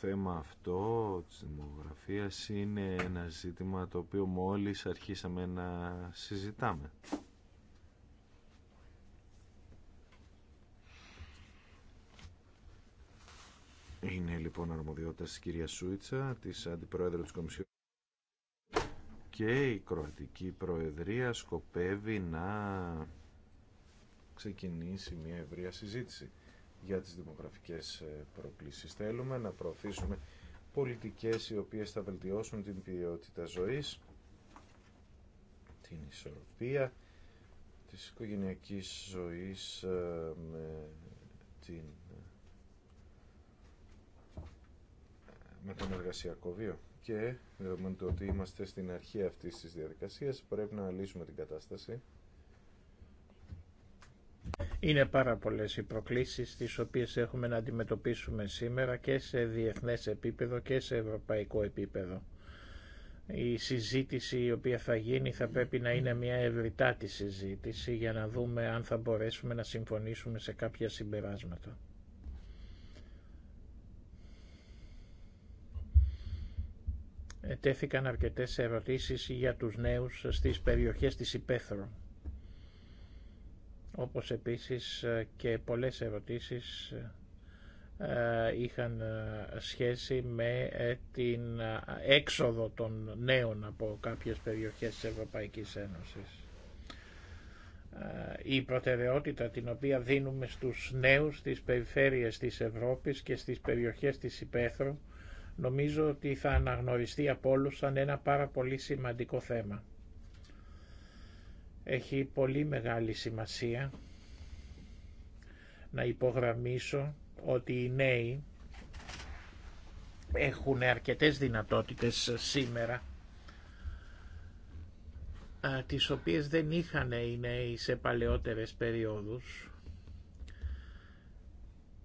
θέμα αυτό τη δημογραφίας είναι ένα ζήτημα το οποίο μόλις αρχίσαμε να συζητάμε. Είναι λοιπόν αρμοδιότητα τη κυρία Σούιτσα, της Αντιπρόεδρου της Κομισιόν και η Κροατική Προεδρία σκοπεύει να ξεκινήσει μια ευρεία συζήτηση για τις δημογραφικές ε, προκλήσεις. Θέλουμε να προωθήσουμε πολιτικές οι οποίες θα βελτιώσουν την ποιότητα ζωής, την ισορροπία της οικογενειακής ζωής ε, με την με τον εργασιακό βίο. Και δεδομένου το ότι είμαστε στην αρχή αυτή της διαδικασία. πρέπει να λύσουμε την κατάσταση. Είναι πάρα πολλέ οι προκλήσεις τις οποίες έχουμε να αντιμετωπίσουμε σήμερα και σε διεθνές επίπεδο και σε ευρωπαϊκό επίπεδο. Η συζήτηση η οποία θα γίνει θα πρέπει να είναι μια ευρυτάτη συζήτηση για να δούμε αν θα μπορέσουμε να συμφωνήσουμε σε κάποια συμπεράσματα. τέθηκαν αρκετές ερωτήσεις για τους νέους στις περιοχές της Υπέθρου. Όπως επίσης ε, και πολλές ερωτήσεις ε, είχαν ε, σχέση με την έξοδο των νέων από κάποιες περιοχές της Ευρωπαϊκής Ένωσης. Η προτεραιότητα την οποία δίνουμε στους νέους στις περιφέρειες της Ευρώπης και στις περιοχές της Υπέθρου νομίζω ότι θα αναγνωριστεί από όλους σαν ένα πάρα πολύ σημαντικό θέμα. Έχει πολύ μεγάλη σημασία να υπογραμμίσω ότι οι νέοι έχουν αρκετές δυνατότητες σήμερα τις οποίες δεν είχαν οι νέοι σε παλαιότερες περιόδους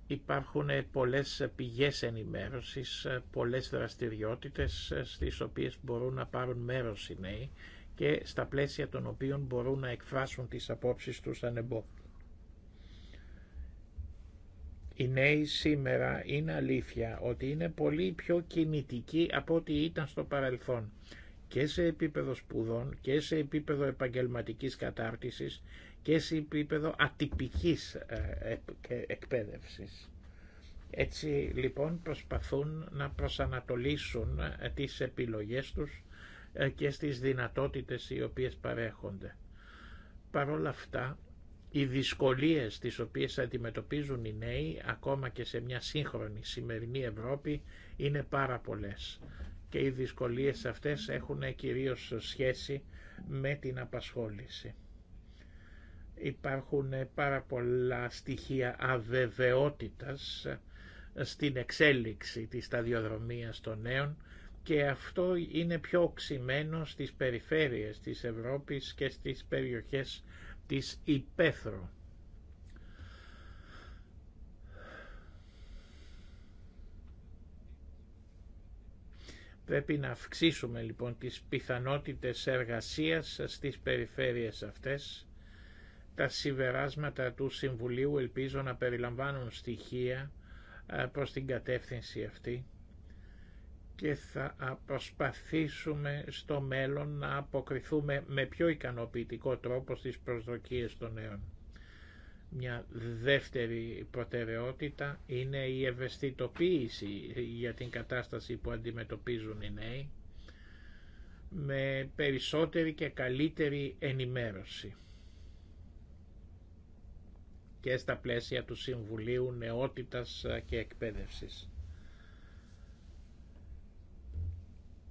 Υπάρχουν ε, πολλές ε, πηγές ενημέρωσης, ε, πολλές δραστηριότητες στις οποίες μπορούν να πάρουν μέρος οι νέοι και στα πλαίσια των οποίων μπορούν να εκφράσουν τις απόψεις τους ανεμπό. Οι νέοι σήμερα είναι αλήθεια ότι είναι πολύ πιο κινητικοί από ό,τι ήταν στο παρελθόν και σε επίπεδο σπουδών και σε επίπεδο επαγγελματικής κατάρτισης και σε επίπεδο ατυπικής ε, εκπαίδευσης. Έτσι λοιπόν προσπαθούν να προσανατολίσουν ε, τις επιλογές τους ε, και στις δυνατότητες οι οποίες παρέχονται. Παρ' όλα αυτά, οι δυσκολίες τις οποίες αντιμετωπίζουν οι νέοι, ακόμα και σε μια σύγχρονη σημερινή Ευρώπη, είναι πάρα πολλές. Και οι δυσκολίες αυτές έχουν κυρίως σχέση με την απασχόληση. Υπάρχουν ε, πάρα πολλά στοιχεία αβεβαιότητας ε, στην εξέλιξη της σταδιοδρομίας των νέων και αυτό είναι πιο οξυμένο στις περιφέρειες της Ευρώπης και στις περιοχές της Υπέθρο. Πρέπει να αυξήσουμε λοιπόν τις πιθανότητες εργασίας στις περιφέρειες αυτές τα συμπεράσματα του Συμβουλίου ελπίζω να περιλαμβάνουν στοιχεία ε, προς την κατεύθυνση αυτή και θα προσπαθήσουμε στο μέλλον να αποκριθούμε με πιο ικανοποιητικό τρόπο στις προσδοκίες των νέων. Μια δεύτερη προτεραιότητα είναι η ευαισθητοποίηση για την κατάσταση που αντιμετωπίζουν οι νέοι με περισσότερη και καλύτερη ενημέρωση και στα πλαίσια του Συμβουλίου Νεότητας ε, και Εκπαίδευσης.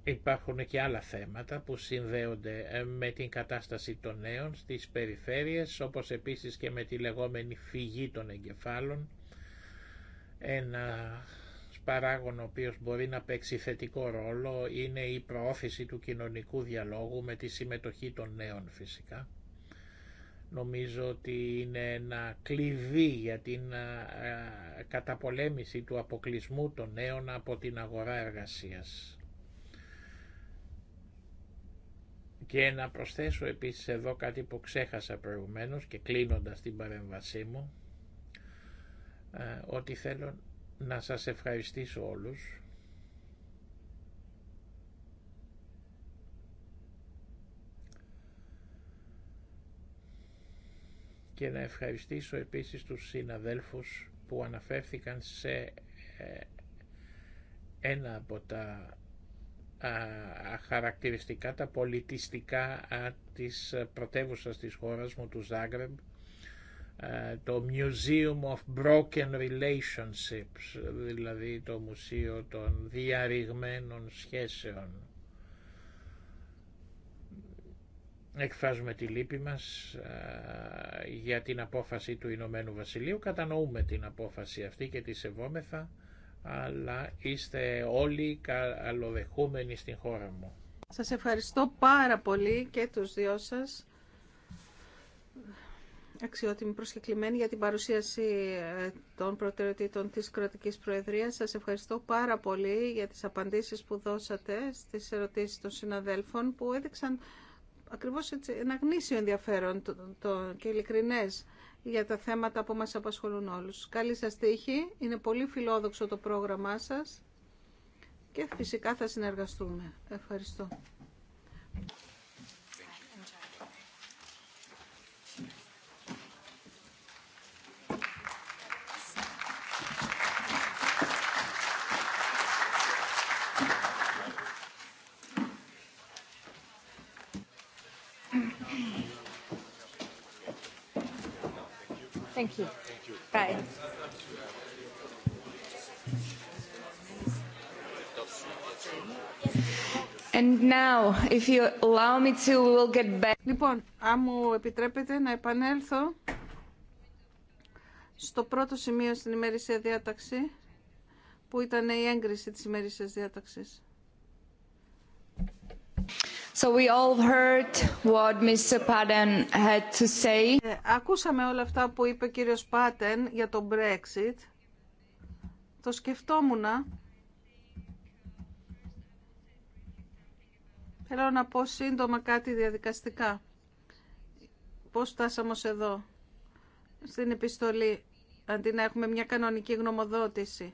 Υπάρχουν και άλλα θέματα που συνδέονται ε, με την κατάσταση των νέων στις περιφέρειες, όπως επίσης και με τη λεγόμενη φυγή των εγκεφάλων, ένα παράγων ο οποίος μπορεί να παίξει θετικό ρόλο είναι η προώθηση του κοινωνικού διαλόγου με τη συμμετοχή των νέων φυσικά. Νομίζω ότι είναι ένα κλειδί για την ε, ε, καταπολέμηση του αποκλεισμού των νέων από την αγορά εργασίας. Και να προσθέσω επίσης εδώ κάτι που ξέχασα προηγουμένως και κλείνοντας την παρέμβασή μου, ε, ότι θέλω να σας ευχαριστήσω όλους και να ευχαριστήσω επίσης τους συναδέλφους που αναφέρθηκαν σε ε, ένα από τα χαρακτηριστικά, τα πολιτιστικά της πρωτεύουσας της χώρας μου, του Ζάγκρεμ, το Museum of Broken Relationships, δηλαδή το Μουσείο των Διαρριγμένων Σχέσεων. εκφράζουμε τη λύπη μας για την απόφαση του Ηνωμένου Βασιλείου. Κατανοούμε την απόφαση αυτή και τη σεβόμεθα, αλλά είστε όλοι καλοδεχούμενοι στην χώρα μου. Σας ευχαριστώ πάρα πολύ και τους δυο σας αξιότιμη προσκεκλημένη για την παρουσίαση ε, των προτεραιοτήτων της Κρατικής Προεδρίας. Σας ευχαριστώ πάρα πολύ για τις απαντήσεις που δώσατε στις ερωτήσεις των συναδέλφων που έδειξαν ακριβώς έτσι, ένα γνήσιο ενδιαφέρον το, το, και ειλικρινέ για τα θέματα που μας απασχολούν όλους. Καλή σας τύχη, είναι πολύ φιλόδοξο το πρόγραμμά σας και φυσικά θα συνεργαστούμε. Ευχαριστώ. Λοιπόν, αν μου επιτρέπετε να επανέλθω στο πρώτο σημείο στην ημερήσια διάταξη, που ήταν η έγκριση της ημερήσιας διάταξης we all what Mr. Ε, ακούσαμε όλα αυτά που είπε ο κύριος Πάτεν για το Brexit. Το σκεφτόμουν. Θέλω να πω σύντομα κάτι διαδικαστικά. Πώς φτάσαμε ως εδώ. Στην επιστολή, αντί να έχουμε μια κανονική γνωμοδότηση.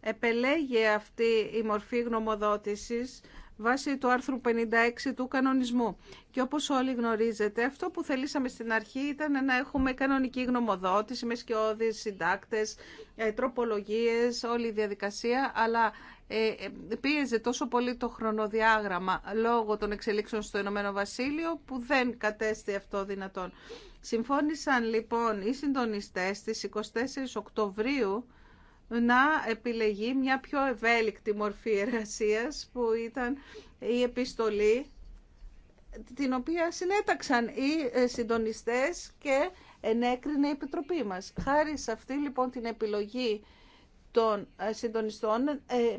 Επελέγει αυτή η μορφή γνωμοδότησης βάσει του άρθρου 56 του κανονισμού. Και όπως όλοι γνωρίζετε, αυτό που θελήσαμε στην αρχή ήταν να έχουμε κανονική γνωμοδότηση με σκιώδεις, συντάκτες, ε, τροπολογίες, όλη η διαδικασία, αλλά ε, ε, πίεζε τόσο πολύ το χρονοδιάγραμμα λόγω των εξελίξεων στο Ηνωμένο Βασίλειο που δεν κατέστη αυτό δυνατόν. Συμφώνησαν λοιπόν οι συντονιστές στις 24 Οκτωβρίου να επιλεγεί μια πιο ευέλικτη μορφή εργασίας που ήταν η επιστολή την οποία συνέταξαν οι ε, συντονιστές και ενέκρινε η Επιτροπή μας. Χάρη σε αυτή λοιπόν την επιλογή των ε, συντονιστών ε,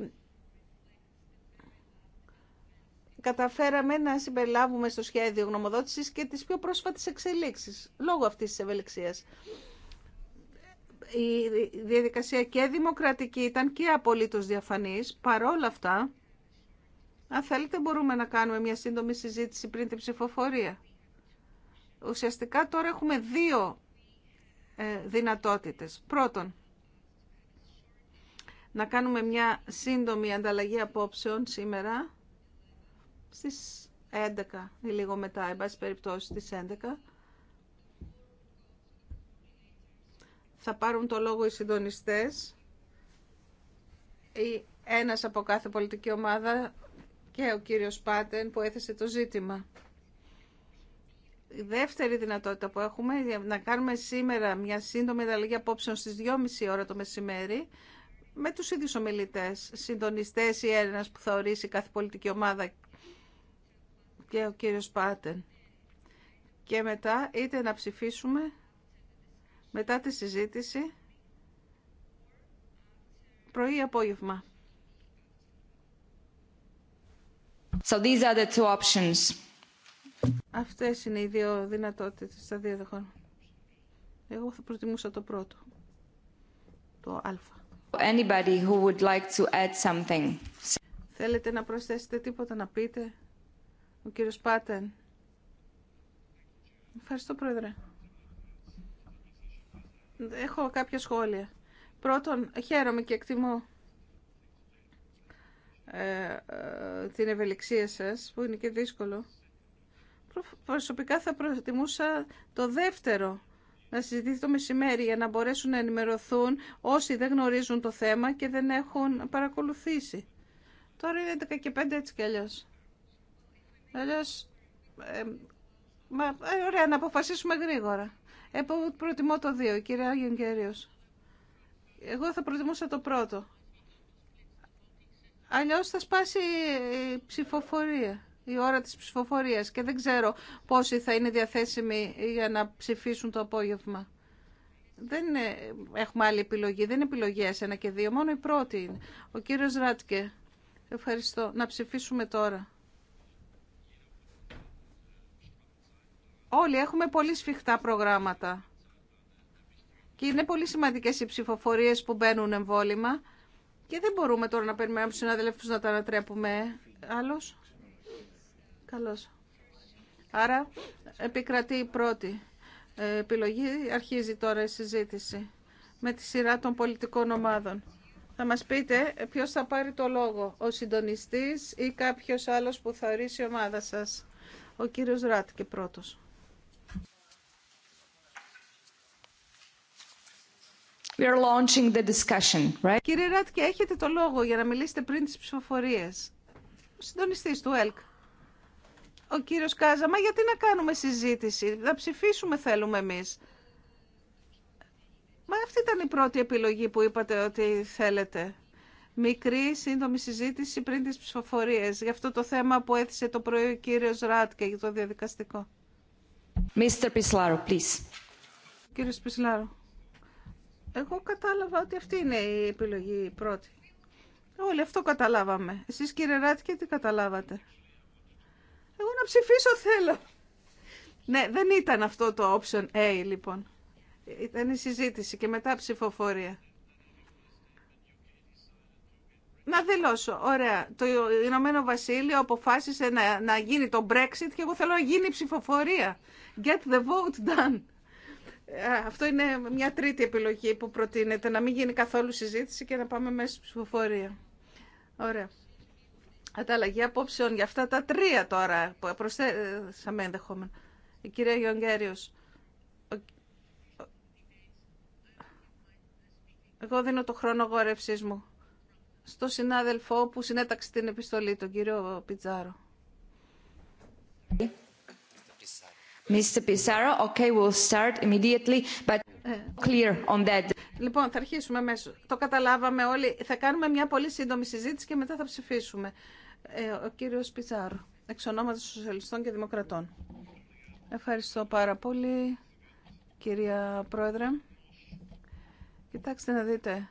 καταφέραμε να συμπεριλάβουμε στο σχέδιο γνωμοδότησης και τις πιο πρόσφατες εξελίξεις λόγω αυτής της ευελιξίας η διαδικασία και δημοκρατική ήταν και απολύτως διαφανής. Παρόλα αυτά, αν θέλετε μπορούμε να κάνουμε μια σύντομη συζήτηση πριν την ψηφοφορία. Ουσιαστικά τώρα έχουμε δύο ε, δυνατότητες. Πρώτον, να κάνουμε μια σύντομη ανταλλαγή απόψεων σήμερα στις 11 ή λίγο μετά, εν πάση περιπτώσει στις 11 θα πάρουν το λόγο οι συντονιστές ή ένας από κάθε πολιτική ομάδα και ο κύριος Πάτεν που έθεσε το ζήτημα. Η δεύτερη δυνατότητα που έχουμε να κάνουμε σήμερα μια σύντομη ανταλλαγή απόψεων στις 2.30 ώρα το μεσημέρι με τους ίδιους ομιλητές, συντονιστές ή ένας που θα ορίσει κάθε πολιτική ομάδα και ο κύριος Πάτεν. Και μετά είτε να ψηφίσουμε μετά τη συζήτηση πρωί απόγευμα. So these are the two options. Αυτές είναι οι δύο δυνατότητες, στα δύο δεχόν. Εγώ θα προτιμούσα το πρώτο, το α. Anybody who would like to add something. Θέλετε να προσθέσετε τίποτα να πείτε, ο κύριος Πάτεν. Ευχαριστώ, Πρόεδρε έχω κάποια σχόλια. Πρώτον, χαίρομαι και εκτιμώ ε, ε, την ευελιξία σας, που είναι και δύσκολο. Προσωπικά θα προτιμούσα το δεύτερο να συζητηθεί το μεσημέρι για να μπορέσουν να ενημερωθούν όσοι δεν γνωρίζουν το θέμα και δεν έχουν παρακολουθήσει. Τώρα είναι 11 και 5 έτσι κι αλλιώς. ε, μα, ε, ωραία, να αποφασίσουμε γρήγορα. Ε, προτιμώ το δύο, κύριε Άγιον Κέριος. Εγώ θα προτιμούσα το πρώτο. Αλλιώς θα σπάσει η ψηφοφορία, η ώρα της ψηφοφορίας και δεν ξέρω πόσοι θα είναι διαθέσιμοι για να ψηφίσουν το απόγευμα. Δεν έχουμε άλλη επιλογή, δεν είναι επιλογές ένα και δύο, μόνο η πρώτη είναι. Ο κύριος Ράτκε, ευχαριστώ. Να ψηφίσουμε τώρα. Όλοι έχουμε πολύ σφιχτά προγράμματα. Και είναι πολύ σημαντικές οι ψηφοφορίε που μπαίνουν εμβόλυμα. Και δεν μπορούμε τώρα να περιμένουμε του συναδελφούς να τα ανατρέπουμε. Άλλος. Καλώ. Άρα επικρατεί η πρώτη ε, επιλογή. Αρχίζει τώρα η συζήτηση με τη σειρά των πολιτικών ομάδων. Θα μας πείτε ε, ποιος θα πάρει το λόγο, ο συντονιστής ή κάποιος άλλος που θα ορίσει η ομάδα σας. Ο κύριος Ράτκε πρώτος. We are launching the discussion, right? Κύριε Ράτκε, έχετε το λόγο για να μιλήσετε πριν τις ψηφοφορίες. Ο συντονιστής του ΕΛΚ. Ο κύριος Κάζα, μα γιατί να κάνουμε συζήτηση, να ψηφίσουμε θέλουμε εμείς. Μα αυτή ήταν η πρώτη επιλογή που είπατε ότι θέλετε. Μικρή, σύντομη συζήτηση πριν τις ψηφοφορίες για αυτό το θέμα που έθεσε το πρωί ο κύριος Ράτκε για το διαδικαστικό. Mr. Pislaro, please. Κύριος Πισλάρο. Εγώ κατάλαβα ότι αυτή είναι η επιλογή πρώτη. Όλοι αυτό καταλάβαμε. Εσείς κύριε Ράτκε τι καταλάβατε. Εγώ να ψηφίσω θέλω. Ναι, δεν ήταν αυτό το option A λοιπόν. Ήταν η συζήτηση και μετά ψηφοφορία. Να δηλώσω. Ωραία. Το Ηνωμένο Βασίλειο αποφάσισε να, να γίνει το Brexit και εγώ θέλω να γίνει ψηφοφορία. Get the vote done. Αυτό είναι μια τρίτη επιλογή που προτείνεται, να μην γίνει καθόλου συζήτηση και να πάμε μέσα στη ψηφοφορία. Ωραία. Ανταλλαγή απόψεων για αυτά τα τρία τώρα που προσθέσαμε ενδεχόμενα. Η κυρία Γιονγκέριος. Εγώ δίνω το χρόνο γόρευσής μου στο συνάδελφό που συνέταξε την επιστολή, τον κύριο Πιτζάρο. Mr. Okay, we'll start immediately, but ε. clear on that. Λοιπόν, θα αρχίσουμε αμέσω. Το καταλάβαμε όλοι. Θα κάνουμε μια πολύ σύντομη συζήτηση και μετά θα ψηφίσουμε. Ε, ο κύριος Πιζάρο, εξ ονόματος Σοσιαλιστών και Δημοκρατών. Ευχαριστώ πάρα πολύ, κυρία Πρόεδρε. Κοιτάξτε να δείτε,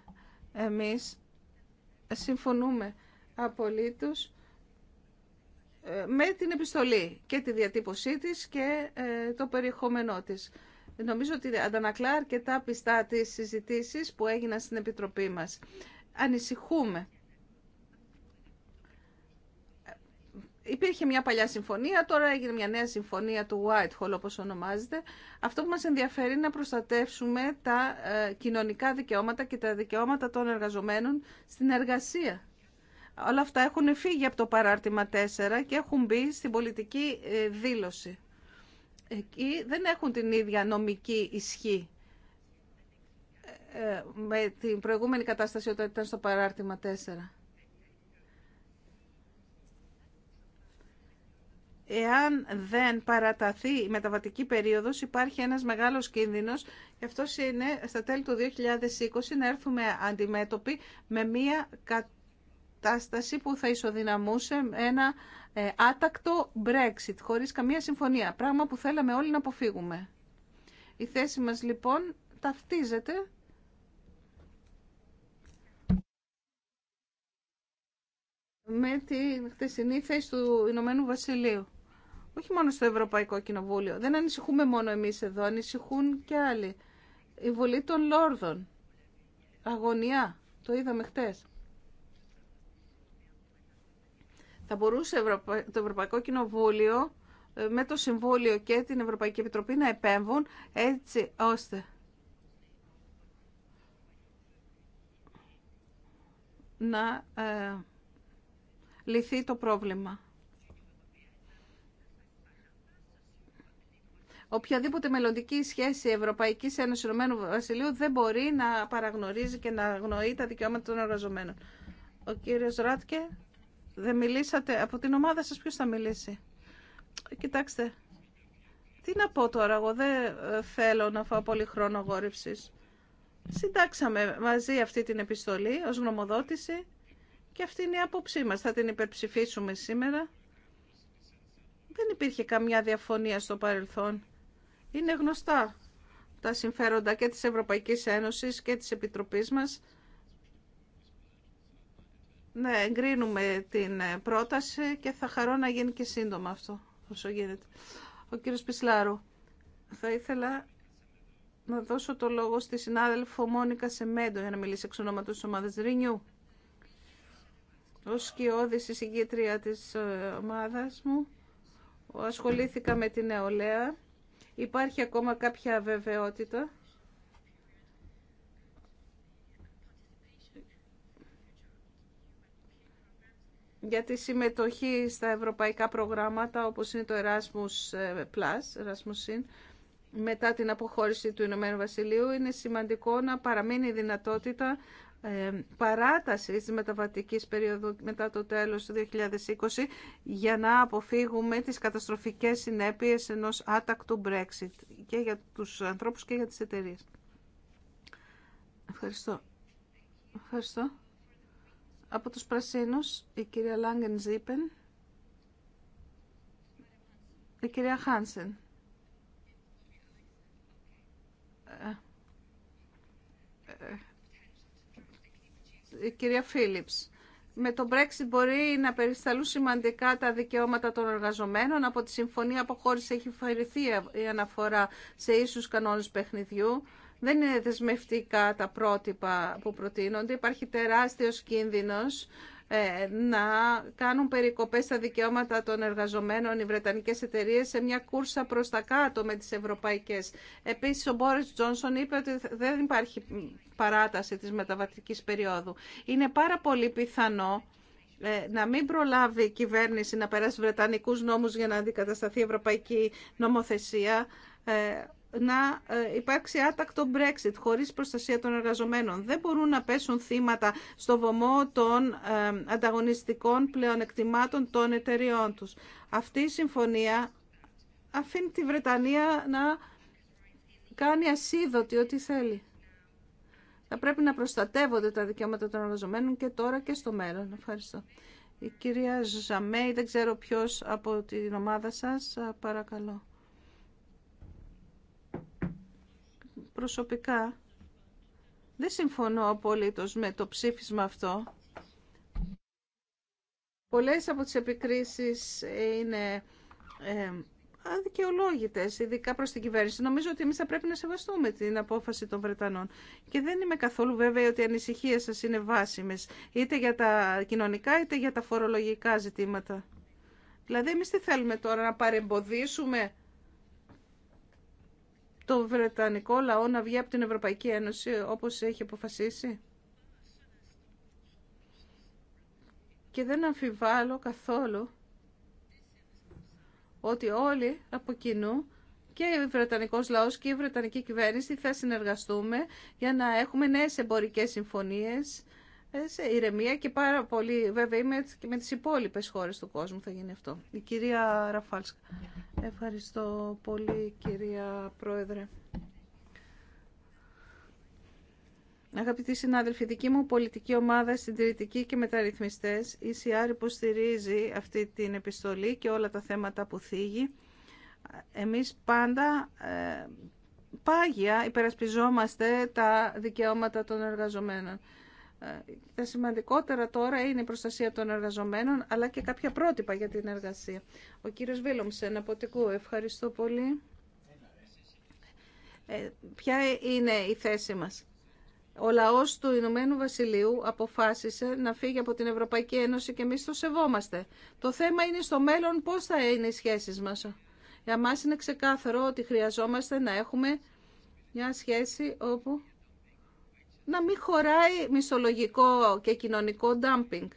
εμείς συμφωνούμε απολύτως με την επιστολή και τη διατύπωσή της και ε, το περιεχόμενό της. Νομίζω ότι αντανακλά αρκετά πιστά τις συζητήσεις που έγιναν στην Επιτροπή μας. Ανησυχούμε. Υπήρχε μια παλιά συμφωνία, τώρα έγινε μια νέα συμφωνία του Whitehall όπως ονομάζεται. Αυτό που μας ενδιαφέρει είναι να προστατεύσουμε τα ε, κοινωνικά δικαιώματα και τα δικαιώματα των εργαζομένων στην εργασία όλα αυτά έχουν φύγει από το παράρτημα 4 και έχουν μπει στην πολιτική ε, δήλωση. Εκεί δεν έχουν την ίδια νομική ισχύ ε, ε, με την προηγούμενη κατάσταση όταν ήταν στο παράρτημα 4. Εάν δεν παραταθεί η μεταβατική περίοδος υπάρχει ένας μεγάλος κίνδυνος και αυτό είναι στα τέλη του 2020 να έρθουμε αντιμέτωποι με μια κατάσταση κατάσταση που θα ισοδυναμούσε ένα ε, άτακτο Brexit, χωρίς καμία συμφωνία, πράγμα που θέλαμε όλοι να αποφύγουμε. Η θέση μας λοιπόν ταυτίζεται με τη χτεσινή θέση του Ηνωμένου Βασιλείου. Όχι μόνο στο Ευρωπαϊκό Κοινοβούλιο. Δεν ανησυχούμε μόνο εμείς εδώ, ανησυχούν και άλλοι. Η βολή των Λόρδων. Αγωνιά. Το είδαμε χτες. Θα μπορούσε το Ευρωπαϊκό Κοινοβούλιο ε, με το Συμβούλιο και την Ευρωπαϊκή Επιτροπή να επέμβουν έτσι ώστε να ε, λυθεί το πρόβλημα. Οποιαδήποτε μελλοντική σχέση Ευρωπαϊκή Ένωση Ηνωμένου Βασιλείου δεν μπορεί να παραγνωρίζει και να αγνοεί τα δικαιώματα των εργαζομένων. Ο κύριος Ράτκε. Δεν μιλήσατε. Από την ομάδα σας ποιος θα μιλήσει. Κοιτάξτε. Τι να πω τώρα, εγώ δεν ε, θέλω να φάω πολύ χρόνο γόρυψης. Συντάξαμε μαζί αυτή την επιστολή ως γνωμοδότηση και αυτή είναι η άποψή μας. Θα την υπερψηφίσουμε σήμερα. Δεν υπήρχε καμιά διαφωνία στο παρελθόν. Είναι γνωστά τα συμφέροντα και της Ευρωπαϊκής Ένωσης και της Επιτροπής μας ναι, εγκρίνουμε την ε, πρόταση και θα χαρώ να γίνει και σύντομα αυτό, όσο γίνεται. Ο κύριος Πισλάρου, θα ήθελα να δώσω το λόγο στη συνάδελφο Μόνικα Σεμέντο για να μιλήσει εξ ονόματος της ομάδας Ρινιού. Ως σκιώδης εισηγήτρια της ε, ομάδας μου, ασχολήθηκα με την νεολαία. Υπάρχει ακόμα κάποια βεβαιότητα για τη συμμετοχή στα ευρωπαϊκά προγράμματα όπως είναι το Erasmus ε, Plus, Erasmus μετά την αποχώρηση του Ηνωμένου Βασιλείου είναι σημαντικό να παραμείνει η δυνατότητα ε, παράταση τη μεταβατικής περίοδου μετά το τέλος του 2020 για να αποφύγουμε τις καταστροφικές συνέπειες ενός άτακτου Brexit και για τους ανθρώπους και για τις εταιρείε. Ευχαριστώ. Ευχαριστώ. Από τους Πρασίνους, η κυρία Λάγκεν Ζήπεν, η κυρία Χάνσεν. Η κυρία Φίλιπς. Με το Brexit μπορεί να περισταλούν σημαντικά τα δικαιώματα των εργαζομένων. Από τη Συμφωνία Αποχώρηση έχει φαρηθεί η αναφορά σε ίσους κανόνες παιχνιδιού δεν είναι δεσμευτικά τα πρότυπα που προτείνονται. Υπάρχει τεράστιος κίνδυνος ε, να κάνουν περικοπές στα δικαιώματα των εργαζομένων οι Βρετανικές εταιρείες σε μια κούρσα προς τα κάτω με τις ευρωπαϊκές. Επίσης ο Μπόρις Τζόνσον είπε ότι δεν υπάρχει παράταση της μεταβατικής περίοδου. Είναι πάρα πολύ πιθανό ε, να μην προλάβει η κυβέρνηση να περάσει βρετανικούς νόμους για να αντικατασταθεί η ευρωπαϊκή νομοθεσία ε, να ε, υπάρξει άτακτο Brexit χωρίς προστασία των εργαζομένων. Δεν μπορούν να πέσουν θύματα στο βωμό των ε, ανταγωνιστικών πλεονεκτημάτων των εταιριών τους. Αυτή η συμφωνία αφήνει τη Βρετανία να κάνει ασίδωτη ό,τι θέλει. Θα πρέπει να προστατεύονται τα δικαιώματα των εργαζομένων και τώρα και στο μέλλον. Ευχαριστώ. Η κυρία Ζαμέη, δεν ξέρω ποιος από την ομάδα σας, παρακαλώ. προσωπικά δεν συμφωνώ απολύτως με το ψήφισμα αυτό. Πολλές από τις επικρίσεις είναι ε, αδικαιολόγητες, ειδικά προς την κυβέρνηση. Νομίζω ότι εμείς θα πρέπει να σεβαστούμε την απόφαση των Βρετανών. Και δεν είμαι καθόλου βέβαιη ότι οι ανησυχίες σας είναι βάσιμες, είτε για τα κοινωνικά είτε για τα φορολογικά ζητήματα. Δηλαδή, εμείς τι θέλουμε τώρα, να παρεμποδίσουμε το Βρετανικό λαό να βγει από την Ευρωπαϊκή Ένωση όπως έχει αποφασίσει. Και δεν αμφιβάλλω καθόλου ότι όλοι από κοινού και ο Βρετανικός λαός και η Βρετανική κυβέρνηση θα συνεργαστούμε για να έχουμε νέες εμπορικές συμφωνίες ε, σε ηρεμία και πάρα πολύ βέβαια με, και με τις υπόλοιπες χώρες του κόσμου θα γίνει αυτό. Η κυρία Ραφάλσκα. Ευχαριστώ πολύ κυρία Πρόεδρε. Αγαπητοί συνάδελφοι, δική μου πολιτική ομάδα συντηρητική και μεταρρυθμιστές, η ΣΥΑΡ υποστηρίζει αυτή την επιστολή και όλα τα θέματα που θίγει. Εμείς πάντα ε, πάγια υπερασπιζόμαστε τα δικαιώματα των εργαζομένων. Τα σημαντικότερα τώρα είναι η προστασία των εργαζομένων, αλλά και κάποια πρότυπα για την εργασία. Ο κύριος Βίλομσεν από Τικού, ευχαριστώ πολύ. Ε, ποια είναι η θέση μας. Ο λαός του Ηνωμένου Βασιλείου αποφάσισε να φύγει από την Ευρωπαϊκή Ένωση και εμείς το σεβόμαστε. Το θέμα είναι στο μέλλον πώς θα είναι οι σχέσεις μας. Για μας είναι ξεκάθαρο ότι χρειαζόμαστε να έχουμε μια σχέση όπου να μην χωράει μισολογικό και κοινωνικό ντάμπινγκ.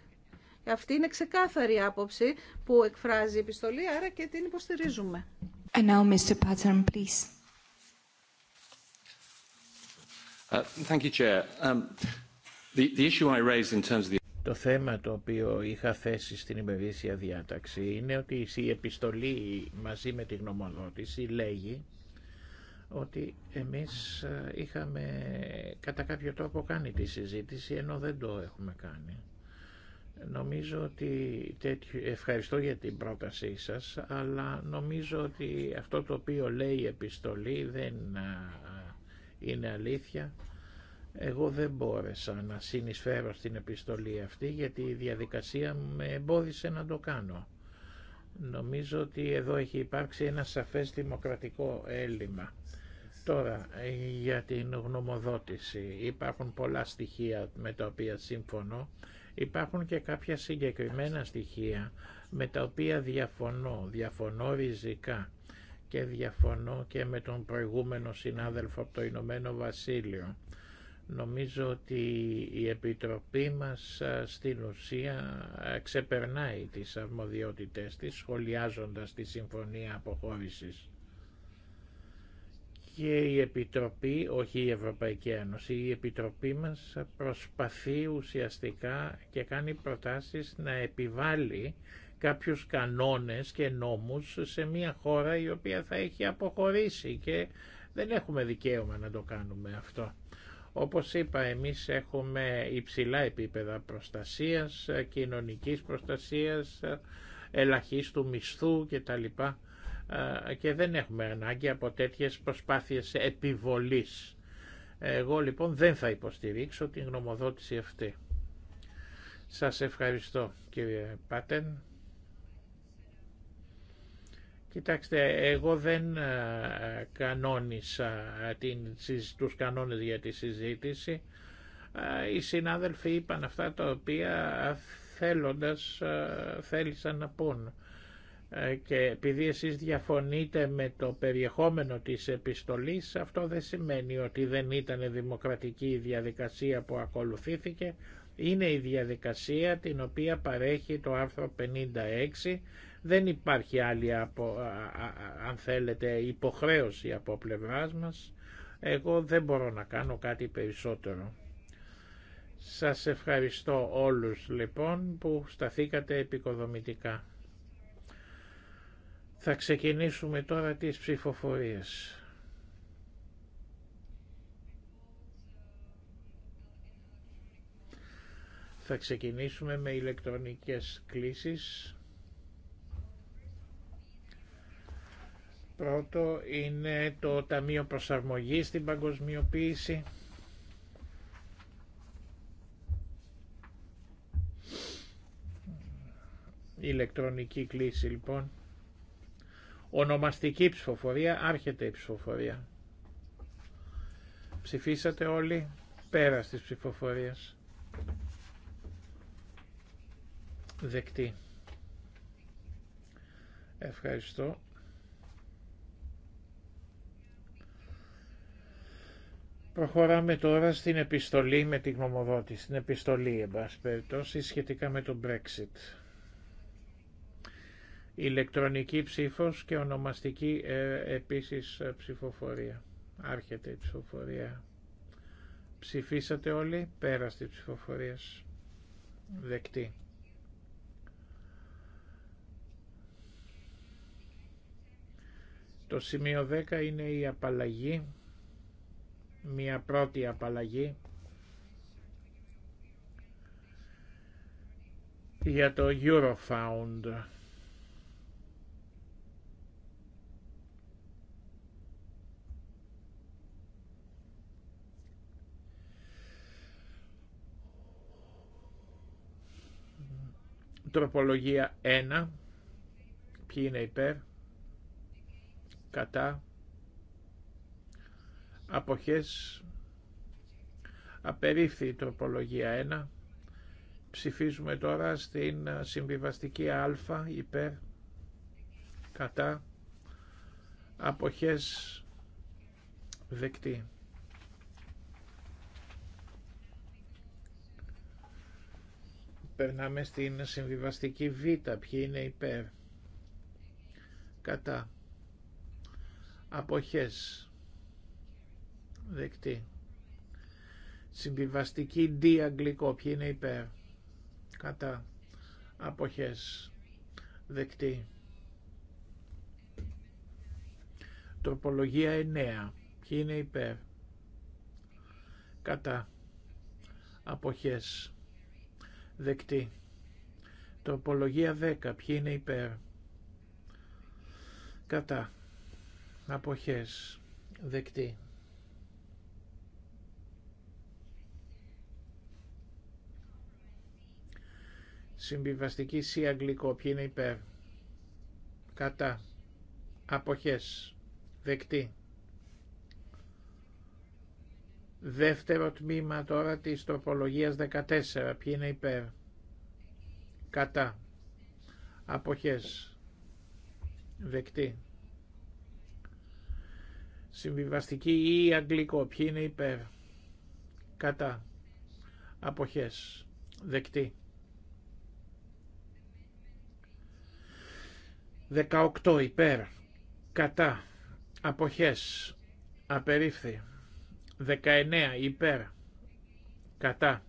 Αυτή είναι ξεκάθαρη άποψη που εκφράζει η επιστολή, άρα και την υποστηρίζουμε. And now, Mr. Pattern, please. Uh, thank you, Chair. Um, Το θέμα το οποίο είχα θέσει στην ημερήσια διάταξη είναι ότι η επιστολή μαζί με τη γνωμοδότηση λέγει ότι εμείς ε, είχαμε κατά κάποιο τρόπο κάνει τη συζήτηση ενώ δεν το έχουμε κάνει. Νομίζω ότι τέτοιο, ευχαριστώ για την πρότασή σας, αλλά νομίζω ότι αυτό το οποίο λέει η επιστολή δεν ε, είναι αλήθεια. Εγώ δεν μπόρεσα να συνεισφέρω στην επιστολή αυτή γιατί η διαδικασία με εμπόδισε να το κάνω. Νομίζω ότι εδώ έχει υπάρξει ένα σαφές δημοκρατικό έλλειμμα. Τώρα, ε, για την γνωμοδότηση. Υπάρχουν πολλά στοιχεία με τα οποία σύμφωνο. Υπάρχουν και κάποια συγκεκριμένα στοιχεία με τα οποία διαφωνώ. Διαφωνώ ριζικά και διαφωνώ και με τον προηγούμενο συνάδελφο από το Ηνωμένο Βασίλειο. Νομίζω ότι η Επιτροπή μας ε, στην ουσία ε, ξεπερνάει τις αρμοδιότητες της σχολιάζοντας τη Συμφωνία Αποχώρησης και η Επιτροπή, όχι η Ευρωπαϊκή Ένωση, η Επιτροπή μας προσπαθεί ουσιαστικά και κάνει προτάσεις να επιβάλλει κάποιους κανόνες και νόμους σε μια χώρα η οποία θα έχει αποχωρήσει και δεν έχουμε δικαίωμα να το κάνουμε αυτό. Όπως είπα, εμείς έχουμε υψηλά επίπεδα προστασίας, κοινωνικής προστασίας, ελαχίστου μισθού κτλ και δεν έχουμε ανάγκη από τέτοιες προσπάθειες επιβολής. Εγώ λοιπόν δεν θα υποστηρίξω την γνωμοδότηση αυτή. Σας ευχαριστώ κύριε Πάτεν. Κοιτάξτε, εγώ δεν κανόνισα την, τους κανόνες για τη συζήτηση. Οι συνάδελφοι είπαν αυτά τα οποία θέλοντας θέλησαν να πούν. Ε, και επειδή εσείς διαφωνείτε με το περιεχόμενο της επιστολής, αυτό δεν σημαίνει ότι δεν ήταν δημοκρατική η διαδικασία που ακολουθήθηκε. Είναι η διαδικασία την οποία παρέχει το άρθρο 56. Δεν υπάρχει άλλη, από, αν θέλετε, υποχρέωση από πλευρά μας. Εγώ δεν μπορώ να κάνω κάτι περισσότερο. Σας ευχαριστώ όλους λοιπόν που σταθήκατε επικοδομητικά. Θα ξεκινήσουμε τώρα τις ψηφοφορίες. Θα ξεκινήσουμε με ηλεκτρονικές κλήσεις. Πρώτο είναι το Ταμείο Προσαρμογής στην Παγκοσμιοποίηση. Ηλεκτρονική κλίση λοιπόν. Ονομαστική ψηφοφορία, άρχεται η ψηφοφορία. Ψηφίσατε όλοι πέρα της ψηφοφορίας. Δεκτή. Ευχαριστώ. Προχωράμε τώρα στην επιστολή με την γνωμοδότηση, στην επιστολή εν πάση σχετικά με το Brexit. Ηλεκτρονική ψήφος και ονομαστική ε, επίσης ε, ψηφοφορία. Άρχεται η ψηφοφορία. Ψηφίσατε όλοι πέρα στη ψηφοφορίας. Δεκτή. Το σημείο 10 είναι η απαλλαγή, μια πρώτη απαλλαγή για το Eurofound. Τροπολογία 1. Ποιοι είναι υπέρ. Κατά. Αποχές. Απερίφθη η τροπολογία 1. Ψηφίζουμε τώρα στην συμβιβαστική α υπέρ. Κατά. Αποχές δεκτή. Περνάμε στην συμβιβαστική Β. Ποιοι είναι υπέρ. Κατά. Αποχές. Δεκτή. Συμβιβαστική δ. αγγλικό. Ποιοι είναι υπέρ. Κατά. Αποχές. Δεκτή. Τροπολογία 9. Ποιοι είναι υπέρ. Κατά. Αποχές Δεκτή. Τροπολογία 10. Ποιοι είναι υπέρ. Κατά. Αποχές. Δεκτή. Συμβιβαστική C αγγλικό. Ποιοι είναι υπέρ. Κατά. Αποχές. Δεκτή. Δεύτερο τμήμα τώρα της τροπολογίας 14. Ποιοι είναι υπέρ. Κατά. Αποχές. Δεκτή. Συμβιβαστική ή αγγλικό. Ποιοι είναι υπέρ. Κατά. Αποχές. Δεκτή. 18 υπέρ. Κατά. Αποχές. Απερίφθη. 19 υπέρ κατά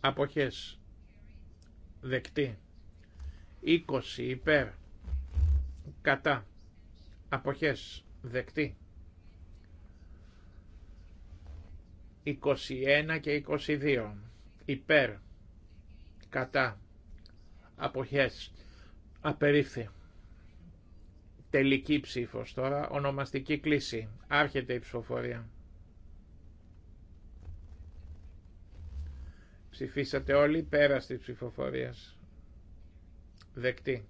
αποχές δεκτή 20 υπέρ κατά αποχές δεκτή 21 και 22 υπέρ κατά αποχές απερίφθη Τελική ψήφος τώρα, ονομαστική κλίση. Άρχεται η ψηφοφορία. Ψηφίσατε όλοι πέρα τη ψηφοφορία. Δεκτή.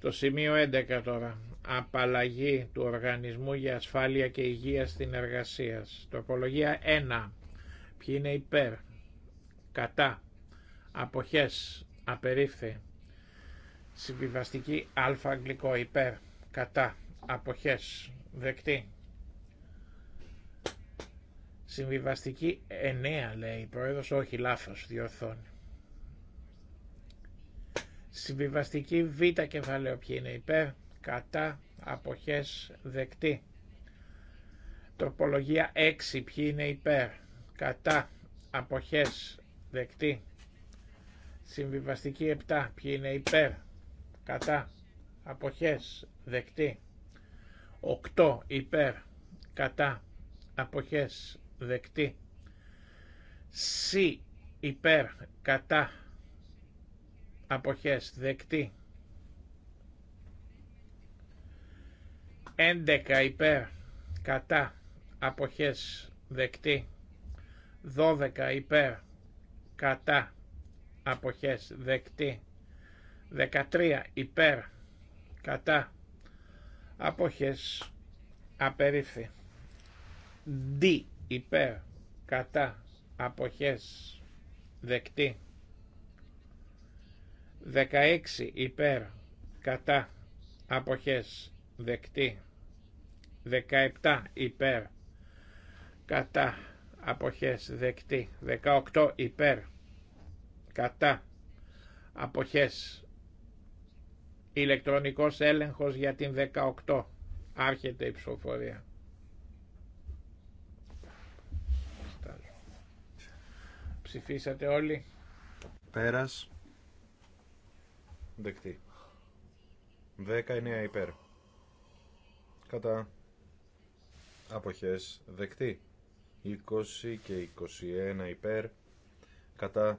Το σημείο 11 τώρα. Απαλλαγή του Οργανισμού για Ασφάλεια και Υγεία στην Εργασία. Τροπολογία 1. Ποιοι είναι υπέρ κατά, αποχές, απερίφθη. Συμβιβαστική α αγγλικό υπέρ, κατά, αποχές, δεκτή. Συμβιβαστική 9 λέει η πρόεδρος, όχι λάθος, διορθώνει. Συμβιβαστική β κεφαλαίο ποιοι είναι υπέρ, κατά, αποχές, δεκτή. Τροπολογία 6 ποιοι είναι υπέρ, κατά, αποχές, Δεκτή. Συμβιβαστική 7. Ποιοι είναι υπέρ. Κατά. Αποχές. Δεκτή. 8. Υπέρ. Κατά. Αποχές. Δεκτή. 6 Υπέρ. Κατά. Αποχές. Δεκτή. 11 υπέρ κατά αποχές δεκτή 12 υπέρ κατά αποχές δεκτή 13 υπέρ κατά αποχές απερίφθη D υπέρ κατά αποχές δεκτή 16 υπέρ κατά αποχές δεκτή 17 υπέρ κατά αποχές δεκτή 18 υπέρ κατά αποχές ηλεκτρονικός έλεγχος για την 18 άρχεται η ψηφοφορία ψηφίσατε όλοι πέρας δεκτή 19 υπέρ κατά αποχές δεκτή 20 και 21 υπέρ κατά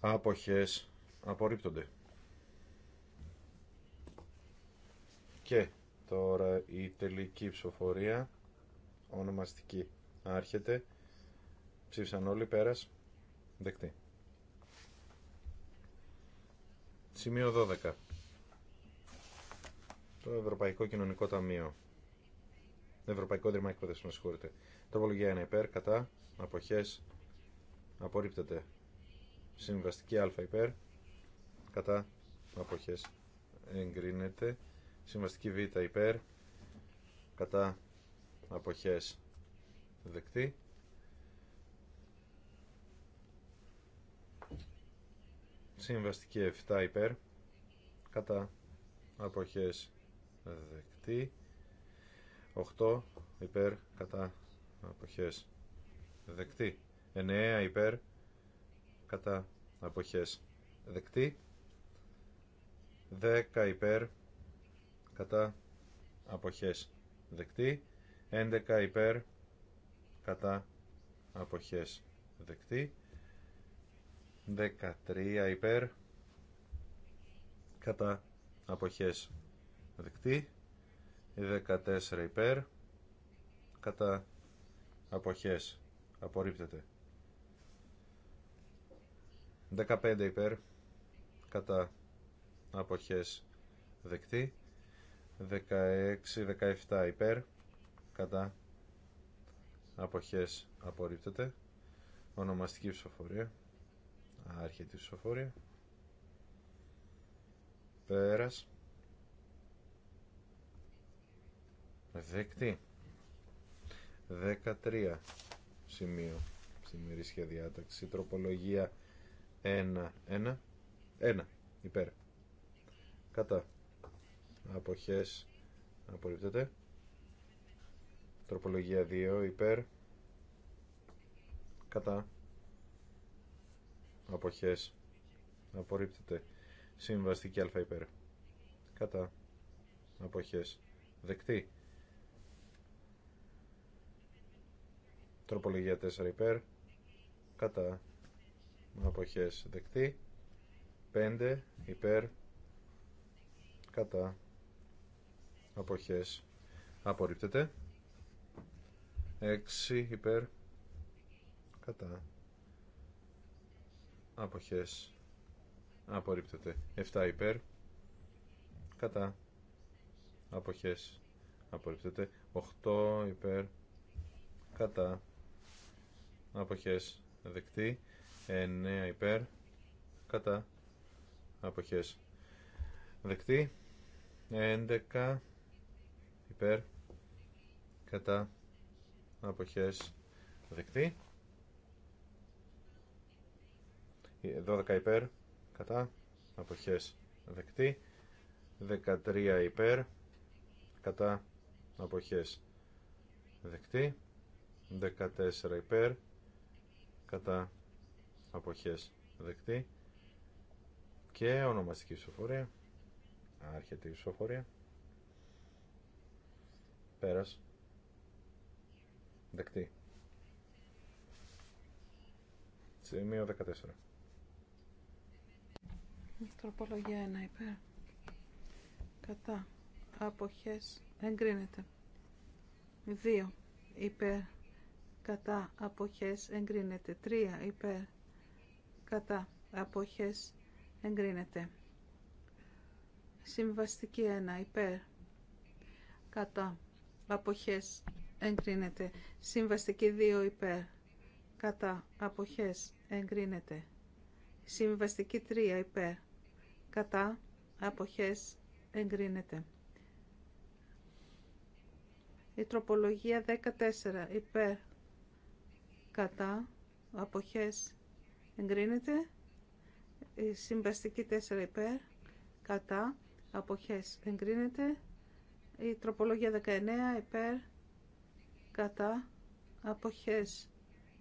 αποχές απορρίπτονται. Και τώρα η τελική ψηφοφορία ονομαστική άρχεται. Ψήφισαν όλοι πέρας. Δεκτή. Σημείο 12. Το Ευρωπαϊκό Κοινωνικό Ταμείο. Ευρωπαϊκό Δρυμαϊκό Δεσμό, συγχωρείτε. Τροπολογία 1 υπέρ, κατά, αποχές, απορρίπτεται. Συμβαστική α υπέρ. Κατά αποχές εγκρίνεται. Συμβαστική β υπέρ. Κατά αποχές δεκτή. Συμβαστική 7 υπέρ. Κατά αποχές δεκτή. 8 υπέρ κατά αποχές δεκτή 9 υπέρ κατά αποχές δεκτή 10 υπέρ κατά αποχές δεκτή 11 υπέρ κατά αποχές δεκτή 13 υπέρ κατά αποχές δεκτή 14 υπέρ κατά αποχές απορρίπτεται 15 υπέρ κατά αποχές δεκτή 16-17 υπέρ κατά αποχές απορρίπτεται ονομαστική ψηφοφορία άρχιτη ψηφοφορία πέρας δεκτή 13 σημείο στη μερίσια διάταξη τροπολογία 1, 1, 1, υπέρ. Κατά. Αποχές απορρίπτεται. Τροπολογία 2, υπέρ. Κατά. Αποχές απορρίπτεται. Συμβαστική α υπέρ. Κατά. Αποχές δεκτή. Τροπολογία 4 υπέρ. Κατά αποχές δεκτή 5 υπέρ κατά αποχές απορρίπτεται 6 υπέρ κατά αποχές απορρίπτεται 7 υπέρ κατά αποχές απορρίπτεται 8 υπέρ κατά αποχές δεκτή 9 υπέρ κατά αποχές δεκτή 11 υπέρ κατά αποχές δεκτή 12 υπέρ κατά αποχές δεκτή 13 υπέρ κατά αποχές δεκτή 14 υπέρ κατά αποχές δεκτή και ονομαστική ψηφοφορία άρχεται η ψηφοφορία πέρας Δεκτεί. σημείο 14 τροπολογία 1 υπέρ κατά αποχές εγκρίνεται 2 υπέρ κατά αποχές εγκρίνεται 3 υπέρ κατά αποχές εγκρίνεται. Συμβαστική 1 υπέρ κατά αποχές εγκρίνεται. Συμβαστική 2 υπέρ κατά αποχές εγκρίνεται. Συμβαστική 3 υπέρ κατά αποχές εγκρίνεται. Η τροπολογία 14 υπέρ κατά αποχές εγκρίνεται. Η συμβαστική 4 υπέρ, κατά, αποχές εγκρίνεται. Η τροπολογία 19 υπέρ, κατά, αποχές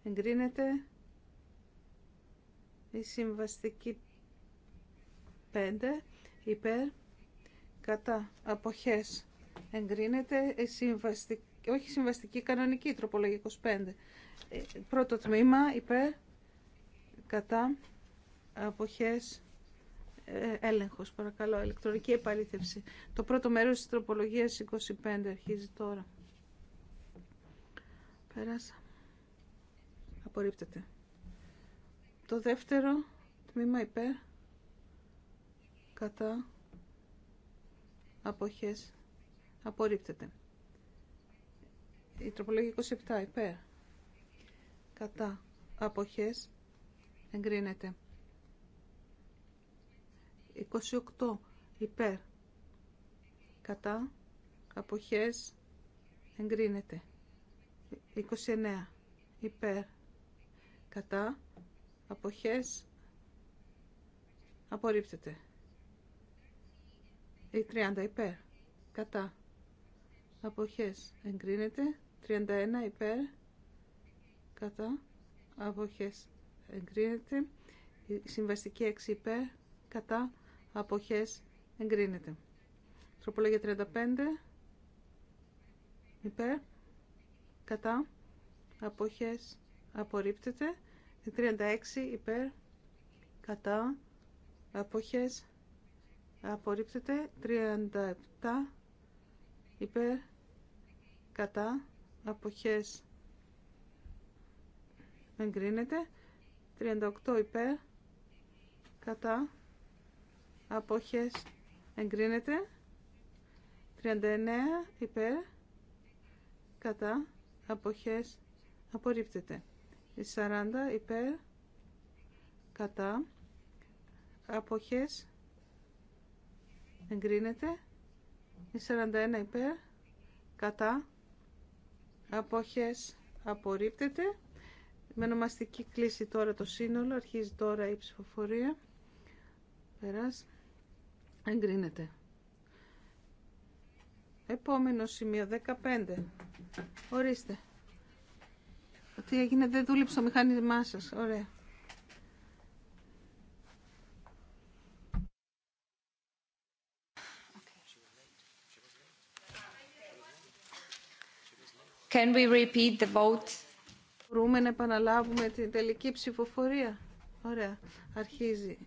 εγκρίνεται. Η συμβαστική 5 υπέρ, κατά, αποχές εγκρίνεται. Η συμβαστική, όχι συμβαστική, κανονική τροπολογία 25. Ε, πρώτο τμήμα υπέρ, κατά αποχές ε, έλεγχος παρακαλώ ηλεκτρονική επαλήθευση το πρώτο μέρος της τροπολογίας 25 αρχίζει τώρα πέρασα απορρίπτεται το δεύτερο τμήμα υπέρ κατά αποχές απορρίπτεται η τροπολογία 27 υπέρ κατά αποχές εγκρίνεται. 28 υπέρ κατά αποχές εγκρίνεται. 29 υπέρ κατά αποχές απορρίπτεται. 30 υπέρ κατά αποχές εγκρίνεται. 31 υπέρ κατά αποχές εγκρίνεται. Η συμβαστική 6 υπέρ, κατά, αποχές, εγκρίνεται. Τροπολογία 35 υπέρ, κατά, αποχές, απορρίπτεται. 36 υπέρ, κατά, αποχές, απορρίπτεται. 37 υπέρ, κατά, αποχές, εγκρίνεται. 38 υπέρ κατά αποχές εγκρίνεται 39 υπέρ κατά αποχές απορρίπτεται 40 υπέρ κατά αποχές εγκρίνεται 41 υπέρ κατά αποχές απορρίπτεται με ονομαστική κλίση τώρα το σύνολο, αρχίζει τώρα η ψηφοφορία. Περάς. Εγκρίνεται. Επόμενο σημείο, 15. Ορίστε. Ότι έγινε, δεν δούλεψε ο μηχάνημά σας. Ωραία. Can we repeat the vote? Μπορούμε να επαναλάβουμε την τελική ψηφοφορία. Ωραία. Αρχίζει.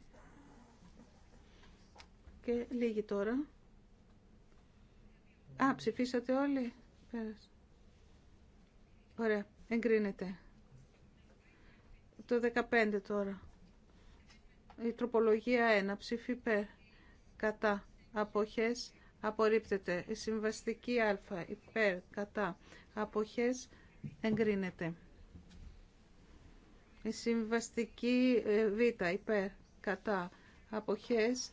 Και λίγη τώρα. Α, ψηφίσατε όλοι. Πέρασε. Ωραία. Εγκρίνεται. Το 15 τώρα. Η τροπολογία 1. Ψήφι περ Κατά. Αποχές. Απορρίπτεται. Η συμβαστική α. Υπέρ. Κατά. Αποχές. Εγκρίνεται. Η συμβαστική ε, Β υπέρ κατά αποχές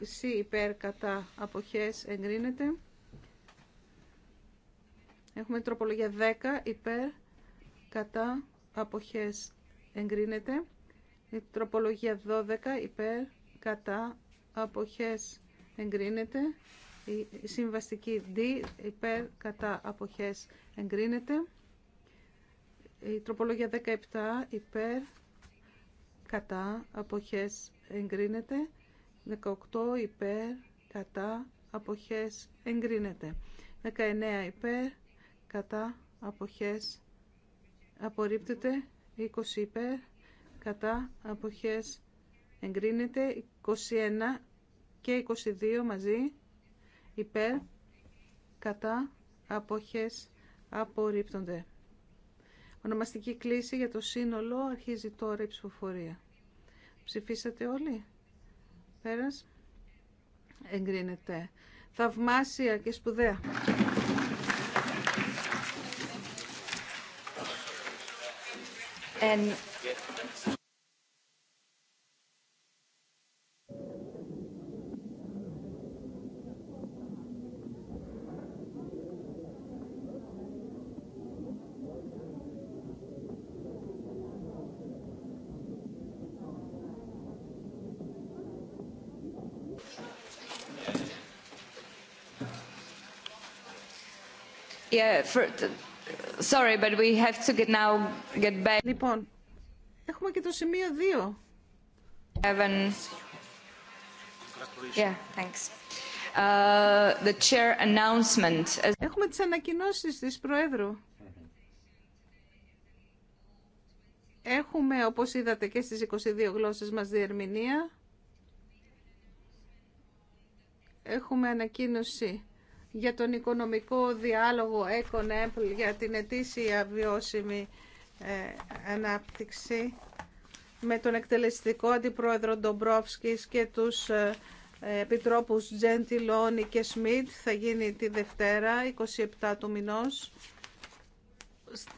Σ υπέρ κατά αποχές εγκρίνεται. Έχουμε τροπολογία 10 υπέρ κατά αποχές εγκρίνεται. Η τροπολογία 12 υπέρ κατά αποχές εγκρίνεται. Η συμβαστική D υπέρ κατά αποχές εγκρίνεται. Η τροπολογία 17 υπέρ κατά αποχές εγκρίνεται. 18 υπέρ κατά αποχές εγκρίνεται. 19 υπέρ κατά αποχές απορρίπτεται. 20 υπέρ κατά αποχές εγκρίνεται. 21 και 22 μαζί υπέρ κατά αποχές απορρίπτονται. Ονομαστική κλίση για το σύνολο αρχίζει τώρα η ψηφοφορία. Ψηφίσατε όλοι. Πέρας. Εγκρίνεται. Θαυμάσια και σπουδαία. And Sorry, but we have to now get back. Λοιπόν, έχουμε και το σημείο 2. Yeah, thanks. Uh, the chair announcement. Έχουμε τις ανακοινώσεις της Προέδρου. Έχουμε, όπως είδατε, και στις 22 γλώσσες μας διερμηνία. Έχουμε ανακοίνωση για τον οικονομικό διάλογο Apple για την ετήσια βιώσιμη ε, ανάπτυξη με τον εκτελεστικό αντιπρόεδρο Ντομπρόφσκης και τους ε, ε, επιτρόπους Τζεντιλόνι και Σμιτ θα γίνει τη Δευτέρα 27 του μηνός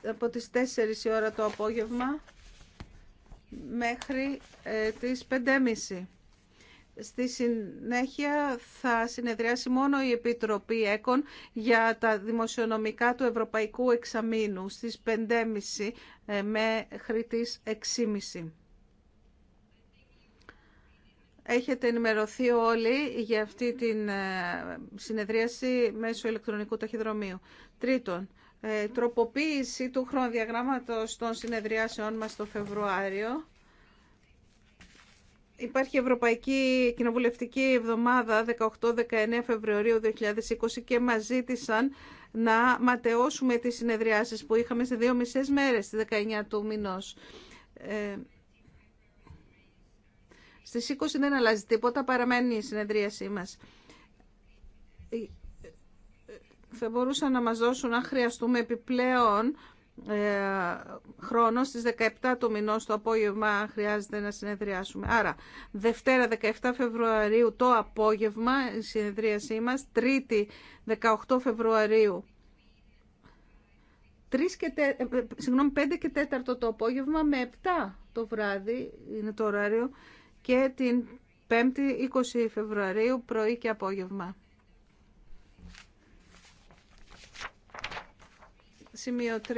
από τις 4 η ώρα το απόγευμα μέχρι τις 5.30. Στη συνέχεια θα συνεδριάσει μόνο η Επιτροπή ΕΚΟΝ για τα δημοσιονομικά του Ευρωπαϊκού Εξαμήνου στις 5.30 ε, μέχρι τις 6.30. Έχετε ενημερωθεί όλοι για αυτή την ε, συνεδρίαση μέσω ηλεκτρονικού ταχυδρομείου. Τρίτον, ε, τροποποίηση του χρονοδιαγράμματος των συνεδριάσεών μας το Φεβρουάριο. Υπάρχει Ευρωπαϊκή Κοινοβουλευτική Εβδομάδα 18-19 Φεβρουαρίου 2020 και μας ζήτησαν να ματαιώσουμε τις συνεδριάσεις που είχαμε σε δύο μισές μέρες, στις 19 του μηνός. Ε, στις 20 δεν αλλάζει τίποτα, παραμένει η συνεδρίασή μας. Ε, ε, θα μπορούσαν να μας δώσουν, αν χρειαστούμε επιπλέον, ε, χρόνο στις 17 το μηνό το απόγευμα χρειάζεται να συνεδριάσουμε. Άρα, Δευτέρα 17 Φεβρουαρίου το απόγευμα η συνεδρίασή μας, Τρίτη 18 Φεβρουαρίου και, ε, ε, συγγνώμη, 5 και 4 το απόγευμα με 7 το βράδυ είναι το ωράριο και την 5η 20 Φεβρουαρίου πρωί και απόγευμα. Σημείο 3.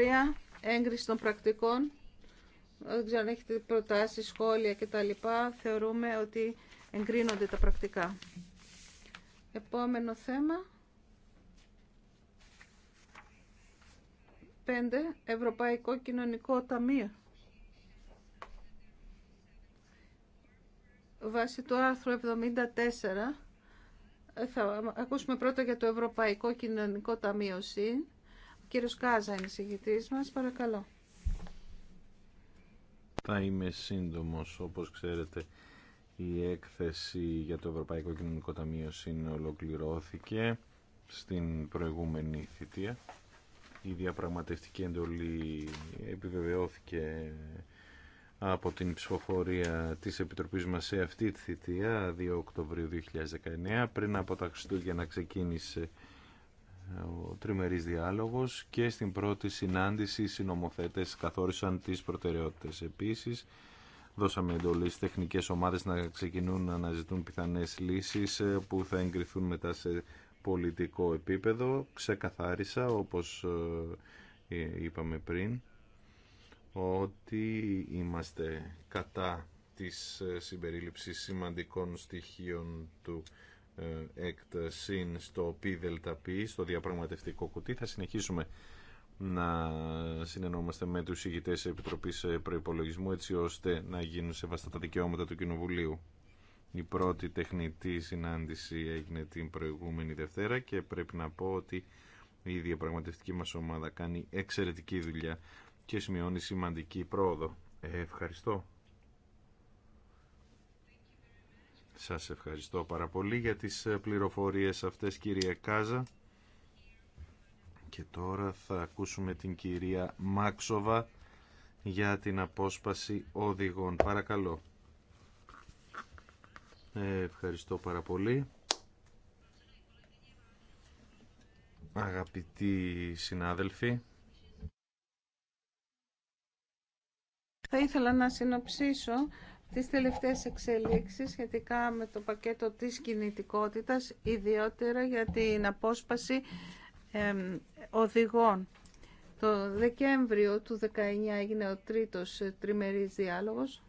Έγκριση των πρακτικών. Δεν ξέρω αν έχετε προτάσεις, σχόλια κτλ. Θεωρούμε ότι εγκρίνονται τα πρακτικά. Επόμενο θέμα. 5. Ευρωπαϊκό Κοινωνικό Ταμείο. Βάση του άρθρου 74 θα ακούσουμε πρώτα για το Ευρωπαϊκό Κοινωνικό Ταμείο ΣΥΝ κύριος Κάζα είναι μας. Παρακαλώ. Θα είμαι σύντομος. Όπως ξέρετε, η έκθεση για το Ευρωπαϊκό Κοινωνικό Ταμείο συνολοκληρώθηκε στην προηγούμενη θητεία. Η διαπραγματευτική εντολή επιβεβαιώθηκε από την ψηφοφορία της Επιτροπής μας σε αυτή τη θητεία 2 Οκτωβρίου 2019 πριν από τα Χριστούγεννα ξεκίνησε ο τριμερής διάλογος και στην πρώτη συνάντηση οι συνομοθέτες καθόρισαν τις προτεραιότητες. Επίσης, δώσαμε εντολή στις τεχνικές ομάδες να ξεκινούν να αναζητούν πιθανές λύσεις ε, που θα εγκριθούν μετά σε πολιτικό επίπεδο. Ξεκαθάρισα, όπως ε, ε, είπαμε πριν, ότι είμαστε κατά της συμπερίληψης σημαντικών στοιχείων του ε, στο στο ΠΔΠ, στο διαπραγματευτικό κουτί. Θα συνεχίσουμε να συνεννόμαστε με τους ηγητές Επιτροπής Προϋπολογισμού έτσι ώστε να γίνουν σεβαστά τα δικαιώματα του Κοινοβουλίου. Η πρώτη τεχνητή συνάντηση έγινε την προηγούμενη Δευτέρα και πρέπει να πω ότι η διαπραγματευτική μας ομάδα κάνει εξαιρετική δουλειά και σημειώνει σημαντική πρόοδο. Ε, ευχαριστώ. Σας ευχαριστώ πάρα πολύ για τις ε, πληροφορίες αυτές κύριε Κάζα. Και τώρα θα ακούσουμε την κυρία Μάξοβα για την απόσπαση οδηγών. Παρακαλώ. Ε, ευχαριστώ πάρα πολύ. Αγαπητοί συνάδελφοι. Θα ήθελα να συνοψίσω τις τελευταίες εξελίξεις σχετικά με το πακέτο της κινητικότητας, ιδιότερα για την απόσπαση οδηγών. Το Δεκέμβριο του 19 έγινε ο τρίτος τριμερής διάλογος.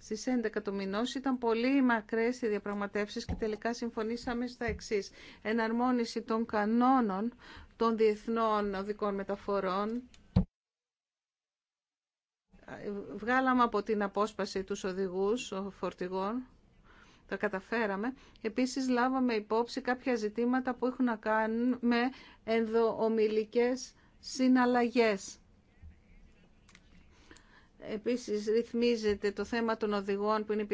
Στις 11 το μηνός ήταν πολύ μακρές οι διαπραγματεύσεις και τελικά συμφωνήσαμε στα εξής. Εναρμόνιση των κανόνων των διεθνών οδικών μεταφορών, βγάλαμε από την απόσπαση τους οδηγούς φορτηγών, τα καταφέραμε. Επίσης λάβαμε υπόψη κάποια ζητήματα που έχουν να κάνουν με ενδοομιλικές συναλλαγές. Επίσης ρυθμίζεται το θέμα των οδηγών που είναι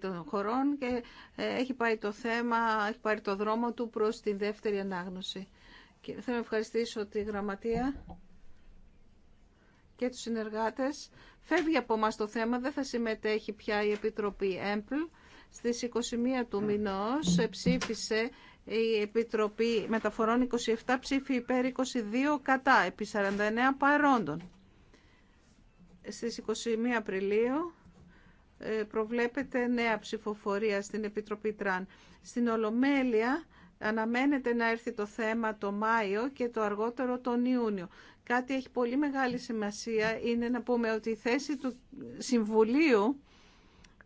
των χωρών και ε, έχει πάει το θέμα, έχει πάρει το δρόμο του προς τη δεύτερη ανάγνωση. Και θέλω να ευχαριστήσω τη γραμματεία και τους συνεργάτες. Φεύγει από μας το θέμα, δεν θα συμμετέχει πια η Επιτροπή ΕΜΠΛ. Στις 21 του μηνός ψήφισε η Επιτροπή Μεταφορών 27 ψήφι υπέρ 22 κατά, επί 49 παρόντων. Στις 21 Απριλίου ε, προβλέπεται νέα ψηφοφορία στην Επιτροπή Τραν. Στην Ολομέλεια αναμένεται να έρθει το θέμα το Μάιο και το αργότερο τον Ιούνιο κάτι έχει πολύ μεγάλη σημασία είναι να πούμε ότι η θέση του Συμβουλίου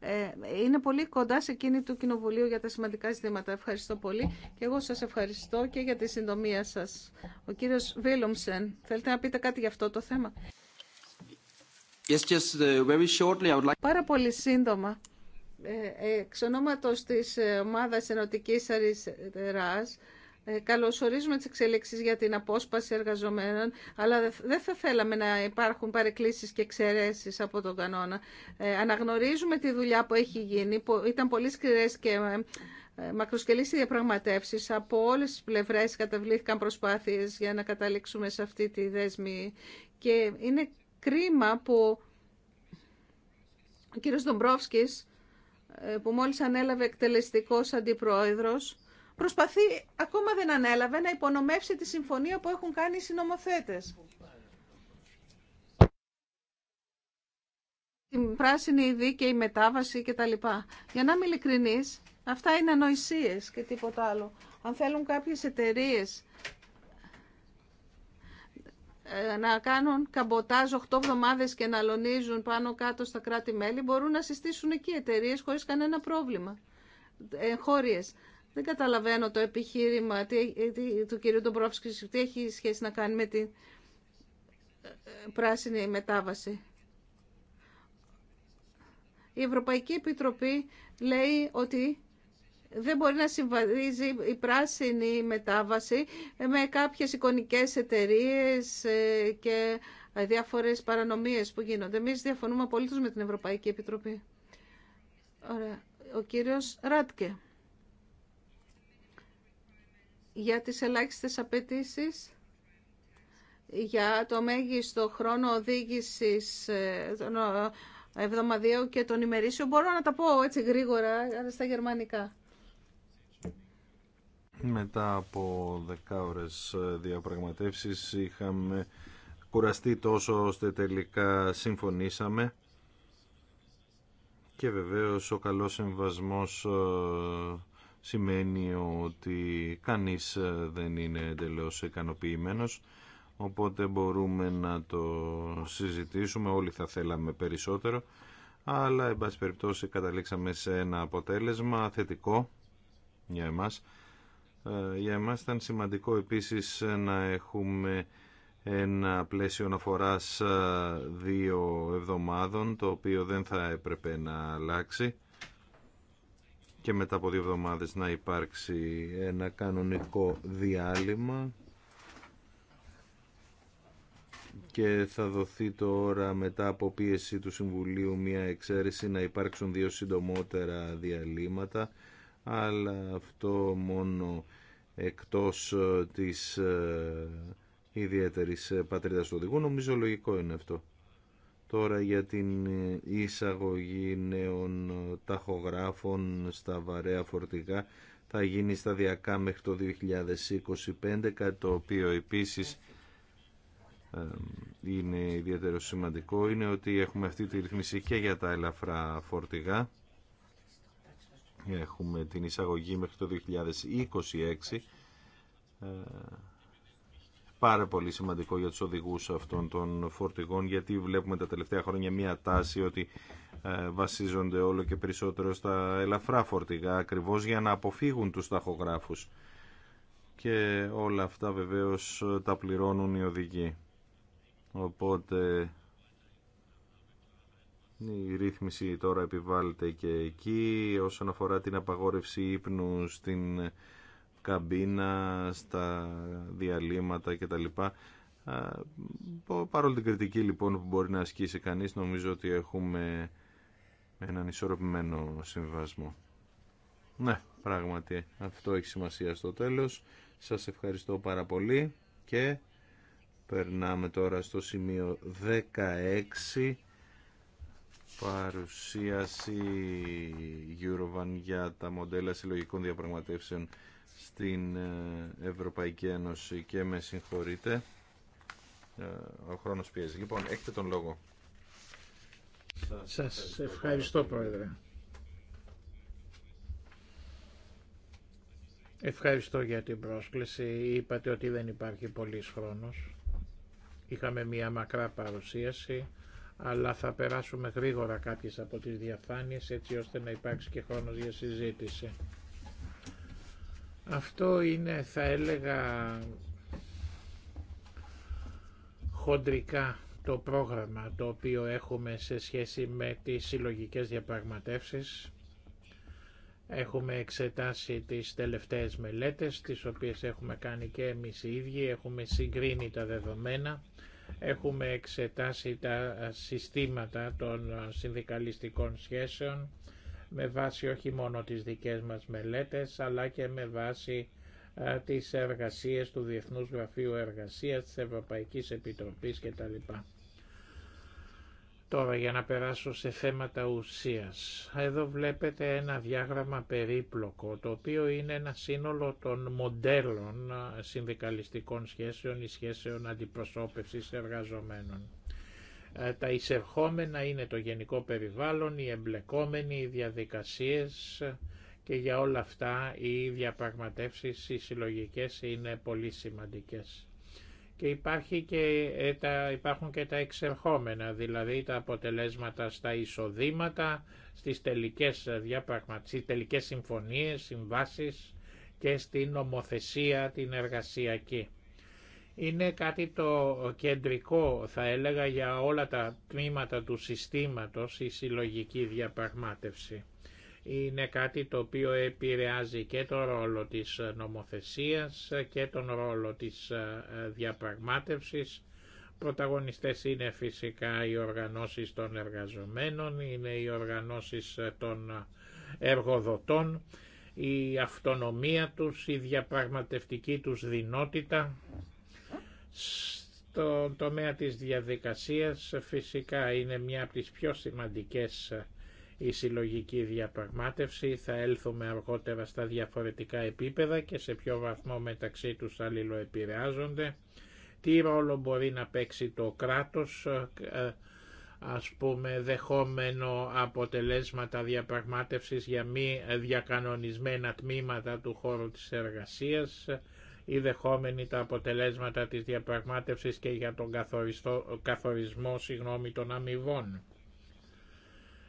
ε, είναι πολύ κοντά σε εκείνη του Κοινοβουλίου για τα σημαντικά ζητήματα. Ευχαριστώ πολύ και εγώ σας ευχαριστώ και για τη συντομία σας. Ο κύριος Βίλομσεν, θέλετε να πείτε κάτι για αυτό το θέμα. Yes, just uh, very shortly, I would like... Πάρα πολύ σύντομα. Ε, εξ ονόματος της ε, ομάδας Ενωτικής Αριστεράς, ε, καλωσορίζουμε τις εξέλιξεις για την απόσπαση εργαζομένων, αλλά δεν θα θέλαμε να υπάρχουν παρεκκλήσεις και εξαιρέσει από τον κανόνα. Ε, αναγνωρίζουμε τη δουλειά που έχει γίνει, που ήταν πολύ σκληρές και ε, μακροσκελής οι διαπραγματεύσεις. Από όλες τις πλευρές καταβλήθηκαν προσπάθειες για να καταλήξουμε σε αυτή τη δέσμη και είναι κρίμα που ο κύριος Δομπρόφσκης, που μόλις ανέλαβε εκτελεστικός αντιπρόεδρος, προσπαθεί, ακόμα δεν ανέλαβε, να υπονομεύσει τη συμφωνία που έχουν κάνει οι συνομοθέτες. Η πράσινη ειδή και η μετάβαση και τα λοιπά. Για να είμαι ειλικρινής, αυτά είναι ανοησίες και τίποτα άλλο. Αν θέλουν κάποιες εταιρείε ε, να κάνουν καμποτάζ 8 εβδομάδες και να αλωνίζουν πάνω κάτω στα κράτη-μέλη, μπορούν να συστήσουν εκεί εταιρείε χωρίς κανένα πρόβλημα. Δεν καταλαβαίνω το επιχείρημα του κυρίου Ντομπρόφσκη, τι έχει σχέση να κάνει με την ε, πράσινη μετάβαση. Η Ευρωπαϊκή Επιτροπή λέει ότι δεν μπορεί να συμβαδίζει η πράσινη μετάβαση με κάποιες εικονικές εταιρείες ε, και διάφορες παρανομίες που γίνονται. Εμείς διαφωνούμε απολύτως με την Ευρωπαϊκή Επιτροπή. Ωραία. Ο κύριος Ράτκε για τις ελάχιστες απαιτήσει για το μέγιστο χρόνο οδήγησης ε, των ε, και των ημερήσεων. Μπορώ να τα πω έτσι γρήγορα στα γερμανικά. Μετά από ώρες ε, διαπραγματεύσεις είχαμε κουραστεί τόσο ώστε τελικά συμφωνήσαμε και βεβαίως ο καλός συμβασμός σημαίνει ότι κανείς ε, δεν είναι εντελώς ικανοποιημένο. οπότε μπορούμε να το συζητήσουμε, όλοι θα θέλαμε περισσότερο, αλλά εν πάση περιπτώσει καταλήξαμε σε ένα αποτέλεσμα θετικό για εμάς. Ε, για εμάς ήταν σημαντικό επίσης να έχουμε ένα πλαίσιο αναφορά ε, δύο εβδομάδων, το οποίο δεν θα έπρεπε να αλλάξει και μετά από δύο εβδομάδες να υπάρξει ένα κανονικό διάλειμμα και θα δοθεί τώρα μετά από πίεση του Συμβουλίου μια εξαίρεση να υπάρξουν δύο συντομότερα διαλύματα αλλά αυτό μόνο εκτός της ε, ιδιαίτερης πατρίδας του οδηγού νομίζω λογικό είναι αυτό Τώρα για την ε, εισαγωγή νέων ε, ταχογράφων στα βαρέα φορτηγά θα γίνει σταδιακά μέχρι το 2025, κάτι το οποίο επίσης είναι ιδιαίτερο σημαντικό είναι ότι έχουμε αυτή τη ρυθμίση και για τα ελαφρά φορτηγά έχουμε την εισαγωγή μέχρι το 2026 πάρα πολύ σημαντικό για τους οδηγούς αυτών των φορτηγών γιατί βλέπουμε τα τελευταία χρόνια μία τάση ότι ε, βασίζονται όλο και περισσότερο στα ελαφρά φορτηγά ακριβώς για να αποφύγουν τους ταχογράφους και όλα αυτά βεβαίως τα πληρώνουν οι οδηγοί οπότε η ρύθμιση τώρα επιβάλλεται και εκεί όσον αφορά την απαγόρευση ύπνου στην καμπίνα, στα διαλύματα κτλ. Παρόλο την κριτική λοιπόν που μπορεί να ασκήσει κανείς νομίζω ότι έχουμε έναν ισορροπημένο συμβασμό. Ναι, πράγματι αυτό έχει σημασία στο τέλος. Σας ευχαριστώ πάρα πολύ και περνάμε τώρα στο σημείο 16 παρουσίαση Eurovan για τα μοντέλα συλλογικών διαπραγματεύσεων στην ε, Ευρωπαϊκή Ένωση και με συγχωρείτε. Ε, ο χρόνος πιέζει. Λοιπόν, έχετε τον λόγο. Σας ευχαριστώ, ευχαριστώ Πρόεδρε. Ευχαριστώ για την πρόσκληση. Είπατε ότι δεν υπάρχει πολύς χρόνος. Είχαμε μία μακρά παρουσίαση, αλλά θα περάσουμε γρήγορα κάποιες από τις διαφάνειες έτσι ώστε να υπάρξει και χρόνος για συζήτηση. Αυτό είναι θα έλεγα χοντρικά το πρόγραμμα το οποίο έχουμε σε σχέση με τις συλλογικές διαπραγματεύσεις. Έχουμε εξετάσει τις τελευταίες μελέτες, τις οποίες έχουμε κάνει και εμείς οι ίδιοι, έχουμε συγκρίνει τα δεδομένα, έχουμε εξετάσει τα συστήματα των συνδικαλιστικών σχέσεων, με βάση όχι μόνο τις δικές μας μελέτες αλλά και με βάση ε, τις εργασίες του Διεθνούς Γραφείου Εργασίας, της Ευρωπαϊκής Επιτροπής κτλ. Τώρα για να περάσω σε θέματα ουσίας. Εδώ βλέπετε ένα διάγραμμα περίπλοκο, το οποίο είναι ένα σύνολο των μοντέλων ε, συνδικαλιστικών σχέσεων ή σχέσεων αντιπροσώπευσης εργαζομένων. Ε, τα εισερχόμενα είναι το γενικό περιβάλλον, οι εμπλεκόμενοι, οι διαδικασίες και για όλα αυτά οι διαπραγματεύσεις, οι συλλογικές είναι πολύ σημαντικές. Και, υπάρχει και ε, τα, υπάρχουν και τα εξερχόμενα, δηλαδή τα αποτελέσματα στα εισοδήματα, στις τελικές, διαπραγματεύσεις, τελικές συμφωνίες, συμβάσεις και στην νομοθεσία την εργασιακή είναι κάτι το κεντρικό θα έλεγα για όλα τα τμήματα του συστήματος η συλλογική διαπραγμάτευση. Είναι κάτι το οποίο επηρεάζει και τον ρόλο της νομοθεσίας και τον ρόλο της ε, διαπραγμάτευσης. Πρωταγωνιστές είναι φυσικά οι οργανώσεις των εργαζομένων, είναι οι οργανώσεις των εργοδοτών, η αυτονομία τους, η διαπραγματευτική τους δυνότητα το τομέα της διαδικασίας φυσικά είναι μια από τις πιο σημαντικές ε, η συλλογική διαπραγμάτευση. Θα έλθουμε αργότερα στα διαφορετικά επίπεδα και σε ποιο βαθμό μεταξύ τους αλληλοεπηρεάζονται. Τι ρόλο μπορεί να παίξει το κράτος, ε, ε, ας πούμε δεχόμενο αποτελέσματα διαπραγμάτευσης για μη διακανονισμένα τμήματα του χώρου της εργασίας ή δεχόμενοι τα αποτελέσματα της διαπραγμάτευσης και για τον καθορισμό συγγνώμη, των αμοιβών.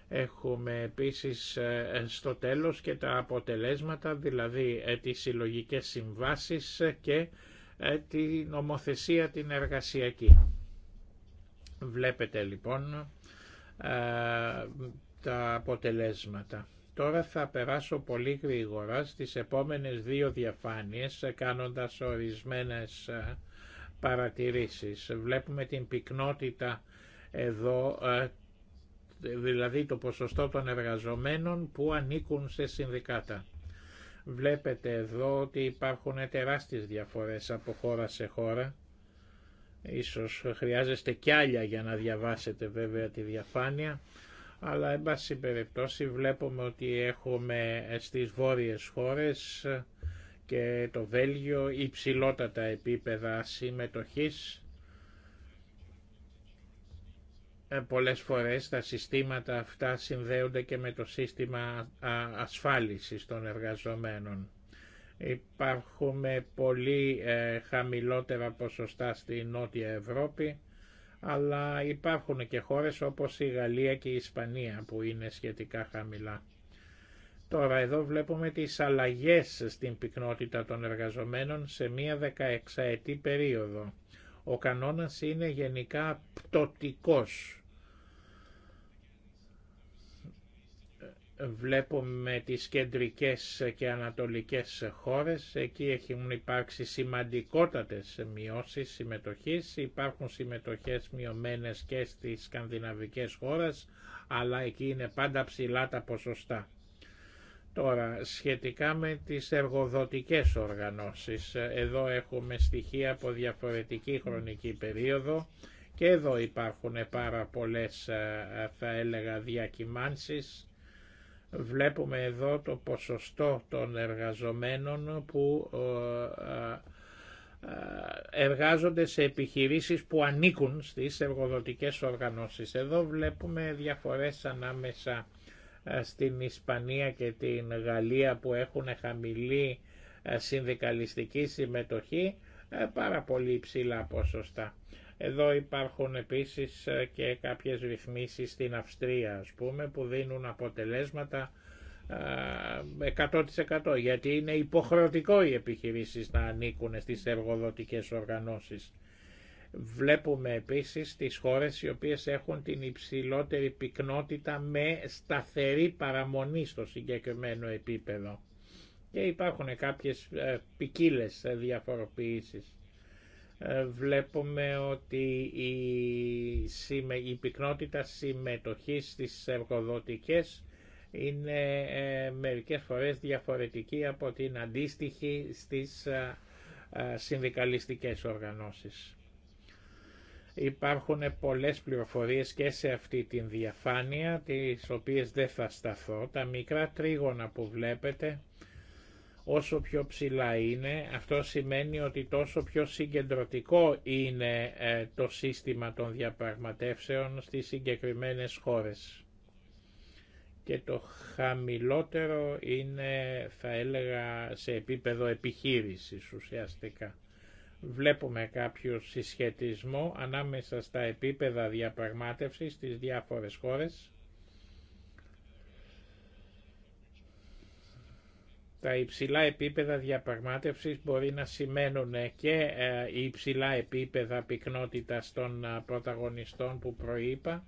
Έχουμε επίσης ε, στο τέλος και τα αποτελέσματα, δηλαδή ε, τις συλλογικές συμβάσεις και ε, την νομοθεσία την εργασιακή. Βλέπετε λοιπόν τα αποτελέσματα. Τώρα θα περάσω πολύ γρήγορα στις επόμενες δύο διαφάνειες κάνοντας ορισμένες ε, παρατηρήσεις. Βλέπουμε την πυκνότητα εδώ, ε, δηλαδή το ποσοστό των εργαζομένων που ανήκουν σε συνδικάτα. Βλέπετε εδώ ότι υπάρχουν τεράστιες διαφορές από χώρα σε χώρα. Ίσως χρειάζεστε κι άλλα για να διαβάσετε βέβαια τη διαφάνεια αλλά εν πάση περιπτώσει βλέπουμε ότι έχουμε στις βόρειες χώρες και το Βέλγιο υψηλότατα επίπεδα συμμετοχής. Ε, πολλές φορές τα συστήματα αυτά συνδέονται και με το σύστημα ασφάλισης των εργαζομένων. Υπάρχουν πολύ ε, χαμηλότερα ποσοστά στη Νότια Ευρώπη αλλά υπάρχουν και χώρες όπως η Γαλλία και η Ισπανία που είναι σχετικά χαμηλά. Τώρα εδώ βλέπουμε τις αλλαγές στην πυκνότητα των εργαζομένων σε μία 16 ετή περίοδο. Ο κανόνας είναι γενικά πτωτικός. βλέπουμε τις κεντρικές και ανατολικές χώρες, εκεί έχουν υπάρξει σημαντικότατες μειώσεις συμμετοχής, υπάρχουν συμμετοχές μειωμένες και στις σκανδιναβικές χώρες, αλλά εκεί είναι πάντα ψηλά τα ποσοστά. Τώρα, σχετικά με τις εργοδοτικές οργανώσεις, εδώ έχουμε στοιχεία από διαφορετική χρονική περίοδο και εδώ υπάρχουν πάρα πολλές, ε, θα έλεγα, διακυμάνσεις Βλέπουμε εδώ το ποσοστό των εργαζομένων που ε, ε, ε, εργάζονται σε επιχειρήσεις που ανήκουν στις εργοδοτικές οργανώσεις. Εδώ βλέπουμε διαφορές ανάμεσα στην Ισπανία και την Γαλλία που έχουν χαμηλή συνδικαλιστική συμμετοχή πάρα πολύ ψηλά ποσοστά. Εδώ υπάρχουν επίσης ε, και κάποιες ρυθμίσεις στην Αυστρία, ας πούμε, που δίνουν αποτελέσματα 100% ε, γιατί είναι υποχρεωτικό οι επιχειρήσεις να ανήκουν στις εργοδοτικές οργανώσεις. Βλέπουμε επίσης τις χώρες οι οποίες έχουν την υψηλότερη πυκνότητα με σταθερή παραμονή στο συγκεκριμένο επίπεδο. Και υπάρχουν κάποιες ε, ποικίλε διαφοροποιήσεις. Ε, βλέπουμε ότι η, η πυκνότητα συμμετοχής στις εργοδοτικές είναι ε, μερικές φορές διαφορετική από την αντίστοιχη στις ε, συνδικαλιστικές οργανώσεις. Υπάρχουν πολλές πληροφορίες και σε αυτή την διαφάνεια, τις οποίες δεν θα σταθώ. Τα μικρά τρίγωνα που βλέπετε Όσο πιο ψηλά είναι, αυτό σημαίνει ότι τόσο πιο συγκεντρωτικό είναι ε, το σύστημα των διαπραγματεύσεων στις συγκεκριμένες χώρες. Και το χαμηλότερο είναι, θα έλεγα, σε επίπεδο επιχείρησης ουσιαστικά. Βλέπουμε κάποιο συσχετισμό ανάμεσα στα επίπεδα διαπραγμάτευσης στις διάφορες χώρες Τα υψηλά επίπεδα διαπραγμάτευσης μπορεί να σημαίνουν και ε, υψηλά επίπεδα πυκνότητας των ε, πρωταγωνιστών που προείπα,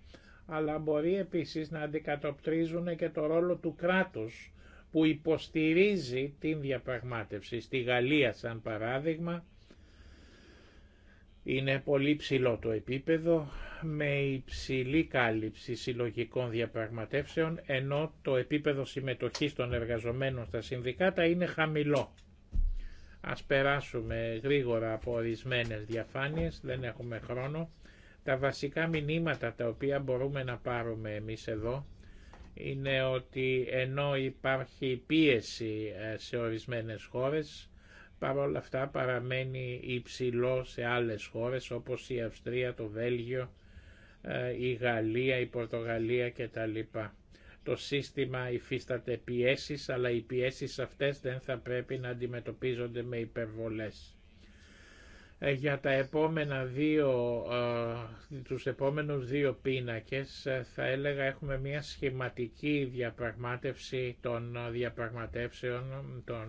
αλλά μπορεί επίσης να αντικατοπτρίζουν και το ρόλο του κράτους που υποστηρίζει την διαπραγμάτευση. Στη Γαλλία, σαν παράδειγμα, είναι πολύ ψηλό το επίπεδο, με υψηλή κάλυψη συλλογικών διαπραγματεύσεων, ενώ το επίπεδο συμμετοχής των εργαζομένων στα συνδικάτα είναι χαμηλό. Ας περάσουμε γρήγορα από ορισμένε διαφάνειες, δεν έχουμε χρόνο. Τα βασικά μηνύματα τα οποία μπορούμε να πάρουμε εμείς εδώ είναι ότι ενώ υπάρχει πίεση ε, σε ορισμένες χώρες, παρόλα αυτά παραμένει υψηλό σε άλλες χώρες όπως η Αυστρία, το Βέλγιο ε, η Γαλλία, η Πορτογαλία κτλ. Το σύστημα υφίσταται πιέσεις, αλλά οι πιέσεις αυτές δεν θα πρέπει να αντιμετωπίζονται με υπερβολές. Ε, για τα επόμενα δύο, ε, τους επόμενους δύο πίνακες θα έλεγα έχουμε μια σχηματική διαπραγμάτευση των διαπραγματεύσεων των,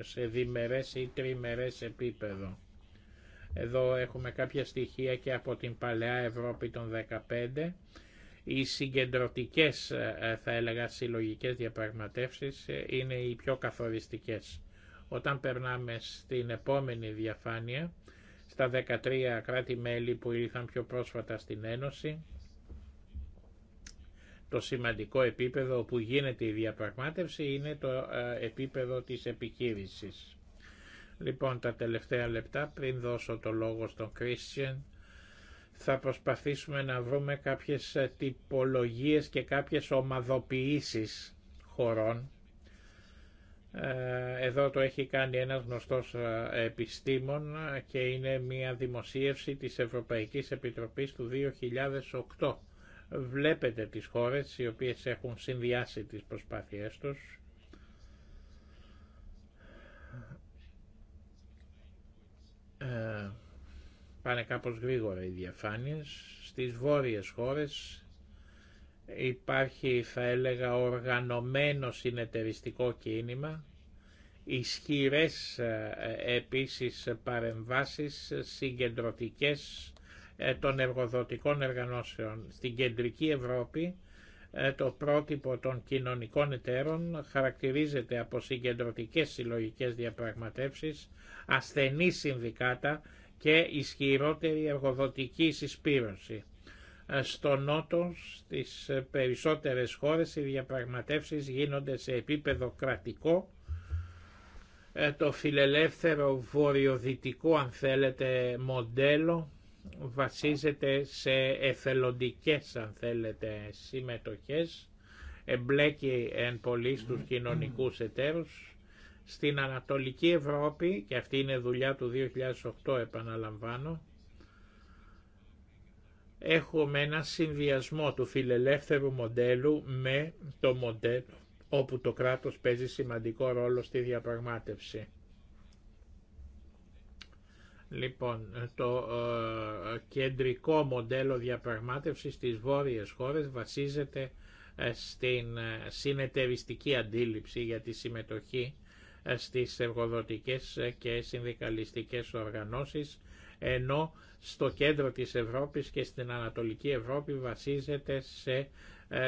σε διμερές ή τριμερές επίπεδο εδώ έχουμε κάποια στοιχεία και από την παλαιά Ευρώπη των 15. Οι συγκεντρωτικές, ε, ε, θα έλεγα, συλλογικές διαπραγματεύσεις ε, είναι οι πιο καθοριστικές. Όταν περνάμε στην επόμενη διαφάνεια, στα 13 κράτη-μέλη που ήρθαν πιο πρόσφατα στην Ένωση, το σημαντικό επίπεδο που γίνεται η διαπραγμάτευση είναι το επίπεδο της επιχείρησης. Λοιπόν, τα τελευταία λεπτά πριν δώσω το λόγο στον Christian, θα προσπαθήσουμε να βρούμε κάποιες ε, τυπολογίες και κάποιες ομαδοποιήσεις χωρών. Ε, εδώ το έχει κάνει ένας γνωστός ε, επιστήμον και είναι μια δημοσίευση της Ευρωπαϊκής Επιτροπής του 2008. Βλέπετε τις χώρες οι οποίες έχουν συνδυάσει τις προσπάθειές τους Ε, πάνε κάπως γρήγορα οι διαφάνειες. Στις βόρειες χώρες υπάρχει θα έλεγα οργανωμένο συνεταιριστικό κίνημα, ισχυρές ε, επίσης παρεμβάσεις συγκεντρωτικές ε, των εργοδοτικών εργανώσεων στην κεντρική Ευρώπη ε, το πρότυπο των κοινωνικών εταίρων χαρακτηρίζεται από συγκεντρωτικές συλλογικές διαπραγματεύσεις, ασθενή συνδικάτα και ισχυρότερη εργοδοτική συσπήρωση. Ε, στο Νότο, στις περισσότερες χώρες, οι διαπραγματεύσεις γίνονται σε επίπεδο κρατικό, ε, το φιλελεύθερο βορειοδυτικό αν θέλετε μοντέλο βασίζεται σε εθελοντικές αν θέλετε συμμετοχές, εμπλέκει εν πολύ στους κοινωνικούς εταίρους. Στην Ανατολική Ευρώπη, και αυτή είναι δουλειά του 2008 επαναλαμβάνω, έχουμε ένα συνδυασμό του φιλελεύθερου μοντέλου με το μοντέλο όπου το κράτος παίζει σημαντικό ρόλο στη διαπραγμάτευση. Λοιπόν, ε, το ε, κεντρικό μοντέλο διαπραγμάτευσης στις βόρειες χώρες βασίζεται ε, στην συνεταιριστική αντίληψη για τη συμμετοχή στις εργοδοτικές και συνδικαλιστικές οργανώσεις, ενώ στο κέντρο της Ευρώπης και στην Ανατολική Ευρώπη βασίζεται σε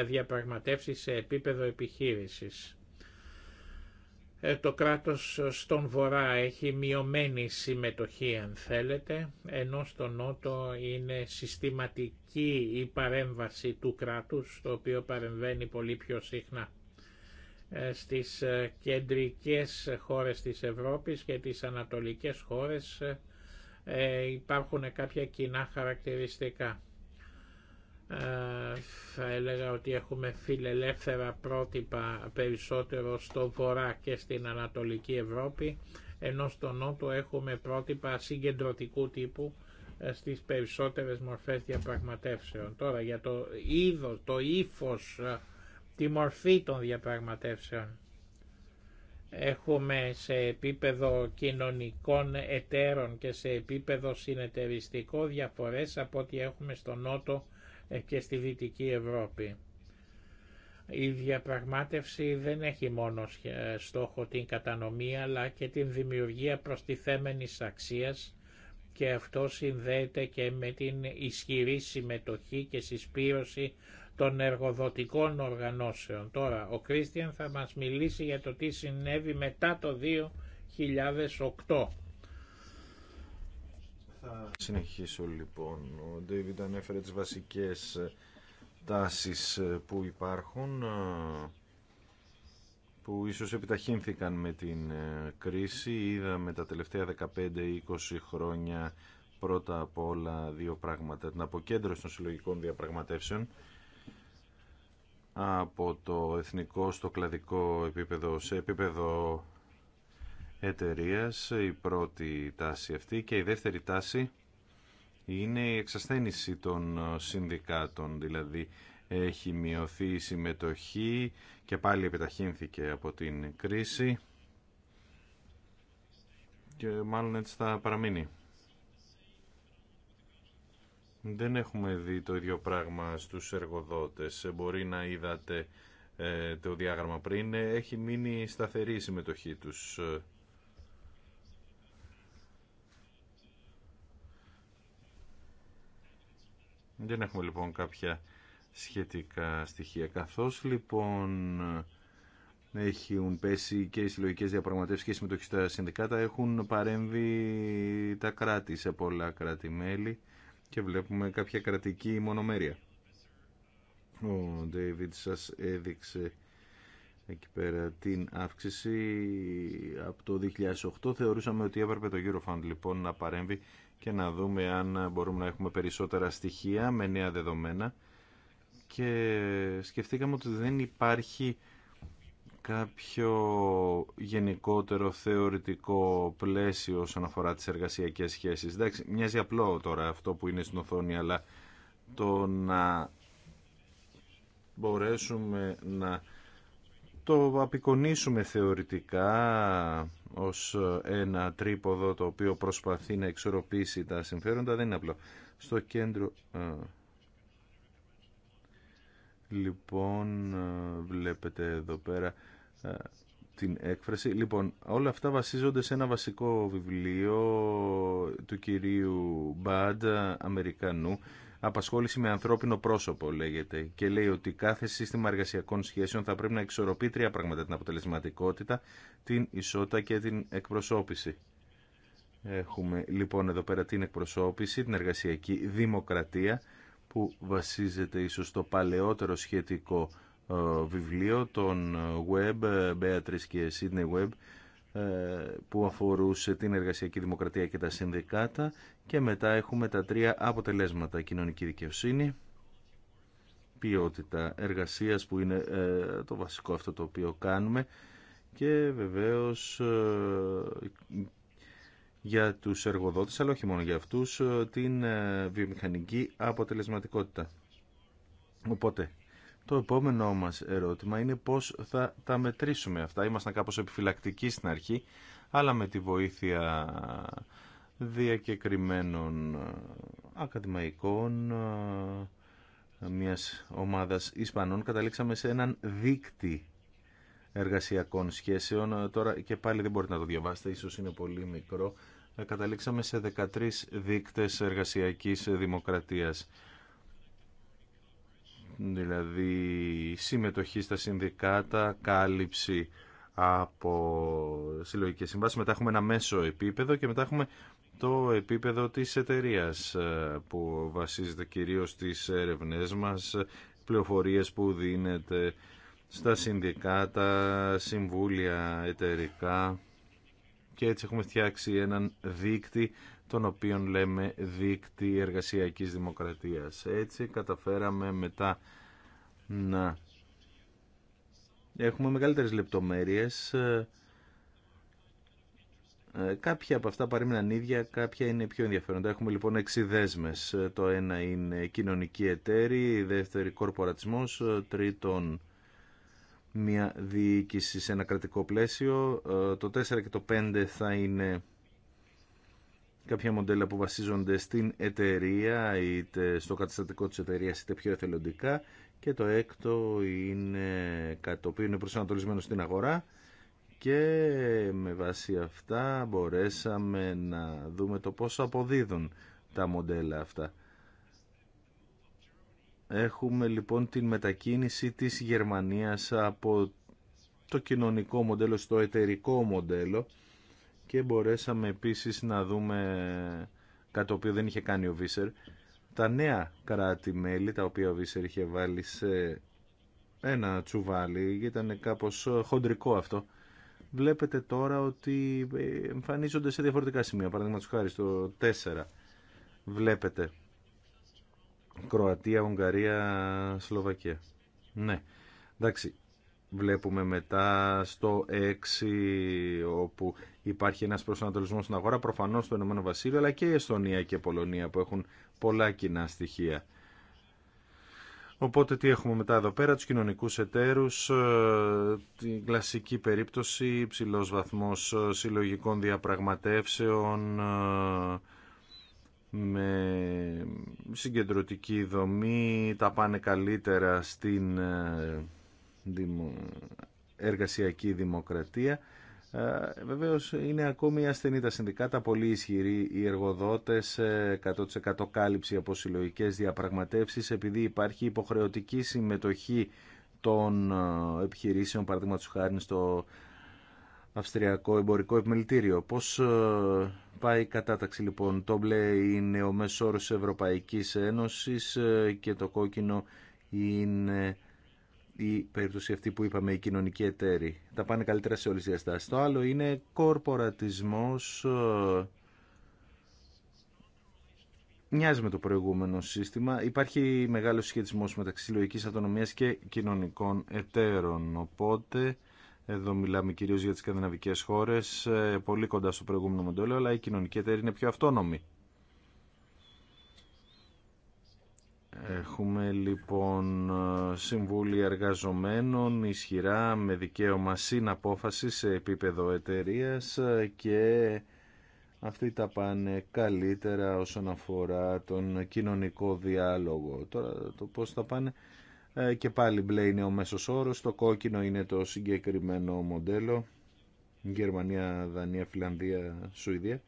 διαπραγματεύσεις σε επίπεδο επιχείρησης. Ε, το κράτος στον βορρά έχει μειωμένη συμμετοχή αν θέλετε, ενώ στον νότο είναι συστηματική η παρέμβαση του κράτους, το οποίο παρεμβαίνει πολύ πιο συχνά ε, στις ε, κεντρικές χώρες της Ευρώπης και τις ανατολικές χώρες υπάρχουν κάποια κοινά χαρακτηριστικά. Ε, θα έλεγα ότι έχουμε φιλελεύθερα πρότυπα περισσότερο στο βορρά και στην Ανατολική Ευρώπη, ενώ στο νότο έχουμε πρότυπα συγκεντρωτικού τύπου ε, στις περισσότερες μορφές διαπραγματεύσεων. Τώρα για το είδο, το ύφος, ε, τη μορφή των διαπραγματεύσεων. Έχουμε σε επίπεδο κοινωνικών εταίρων και σε επίπεδο συνεταιριστικό διαφορές από ό,τι έχουμε στο νότο ε, και στη Δυτική Ευρώπη. Η διαπραγμάτευση δεν έχει μόνο ε, στόχο την κατανομή αλλά και την δημιουργία προστιθέμενης αξίας και αυτό συνδέεται και με την ισχυρή συμμετοχή και συσπήρωση των εργοδοτικών οργανώσεων. Τώρα, ο Κρίστιαν θα μας μιλήσει για το τι συνέβη μετά το 2008. Θα συνεχίσω λοιπόν. Ο Ντέιβιντ ανέφερε τις βασικές ε, τάσεις ε, που υπάρχουν ε, που ίσως επιταχύνθηκαν με την κρίση. Είδαμε τα τελευταία 15-20 χρόνια πρώτα απ' όλα δύο πράγματα. Την αποκέντρωση των συλλογικών διαπραγματεύσεων από το εθνικό στο κλαδικό επίπεδο σε επίπεδο Εταιρεία. η πρώτη τάση αυτή και η δεύτερη τάση είναι η εξασθένηση των ε, συνδικάτων, δηλαδή έχει μειωθεί η συμμετοχή και πάλι επιταχύνθηκε από την κρίση και μάλλον έτσι θα παραμείνει. Δεν έχουμε δει το ίδιο πράγμα στους εργοδότες. Μπορεί να είδατε ε, το διάγραμμα πριν. Έχει μείνει σταθερή η συμμετοχή τους Δεν έχουμε λοιπόν κάποια σχετικά στοιχεία. Καθώς λοιπόν έχουν πέσει και οι συλλογικέ διαπραγματεύσεις και οι συμμετοχή στα συνδικάτα έχουν παρέμβει τα κράτη σε πολλά κράτη-μέλη και βλέπουμε κάποια κρατική μονομέρεια. Ο Ντέιβιτ σας έδειξε εκεί πέρα την αύξηση από το 2008. Θεωρούσαμε ότι έπρεπε το Eurofund λοιπόν να παρέμβει και να δούμε αν μπορούμε να έχουμε περισσότερα στοιχεία με νέα δεδομένα και σκεφτήκαμε ότι δεν υπάρχει κάποιο γενικότερο θεωρητικό πλαίσιο όσον αφορά τις εργασιακές σχέσεις. Εντάξει, μοιάζει απλό τώρα αυτό που είναι στην οθόνη, αλλά το να μπορέσουμε να το απεικονίσουμε θεωρητικά ως ένα τρίποδο το οποίο προσπαθεί να εξορροπήσει τα συμφέροντα δεν είναι απλό. Στο κέντρο ε, λοιπόν ε, βλέπετε εδώ πέρα ε, την έκφραση. Λοιπόν, όλα αυτά βασίζονται σε ένα βασικό βιβλίο του κυρίου Μπάντ, Αμερικανού, Απασχόληση με ανθρώπινο πρόσωπο λέγεται και λέει ότι κάθε σύστημα εργασιακών σχέσεων θα πρέπει να εξορροπεί τρία πράγματα. Την αποτελεσματικότητα, την ισότητα και την εκπροσώπηση. Έχουμε λοιπόν εδώ πέρα την εκπροσώπηση, την εργασιακή δημοκρατία που βασίζεται ίσως στο παλαιότερο σχετικό ε, βιβλίο των Web, Beatrice και Sydney Web ε, που αφορούσε την εργασιακή δημοκρατία και τα συνδικάτα και μετά έχουμε τα τρία αποτελέσματα. Κοινωνική δικαιοσύνη, ποιότητα εργασίας που είναι ε, το βασικό αυτό το οποίο κάνουμε και βεβαίως ε, για τους εργοδότες, αλλά όχι μόνο για αυτούς, ε, την βιομηχανική αποτελεσματικότητα. Οπότε, το επόμενό μας ερώτημα είναι πώς θα τα μετρήσουμε αυτά. Ήμασταν κάπως επιφυλακτικοί στην αρχή, αλλά με τη βοήθεια διακεκριμένων ε, ακαδημαϊκών ε, μιας ομάδας Ισπανών καταλήξαμε σε έναν δίκτυ εργασιακών σχέσεων ε, τώρα και πάλι δεν μπορείτε να το διαβάσετε ίσως είναι πολύ μικρό καταλήξαμε σε 13 δίκτες εργασιακής δημοκρατίας δηλαδή συμμετοχή στα συνδικάτα, κάλυψη από συλλογικές συμβάσεις μετά έχουμε ένα μέσο επίπεδο και μετά έχουμε το επίπεδο της εταιρείας ε, που βασίζεται κυρίως στις έρευνές μας, πληροφορίες που δίνεται στα συνδικάτα, συμβούλια εταιρικά και έτσι έχουμε φτιάξει έναν δίκτυ τον οποίον λέμε δίκτυ εργασιακής δημοκρατίας. Έτσι καταφέραμε μετά να έχουμε μεγαλύτερες λεπτομέρειες ε, ε, κάποια από αυτά παρέμειναν ίδια, κάποια είναι πιο ενδιαφέροντα. Έχουμε λοιπόν έξι δέσμες. Ε, το ένα είναι κοινωνική εταίρη, δεύτερη κορπορατισμός, ε, τρίτον μια διοίκηση σε ένα κρατικό πλαίσιο. Το 4 και το 5 θα είναι κάποια μοντέλα που βασίζονται στην εταιρεία, είτε στο καταστατικό της εταιρεία είτε πιο εθελοντικά. Και το έκτο είναι κάτι το οποίο είναι προσανατολισμένο στην αγορά και με βάση αυτά μπορέσαμε να δούμε το πόσο αποδίδουν τα μοντέλα αυτά. Έχουμε λοιπόν την μετακίνηση της Γερμανίας από το κοινωνικό μοντέλο στο εταιρικό μοντέλο και μπορέσαμε επίσης να δούμε κάτι το οποίο δεν είχε κάνει ο Βίσερ τα νέα κράτη-μέλη τα οποία ο Βίσερ είχε βάλει σε ένα τσουβάλι ήταν κάπως χοντρικό αυτό βλέπετε τώρα ότι ε, εμφανίζονται σε διαφορετικά σημεία. Παραδείγματο χάρη στο 4 βλέπετε Κροατία, Ουγγαρία, Σλοβακία. Ναι, εντάξει. Βλέπουμε μετά στο 6 όπου υπάρχει ένας προσανατολισμός στην αγορά προφανώς στο Ηνωμένο Βασίλειο αλλά και η Εστονία και η Πολωνία που έχουν πολλά κοινά στοιχεία. Οπότε τι έχουμε μετά εδώ πέρα, τους κοινωνικούς εταίρους, ε, την κλασική περίπτωση, υψηλό βαθμός ε, συλλογικών διαπραγματεύσεων, ε, με συγκεντρωτική δομή, τα πάνε καλύτερα στην εργασιακή δημοκρατία ε, Βεβαίω είναι ακόμη ασθενή τα συνδικάτα, πολύ ισχυροί οι εργοδότες, 100% ε, κάλυψη από συλλογικέ διαπραγματεύσεις, επειδή υπάρχει υποχρεωτική συμμετοχή των ε, επιχειρήσεων, του χάρη στο Αυστριακό Εμπορικό Επιμελητήριο. Πώς πάει η κατάταξη λοιπόν, το μπλε είναι ο μέσο όρος Ευρωπαϊκής Ένωσης και το κόκκινο είναι η περίπτωση αυτή που είπαμε, οι κοινωνικοί εταίροι. Τα πάνε καλύτερα σε όλες τις διαστάσεις. Το άλλο είναι κορπορατισμός. Μοιάζει με το προηγούμενο σύστημα. Υπάρχει μεγάλος σχετισμός μεταξύ λογικής αυτονομίας και κοινωνικών εταίρων. Οπότε, εδώ μιλάμε κυρίως για τις σκανδιναβικέ χώρες, ε, πολύ κοντά στο προηγούμενο μοντέλο, αλλά οι κοινωνικοί εταίροι είναι πιο αυτόνομοι Έχουμε λοιπόν συμβούλια εργαζομένων ισχυρά με δικαίωμα συναπόφαση σε επίπεδο εταιρεία και αυτοί τα πάνε καλύτερα όσον αφορά τον κοινωνικό διάλογο. Τώρα το πώς θα πάνε ε, και πάλι μπλε είναι ο μέσος όρος, το κόκκινο είναι το συγκεκριμένο μοντέλο Γερμανία, Δανία, Φιλανδία, Σουηδία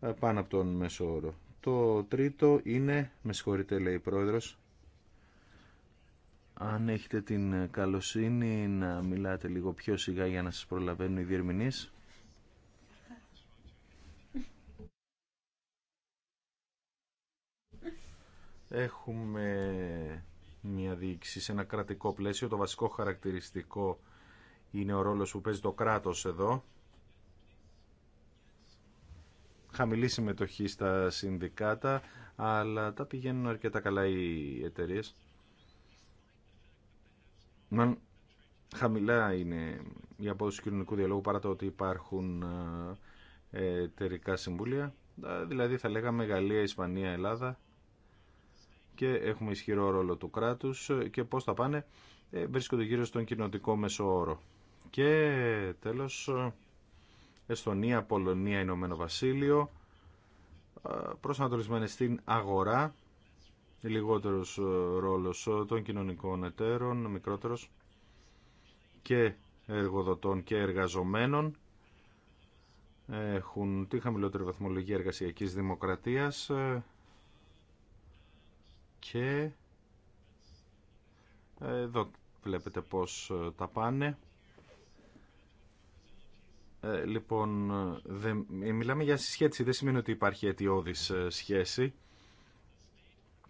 ε, πάνω από τον μέσο όρο. Το τρίτο είναι, με συγχωρείτε λέει η πρόεδρος, αν έχετε την καλοσύνη να μιλάτε λίγο πιο σιγά για να σας προλαβαίνουν οι διερμηνείς. Έχουμε μια διοίκηση σε ένα κρατικό πλαίσιο. Το βασικό χαρακτηριστικό είναι ο ρόλος που παίζει το κράτος εδώ χαμηλή συμμετοχή στα συνδικάτα, αλλά τα πηγαίνουν αρκετά καλά οι εταιρείε. Μάλλον χαμηλά είναι η απόδοση του κοινωνικού διαλόγου παρά το ότι υπάρχουν εταιρικά συμβούλια. Δηλαδή θα λέγαμε Γαλλία, Ισπανία, Ελλάδα και έχουμε ισχυρό ρόλο του κράτους και πώς θα πάνε ε, βρίσκονται γύρω στον κοινοτικό μέσο όρο. Και τέλος Εστονία, Πολωνία, Ηνωμένο Βασίλειο, ε, προσανατολισμένες στην αγορά, λιγότερος ε, ρόλος ε, των κοινωνικών εταίρων, μικρότερος και εργοδοτών και εργαζομένων έχουν τη χαμηλότερη βαθμολογία εργασιακής δημοκρατίας και εδώ βλέπετε πως τα πάνε ε, λοιπόν, ε, μιλάμε για συσχέτιση. Δεν σημαίνει ότι υπάρχει αιτιώδης ε, σχέση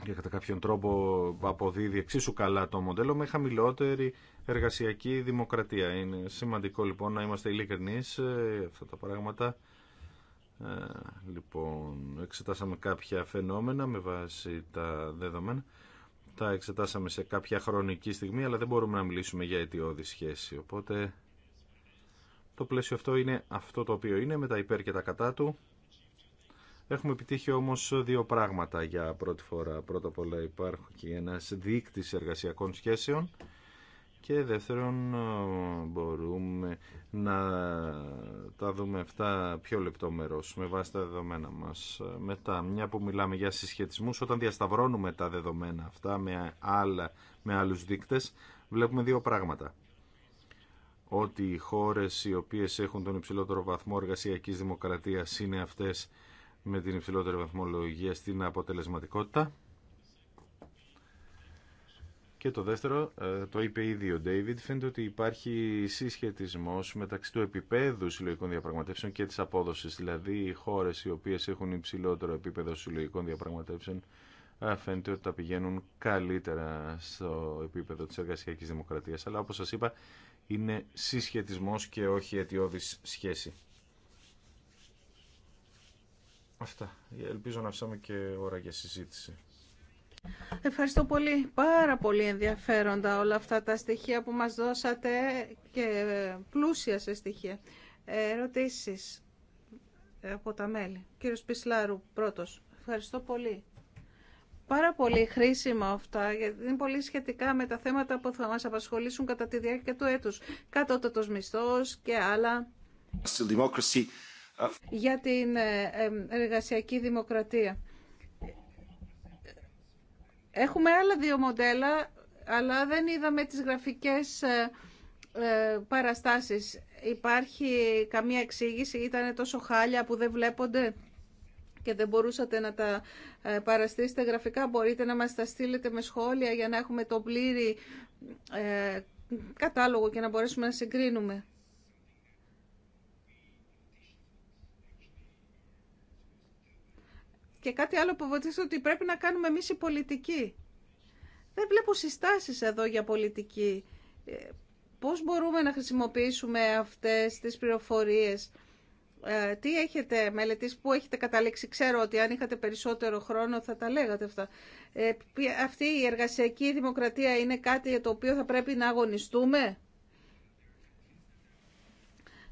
και κατά κάποιον τρόπο αποδίδει εξίσου καλά το μοντέλο με χαμηλότερη εργασιακή δημοκρατία. Είναι σημαντικό λοιπόν να είμαστε ειλικρινείς αυτά τα πράγματα. λοιπόν, εξετάσαμε κάποια φαινόμενα με βάση τα δεδομένα. Τα εξετάσαμε σε κάποια χρονική στιγμή, αλλά δεν μπορούμε να μιλήσουμε για αιτιώδη σχέση. Οπότε το πλαίσιο αυτό είναι αυτό το οποίο είναι με τα υπέρ και τα κατά του. Έχουμε επιτύχει όμως δύο πράγματα για πρώτη φορά. Πρώτα απ' όλα υπάρχει ένας δείκτης εργασιακών σχέσεων και δεύτερον ε, μπορούμε να τα δούμε αυτά πιο λεπτόμερως με βάση τα δεδομένα μας. Μετά, μια που μιλάμε για συσχετισμούς, όταν διασταυρώνουμε τα δεδομένα αυτά με, άλλα, με άλλους δείκτες, βλέπουμε δύο πράγματα ότι οι χώρες οι οποίες έχουν τον υψηλότερο βαθμό εργασιακής δημοκρατίας είναι αυτές με την υψηλότερη βαθμολογία στην αποτελεσματικότητα. Και το δεύτερο, ε, το είπε ήδη ο Ντέιβιντ, φαίνεται ότι υπάρχει συσχετισμός μεταξύ του επίπεδου συλλογικών διαπραγματεύσεων και της απόδοσης. Δηλαδή, οι χώρες οι οποίες έχουν υψηλότερο επίπεδο συλλογικών διαπραγματεύσεων ε, φαίνεται ότι τα πηγαίνουν καλύτερα στο επίπεδο της εργασιακής δημοκρατίας. Αλλά όπως σας είπα, είναι συσχετισμός και όχι αιτιώδης σχέση. Αυτά. Ελπίζω να ψάμε και ώρα για συζήτηση. Ευχαριστώ πολύ. Πάρα πολύ ενδιαφέροντα όλα αυτά τα στοιχεία που μας δώσατε και πλούσια σε στοιχεία. Ερωτήσεις από τα μέλη. Κύριος Πισλάρου, πρώτος. Ευχαριστώ πολύ. Πάρα πολύ χρήσιμα αυτά, γιατί είναι πολύ σχετικά με τα θέματα που θα μας απασχολήσουν κατά τη διάρκεια του έτους. Κατώτατος μισθός και άλλα uh, για την ε, ε, εργασιακή δημοκρατία. Έχουμε άλλα δύο μοντέλα, αλλά δεν είδαμε τις γραφικές ε, παραστάσεις. Υπάρχει καμία εξήγηση, ήταν τόσο χάλια που δεν βλέπονται και δεν μπορούσατε να τα ε, παραστήσετε γραφικά, μπορείτε να μας τα στείλετε με σχόλια για να έχουμε το πλήρη ε, κατάλογο και να μπορέσουμε να συγκρίνουμε. Και κάτι άλλο που βοηθήσατε ότι πρέπει να κάνουμε εμείς οι πολιτικοί. Δεν βλέπω συστάσεις εδώ για πολιτική. Ε, πώς μπορούμε να χρησιμοποιήσουμε αυτές τις πληροφορίες ε, τι έχετε μελετήσει, πού έχετε καταλήξει. Ξέρω ότι αν είχατε περισσότερο χρόνο θα τα λέγατε αυτά. Ε, αυτή η εργασιακή δημοκρατία είναι κάτι για το οποίο θα πρέπει να αγωνιστούμε.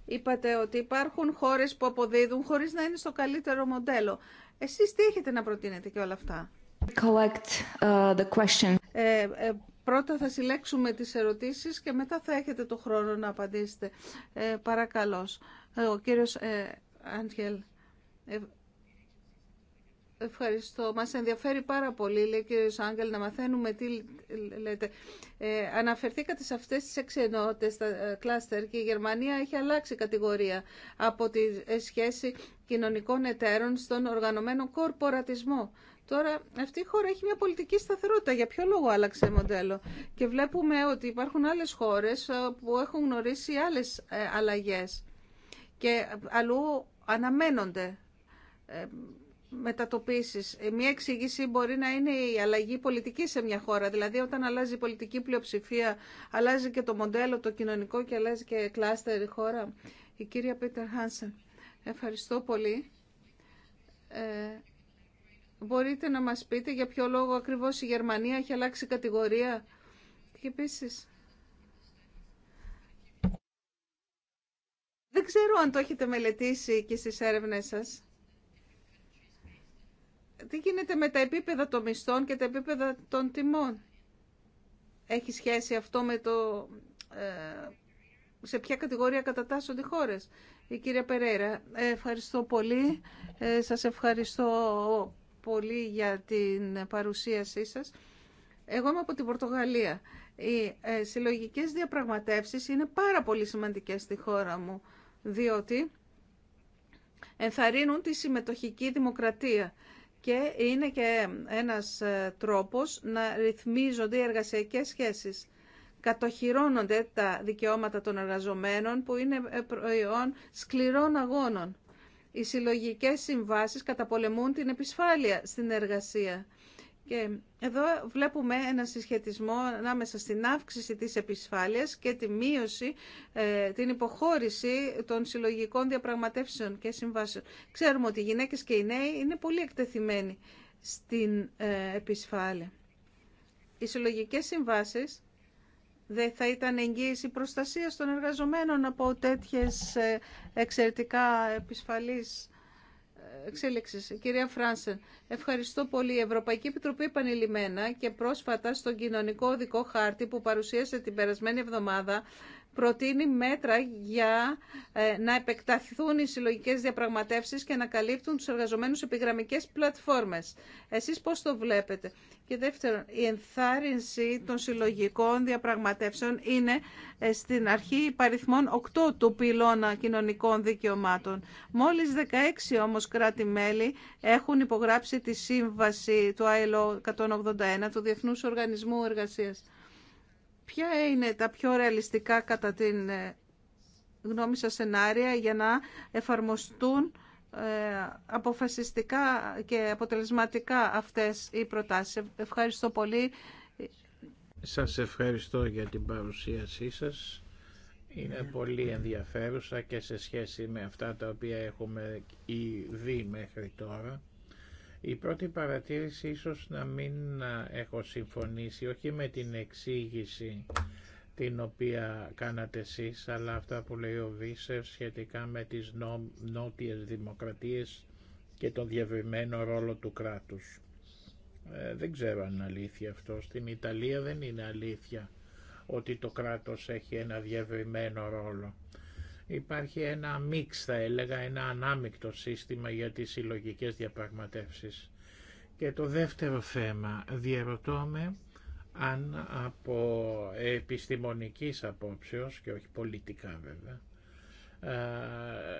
Είπατε ότι υπάρχουν χώρες που αποδίδουν χωρίς να είναι στο καλύτερο μοντέλο. Εσείς τι έχετε να προτείνετε και όλα αυτά. Ε, ε, πρώτα θα συλλέξουμε τις ερωτήσεις και μετά θα έχετε το χρόνο να απαντήσετε. παρακαλώ. Ε, ο κύριος ε, Άγγελ, ε, Ευχαριστώ. Μας ενδιαφέρει πάρα πολύ, λέει ο κύριος Άγγελ, να μαθαίνουμε τι λέτε. Ε, αναφερθήκατε σε αυτές τις εξενότητες, τα κλάστερ, και η Γερμανία έχει αλλάξει κατηγορία από τη σχέση κοινωνικών εταίρων στον οργανωμένο κορπορατισμό. Τώρα, αυτή η χώρα έχει μια πολιτική σταθερότητα. Για ποιο λόγο άλλαξε μοντέλο. Και βλέπουμε ότι υπάρχουν άλλες χώρες που έχουν γνωρίσει άλλες αλλαγές και αλλού αναμένονται ε, μετατοπίσεις. Ε, μία εξήγηση μπορεί να είναι η αλλαγή πολιτικής σε μια χώρα. Δηλαδή όταν αλλάζει η πολιτική πλειοψηφία, αλλάζει και το μοντέλο, το κοινωνικό και αλλάζει και κλάστερ η χώρα. Η κυρία Πίτερ Χάνσεν, ευχαριστώ πολύ. Ε, μπορείτε να μας πείτε για ποιο λόγο ακριβώς η Γερμανία έχει αλλάξει κατηγορία. Και επίσης, Δεν ξέρω αν το έχετε μελετήσει και στις έρευνες σας. Τι γίνεται με τα επίπεδα των μισθών και τα επίπεδα των τιμών. Έχει σχέση αυτό με το ε, σε ποια κατηγορία κατατάσσονται οι χώρες. Η κυρία Περέρα, ε, ευχαριστώ πολύ. Ε, σας ευχαριστώ πολύ για την παρουσίασή σας. Εγώ είμαι από την Πορτογαλία. Οι συλλογικές διαπραγματεύσεις είναι πάρα πολύ σημαντικές στη χώρα μου διότι ενθαρρύνουν τη συμμετοχική δημοκρατία και είναι και ένας ε, τρόπος να ρυθμίζονται οι εργασιακές σχέσεις. Κατοχυρώνονται τα δικαιώματα των εργαζομένων που είναι ε, προϊόν σκληρών αγώνων. Οι συλλογικές συμβάσεις καταπολεμούν την επισφάλεια στην εργασία και εδώ βλέπουμε ένα συσχετισμό ανάμεσα στην αύξηση της επισφάλειας και τη μείωση, ε, την υποχώρηση των συλλογικών διαπραγματεύσεων και συμβάσεων. Ξέρουμε ότι οι γυναίκες και οι νέοι είναι πολύ εκτεθειμένοι στην ε, επισφάλεια. Οι συλλογικέ συμβάσεις δεν θα ήταν εγγύηση προστασίας των εργαζομένων από τέτοιες ε, εξαιρετικά επισφαλείς εξέλιξη. Κυρία Φράνσεν, ευχαριστώ πολύ. Η Ευρωπαϊκή Επιτροπή επανειλημμένα και πρόσφατα στον κοινωνικό οδικό χάρτη που παρουσίασε την περασμένη εβδομάδα προτείνει μέτρα για ε, να επεκταθούν οι συλλογικές διαπραγματεύσεις και να καλύπτουν τους εργαζομένους επιγραμμικές πλατφόρμες. Εσείς πώς το βλέπετε. Και δεύτερον, η ενθάρρυνση των συλλογικών διαπραγματεύσεων είναι ε, στην αρχή παριθμών 8 του πυλώνα κοινωνικών δικαιωμάτων. Μόλις 16 όμως κράτη-μέλη έχουν υπογράψει τη σύμβαση του ILO 181 του Διεθνούς Οργανισμού Εργασίας. Ποια είναι τα πιο ρεαλιστικά κατά την ε, γνώμη σας σενάρια για να εφαρμοστούν ε, αποφασιστικά και αποτελεσματικά αυτές οι προτάσεις. Ε, ευχαριστώ πολύ. Σας ευχαριστώ για την παρουσίασή σας. Είναι πολύ ενδιαφέρουσα και σε σχέση με αυτά τα οποία έχουμε ήδη μέχρι τώρα. Η πρώτη παρατήρηση ίσως να μην έχω συμφωνήσει, όχι με την εξήγηση την οποία κάνατε εσείς, αλλά αυτά που λέει ο Βίσερ σχετικά με τις νο, νότιες δημοκρατίες και τον διαβημένο ρόλο του κράτους. Ε, δεν ξέρω αν είναι αλήθεια αυτό. Στην Ιταλία δεν είναι αλήθεια ότι το κράτος έχει ένα διαβημένο ρόλο. Υπάρχει ένα μίξ θα έλεγα, ένα ανάμεικτο σύστημα για τις συλλογικέ διαπραγματεύσεις. Και το δεύτερο θέμα, διαρωτώ με αν από επιστημονικής απόψεως και όχι πολιτικά βέβαια,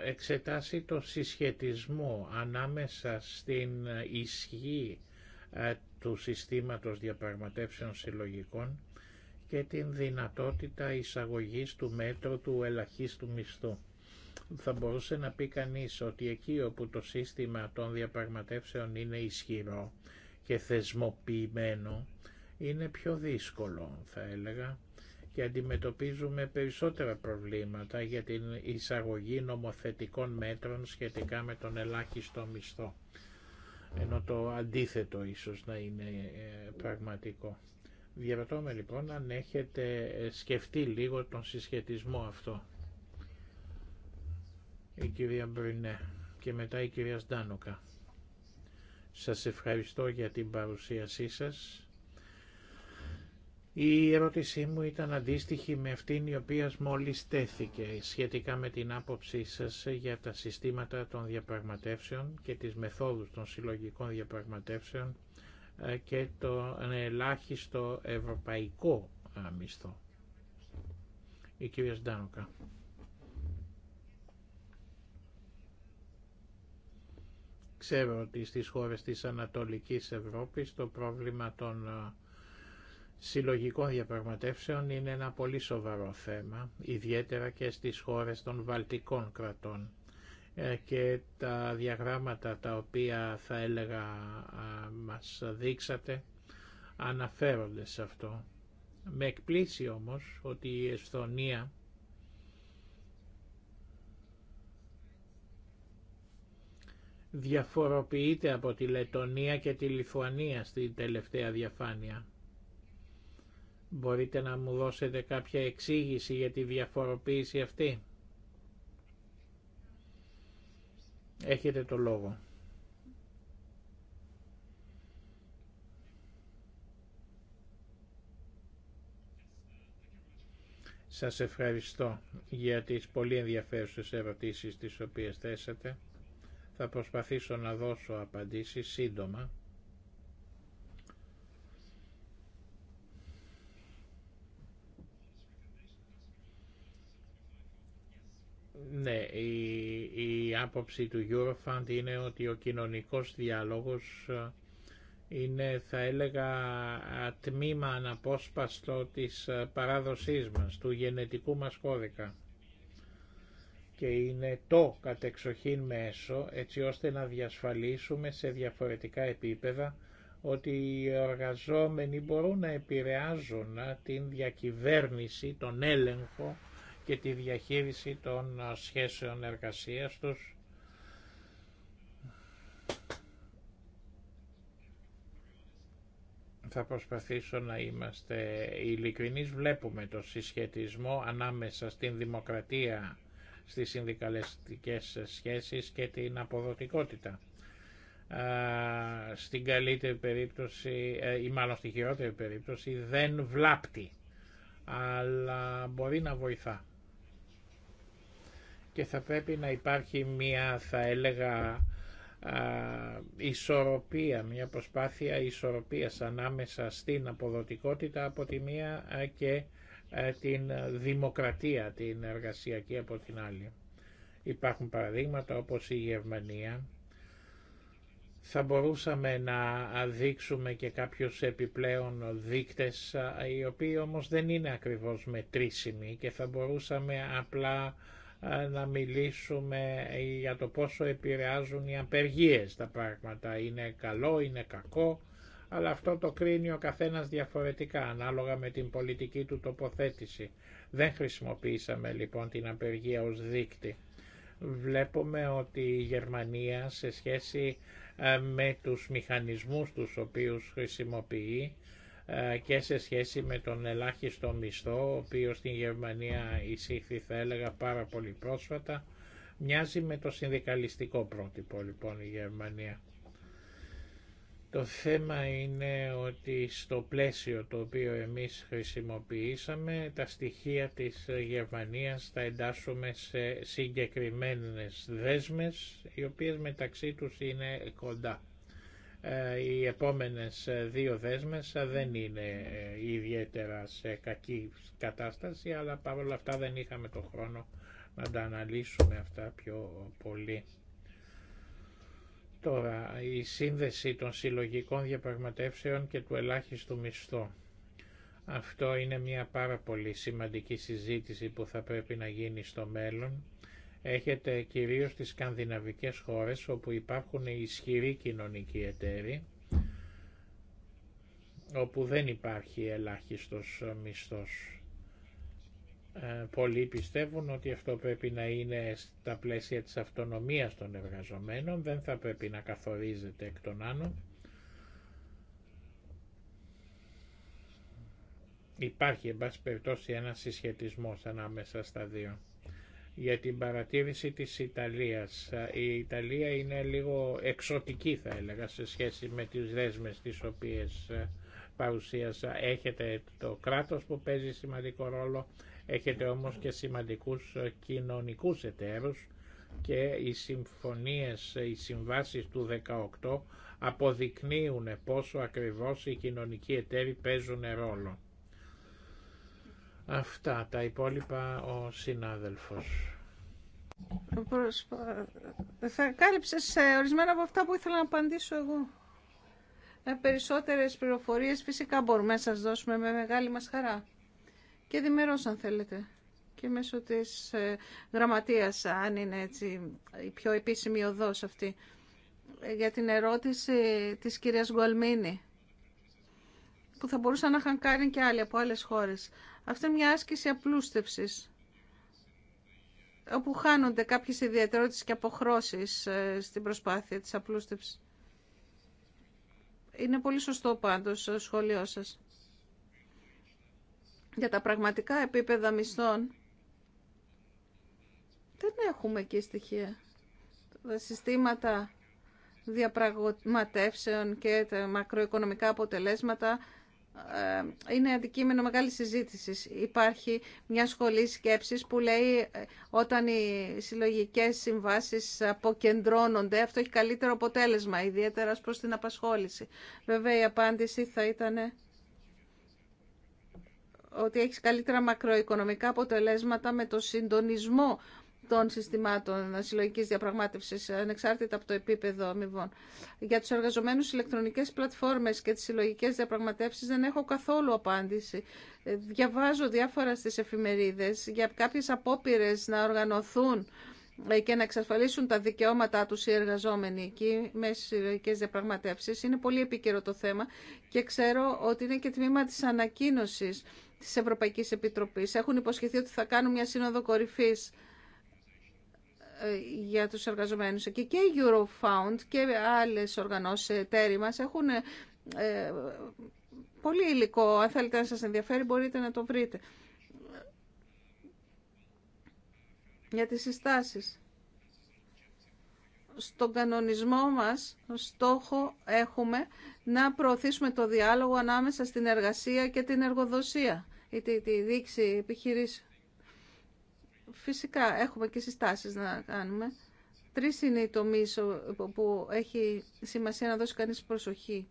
εξετάσει το συσχετισμό ανάμεσα στην ισχύ του συστήματος διαπραγματεύσεων συλλογικών και την δυνατότητα εισαγωγής του μέτρου του ελαχίστου μισθού. Θα μπορούσε να πει κανείς ότι εκεί όπου το σύστημα των διαπραγματεύσεων είναι ισχυρό και θεσμοποιημένο, είναι πιο δύσκολο θα έλεγα και αντιμετωπίζουμε περισσότερα προβλήματα για την εισαγωγή νομοθετικών μέτρων σχετικά με τον ελάχιστο μισθό. Ενώ το αντίθετο ίσως να είναι ε, πραγματικό με λοιπόν αν έχετε ε, σκεφτεί λίγο τον συσχετισμό αυτό. Η κυρία Μπρινέ και μετά η κυρία Σντάνοκα. Σας ευχαριστώ για την παρουσίασή σας. Η ερώτησή μου ήταν αντίστοιχη με αυτήν η οποία μόλις τέθηκε σχετικά με την άποψή σας για τα συστήματα των διαπραγματεύσεων και τις μεθόδους των συλλογικών διαπραγματεύσεων ε, και το ελάχιστο ευρωπαϊκό ε, μισθό. Η κυρία Σντάνοκα. Ξέρω ότι στις χώρες της Ανατολικής Ευρώπης το πρόβλημα των ε, συλλογικών διαπραγματεύσεων είναι ένα πολύ σοβαρό θέμα, ιδιαίτερα και στις χώρες των Βαλτικών κρατών. Ε, και τα διαγράμματα τα οποία θα έλεγα μας δείξατε αναφέρονται σε αυτό. Με εκπλήσει όμως ότι η Εσθονία διαφοροποιείται από τη Λετωνία και τη Λιθουανία στην τελευταία διαφάνεια. Μπορείτε να μου δώσετε κάποια εξήγηση για τη διαφοροποίηση αυτή. Έχετε το λόγο. Σας ευχαριστώ για τις πολύ ενδιαφέρουσες ερωτήσεις τις οποίες θέσατε. Θα προσπαθήσω να δώσω απαντήσεις σύντομα. Ναι, η, η άποψη του Eurofund είναι ότι ο κοινωνικός διάλογος ε, είναι θα έλεγα ε, τμήμα αναπόσπαστο της ε, παράδοσής μας, του γενετικού μας κώδικα και είναι το κατεξοχήν μέσο έτσι ώστε να διασφαλίσουμε σε διαφορετικά επίπεδα ότι οι εργαζόμενοι μπορούν να επηρεάζουν την διακυβέρνηση, τον έλεγχο και τη διαχείριση των ε, σχέσεων εργασίας τους. Θα προσπαθήσω να είμαστε ειλικρινείς. Βλέπουμε το συσχετισμό ανάμεσα στην δημοκρατία στις συνδικαλιστικές σχέσεις και την αποδοτικότητα. Στην καλύτερη περίπτωση, ε, ή μάλλον στη χειρότερη περίπτωση, δεν βλάπτει, αλλά μπορεί να βοηθά και θα πρέπει να υπάρχει μια θα έλεγα α, ισορροπία, μια προσπάθεια ισορροπίας ανάμεσα στην αποδοτικότητα από τη μία και την δημοκρατία, την εργασιακή από την άλλη. Υπάρχουν παραδείγματα όπως η Γερμανία. Θα μπορούσαμε να δείξουμε και κάποιους επιπλέον δείκτες οι οποίοι όμως δεν είναι ακριβώς μετρήσιμοι και θα μπορούσαμε απλά ε, να μιλήσουμε για το πόσο επηρεάζουν οι απεργίες τα πράγματα. Είναι καλό, είναι κακό, αλλά αυτό το κρίνει ο καθένας διαφορετικά ανάλογα με την πολιτική του τοποθέτηση. Δεν χρησιμοποίησαμε λοιπόν την απεργία ως δείκτη. Βλέπουμε ότι η Γερμανία σε σχέση ε, με τους μηχανισμούς τους οποίους χρησιμοποιεί ε, και σε σχέση με τον ελάχιστο μισθό, ο οποίος στην Γερμανία εισήχθη θα έλεγα πάρα πολύ πρόσφατα, μοιάζει με το συνδικαλιστικό πρότυπο λοιπόν η Γερμανία. Το θέμα είναι ότι στο πλαίσιο το οποίο εμείς χρησιμοποιήσαμε τα στοιχεία της Γερμανίας τα εντάσσουμε σε συγκεκριμένες δέσμες οι οποίες μεταξύ τους είναι κοντά. Ε, οι επόμενες ε, δύο δέσμες ε, δεν είναι ιδιαίτερα σε κακή κατάσταση, αλλά παρόλα αυτά δεν είχαμε το χρόνο να τα αναλύσουμε αυτά πιο πολύ. Τώρα, η σύνδεση των συλλογικών διαπραγματεύσεων και του ελάχιστου μισθού. Αυτό είναι μια πάρα πολύ σημαντική συζήτηση που θα πρέπει να γίνει στο μέλλον Έχετε κυρίως τις σκανδιναβικές χώρες όπου υπάρχουν ισχυροί κοινωνικοί εταίροι, όπου δεν υπάρχει ελάχιστος μισθός. Ε, πολλοί πιστεύουν ότι αυτό πρέπει να είναι στα πλαίσια της αυτονομίας των εργαζομένων, δεν θα πρέπει να καθορίζεται εκ των άνω. Υπάρχει, εν πάση περιπτώσει, ένας συσχετισμός ανάμεσα στα δύο για την παρατήρηση της Ιταλίας. Η Ιταλία είναι λίγο εξωτική θα έλεγα σε σχέση με τις δέσμες τις οποίες ε, παρουσίασα. Έχετε το κράτος που παίζει σημαντικό ρόλο, έχετε όμως και σημαντικούς ε, κοινωνικούς εταίρους και οι συμφωνίες, ε, οι συμβάσεις του 18 αποδεικνύουν πόσο ακριβώς οι κοινωνικοί εταίροι παίζουν ρόλο. Αυτά τα υπόλοιπα ο συνάδελφος. Ε, θα κάλυψες ε, ορισμένα από αυτά που ήθελα να απαντήσω εγώ. Ε, περισσότερες πληροφορίες φυσικά μπορούμε να σας δώσουμε με μεγάλη μας χαρά. Και διμερώς αν θέλετε. Και μέσω της ε, γραμματείας, αν είναι έτσι η πιο επίσημη οδός αυτή. Ε, για την ερώτηση της κυρίας Γκολμίνη που θα μπορούσαν να είχαν κάνει και άλλοι από άλλες χώρες. Αυτό είναι μια άσκηση απλούστευσης όπου χάνονται κάποιες ιδιαιτερότητες και αποχρώσεις ε, στην προσπάθεια της απλούστευσης. Είναι πολύ σωστό πάντως το σχόλιο σας. Για τα πραγματικά επίπεδα μισθών δεν έχουμε εκεί στοιχεία. Τα συστήματα διαπραγματεύσεων και τα μακροοικονομικά αποτελέσματα ε, είναι αντικείμενο μεγάλη συζήτηση. Υπάρχει μια σχολή σκέψης που λέει ε, όταν οι συλλογικές συμβάσεις αποκεντρώνονται, αυτό έχει καλύτερο αποτέλεσμα, ιδιαίτερα προ προς την απασχόληση. Βέβαια η απάντηση θα ήταν ε, ότι έχει καλύτερα μακροοικονομικά αποτελέσματα με το συντονισμό των συστημάτων συλλογική διαπραγμάτευση, ανεξάρτητα από το επίπεδο αμοιβών. Για του εργαζομένου ηλεκτρονικέ πλατφόρμε και τι συλλογικέ διαπραγματεύσει δεν έχω καθόλου απάντηση. Διαβάζω διάφορα στι εφημερίδε για κάποιε απόπειρε να οργανωθούν ε, και να εξασφαλίσουν τα δικαιώματά τους οι εργαζόμενοι εκεί με συλλογικέ διαπραγματεύσεις. Είναι πολύ επίκαιρο το θέμα και ξέρω ότι είναι και τμήμα της ανακοίνωση τη Ευρωπαϊκή Επιτροπή. Έχουν υποσχεθεί ότι θα κάνουν μια σύνοδο κορυφής ε, για τους εργαζομένους εκεί και η Eurofound και άλλες οργανώσεις εταίροι μας έχουν ε, πολύ υλικό. Αν θέλετε να σας ενδιαφέρει μπορείτε να το βρείτε. Για τις συστάσεις. Στον κανονισμό μας στόχο έχουμε να προωθήσουμε το διάλογο ανάμεσα στην εργασία και την εργοδοσία, τη, τη δείξη επιχειρήσεων. Φυσικά έχουμε και συστάσεις να κάνουμε. Τρεις είναι οι τομείς που έχει σημασία να δώσει κανείς προσοχή.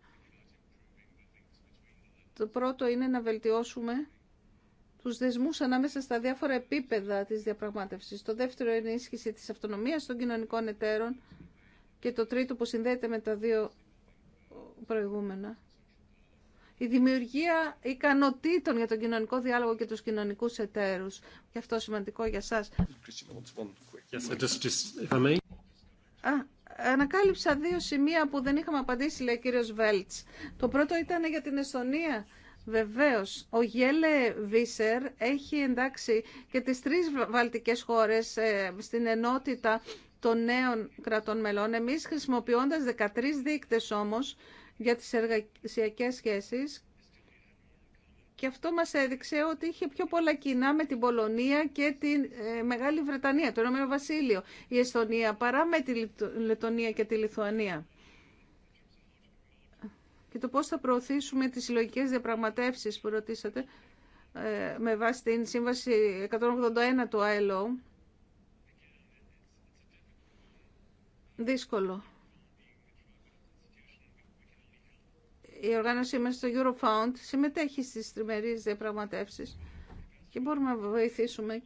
Το πρώτο είναι να βελτιώσουμε τους δεσμούς ανάμεσα στα διάφορα επίπεδα της διαπραγμάτευσης. Το δεύτερο είναι η ίσχυση της αυτονομίας των κοινωνικών εταίρων και το τρίτο που συνδέεται με τα δύο προηγούμενα η δημιουργία ικανοτήτων για τον κοινωνικό διάλογο και τους κοινωνικούς εταίρους. Και αυτό σημαντικό για σας. ανακάλυψα δύο σημεία που δεν είχαμε απαντήσει, λέει ο κύριος Βέλτς. Το πρώτο ήταν για την Εσθονία. Βεβαίως, ο Γέλε Βίσερ έχει εντάξει και τις τρεις βαλτικές χώρες ε, στην ενότητα των νέων κρατών μελών. Εμείς χρησιμοποιώντας 13 δείκτες όμως, για τις εργασιακές σχέσεις και αυτό μας έδειξε ότι είχε πιο πολλά κοινά με την Πολωνία και τη ε, Μεγάλη Βρετανία, το Ηνωμένο Βασίλειο, η Εστονία, παρά με τη Λετωνία και τη Λιθουανία. Και το πώς θα προωθήσουμε τις συλλογικέ διαπραγματεύσεις που ρωτήσατε, ε, με βάση την Σύμβαση 181 του ΆΕΛΟ Δύσκολο. η οργάνωσή μας στο Eurofound συμμετέχει στις τριμερείς διαπραγματεύσεις και μπορούμε να βοηθήσουμε.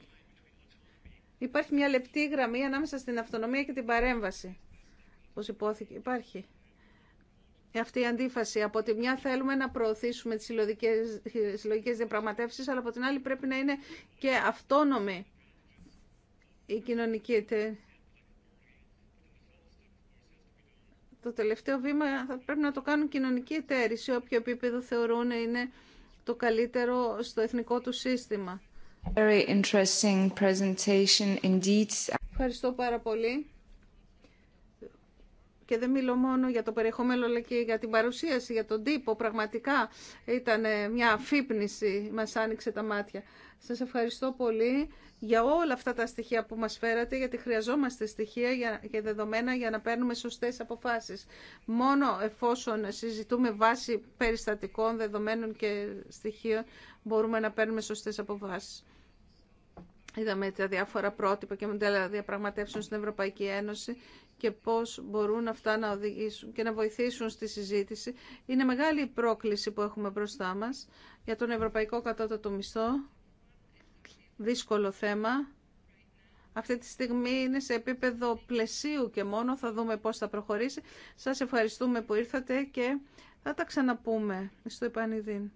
Υπάρχει μια λεπτή γραμμή ανάμεσα στην αυτονομία και την παρέμβαση, όπως υπόθηκε. Υπάρχει αυτή η αντίφαση. Από τη μια θέλουμε να προωθήσουμε τις συλλογικές, διαπραγματεύσει, αλλά από την άλλη πρέπει να είναι και αυτόνομη η κοινωνική εταιρεία. το τελευταίο βήμα θα πρέπει να το κάνουν κοινωνικοί εταίροι σε όποιο επίπεδο θεωρούν είναι το καλύτερο στο εθνικό του σύστημα. Ευχαριστώ πάρα πολύ και δεν μιλώ μόνο για το περιεχόμενο αλλά και για την παρουσίαση, για τον τύπο. Πραγματικά ήταν ε, μια αφύπνιση, μας άνοιξε τα μάτια. Σας ευχαριστώ πολύ για όλα αυτά τα στοιχεία που μας φέρατε, γιατί χρειαζόμαστε στοιχεία και δεδομένα για να παίρνουμε σωστές αποφάσεις. Μόνο εφόσον συζητούμε βάση περιστατικών δεδομένων και στοιχείων, μπορούμε να παίρνουμε σωστές αποφάσεις. Είδαμε τα διάφορα πρότυπα και μοντέλα διαπραγματεύσεων στην Ευρωπαϊκή Ένωση και πώς μπορούν αυτά να οδηγήσουν και να βοηθήσουν στη συζήτηση. Είναι μεγάλη η πρόκληση που έχουμε μπροστά μας για τον Ευρωπαϊκό Κατώτατο Μισθό. Δύσκολο θέμα. Αυτή τη στιγμή είναι σε επίπεδο πλαισίου και μόνο θα δούμε πώς θα προχωρήσει. Σας ευχαριστούμε που ήρθατε και θα τα ξαναπούμε στο επανειδήν.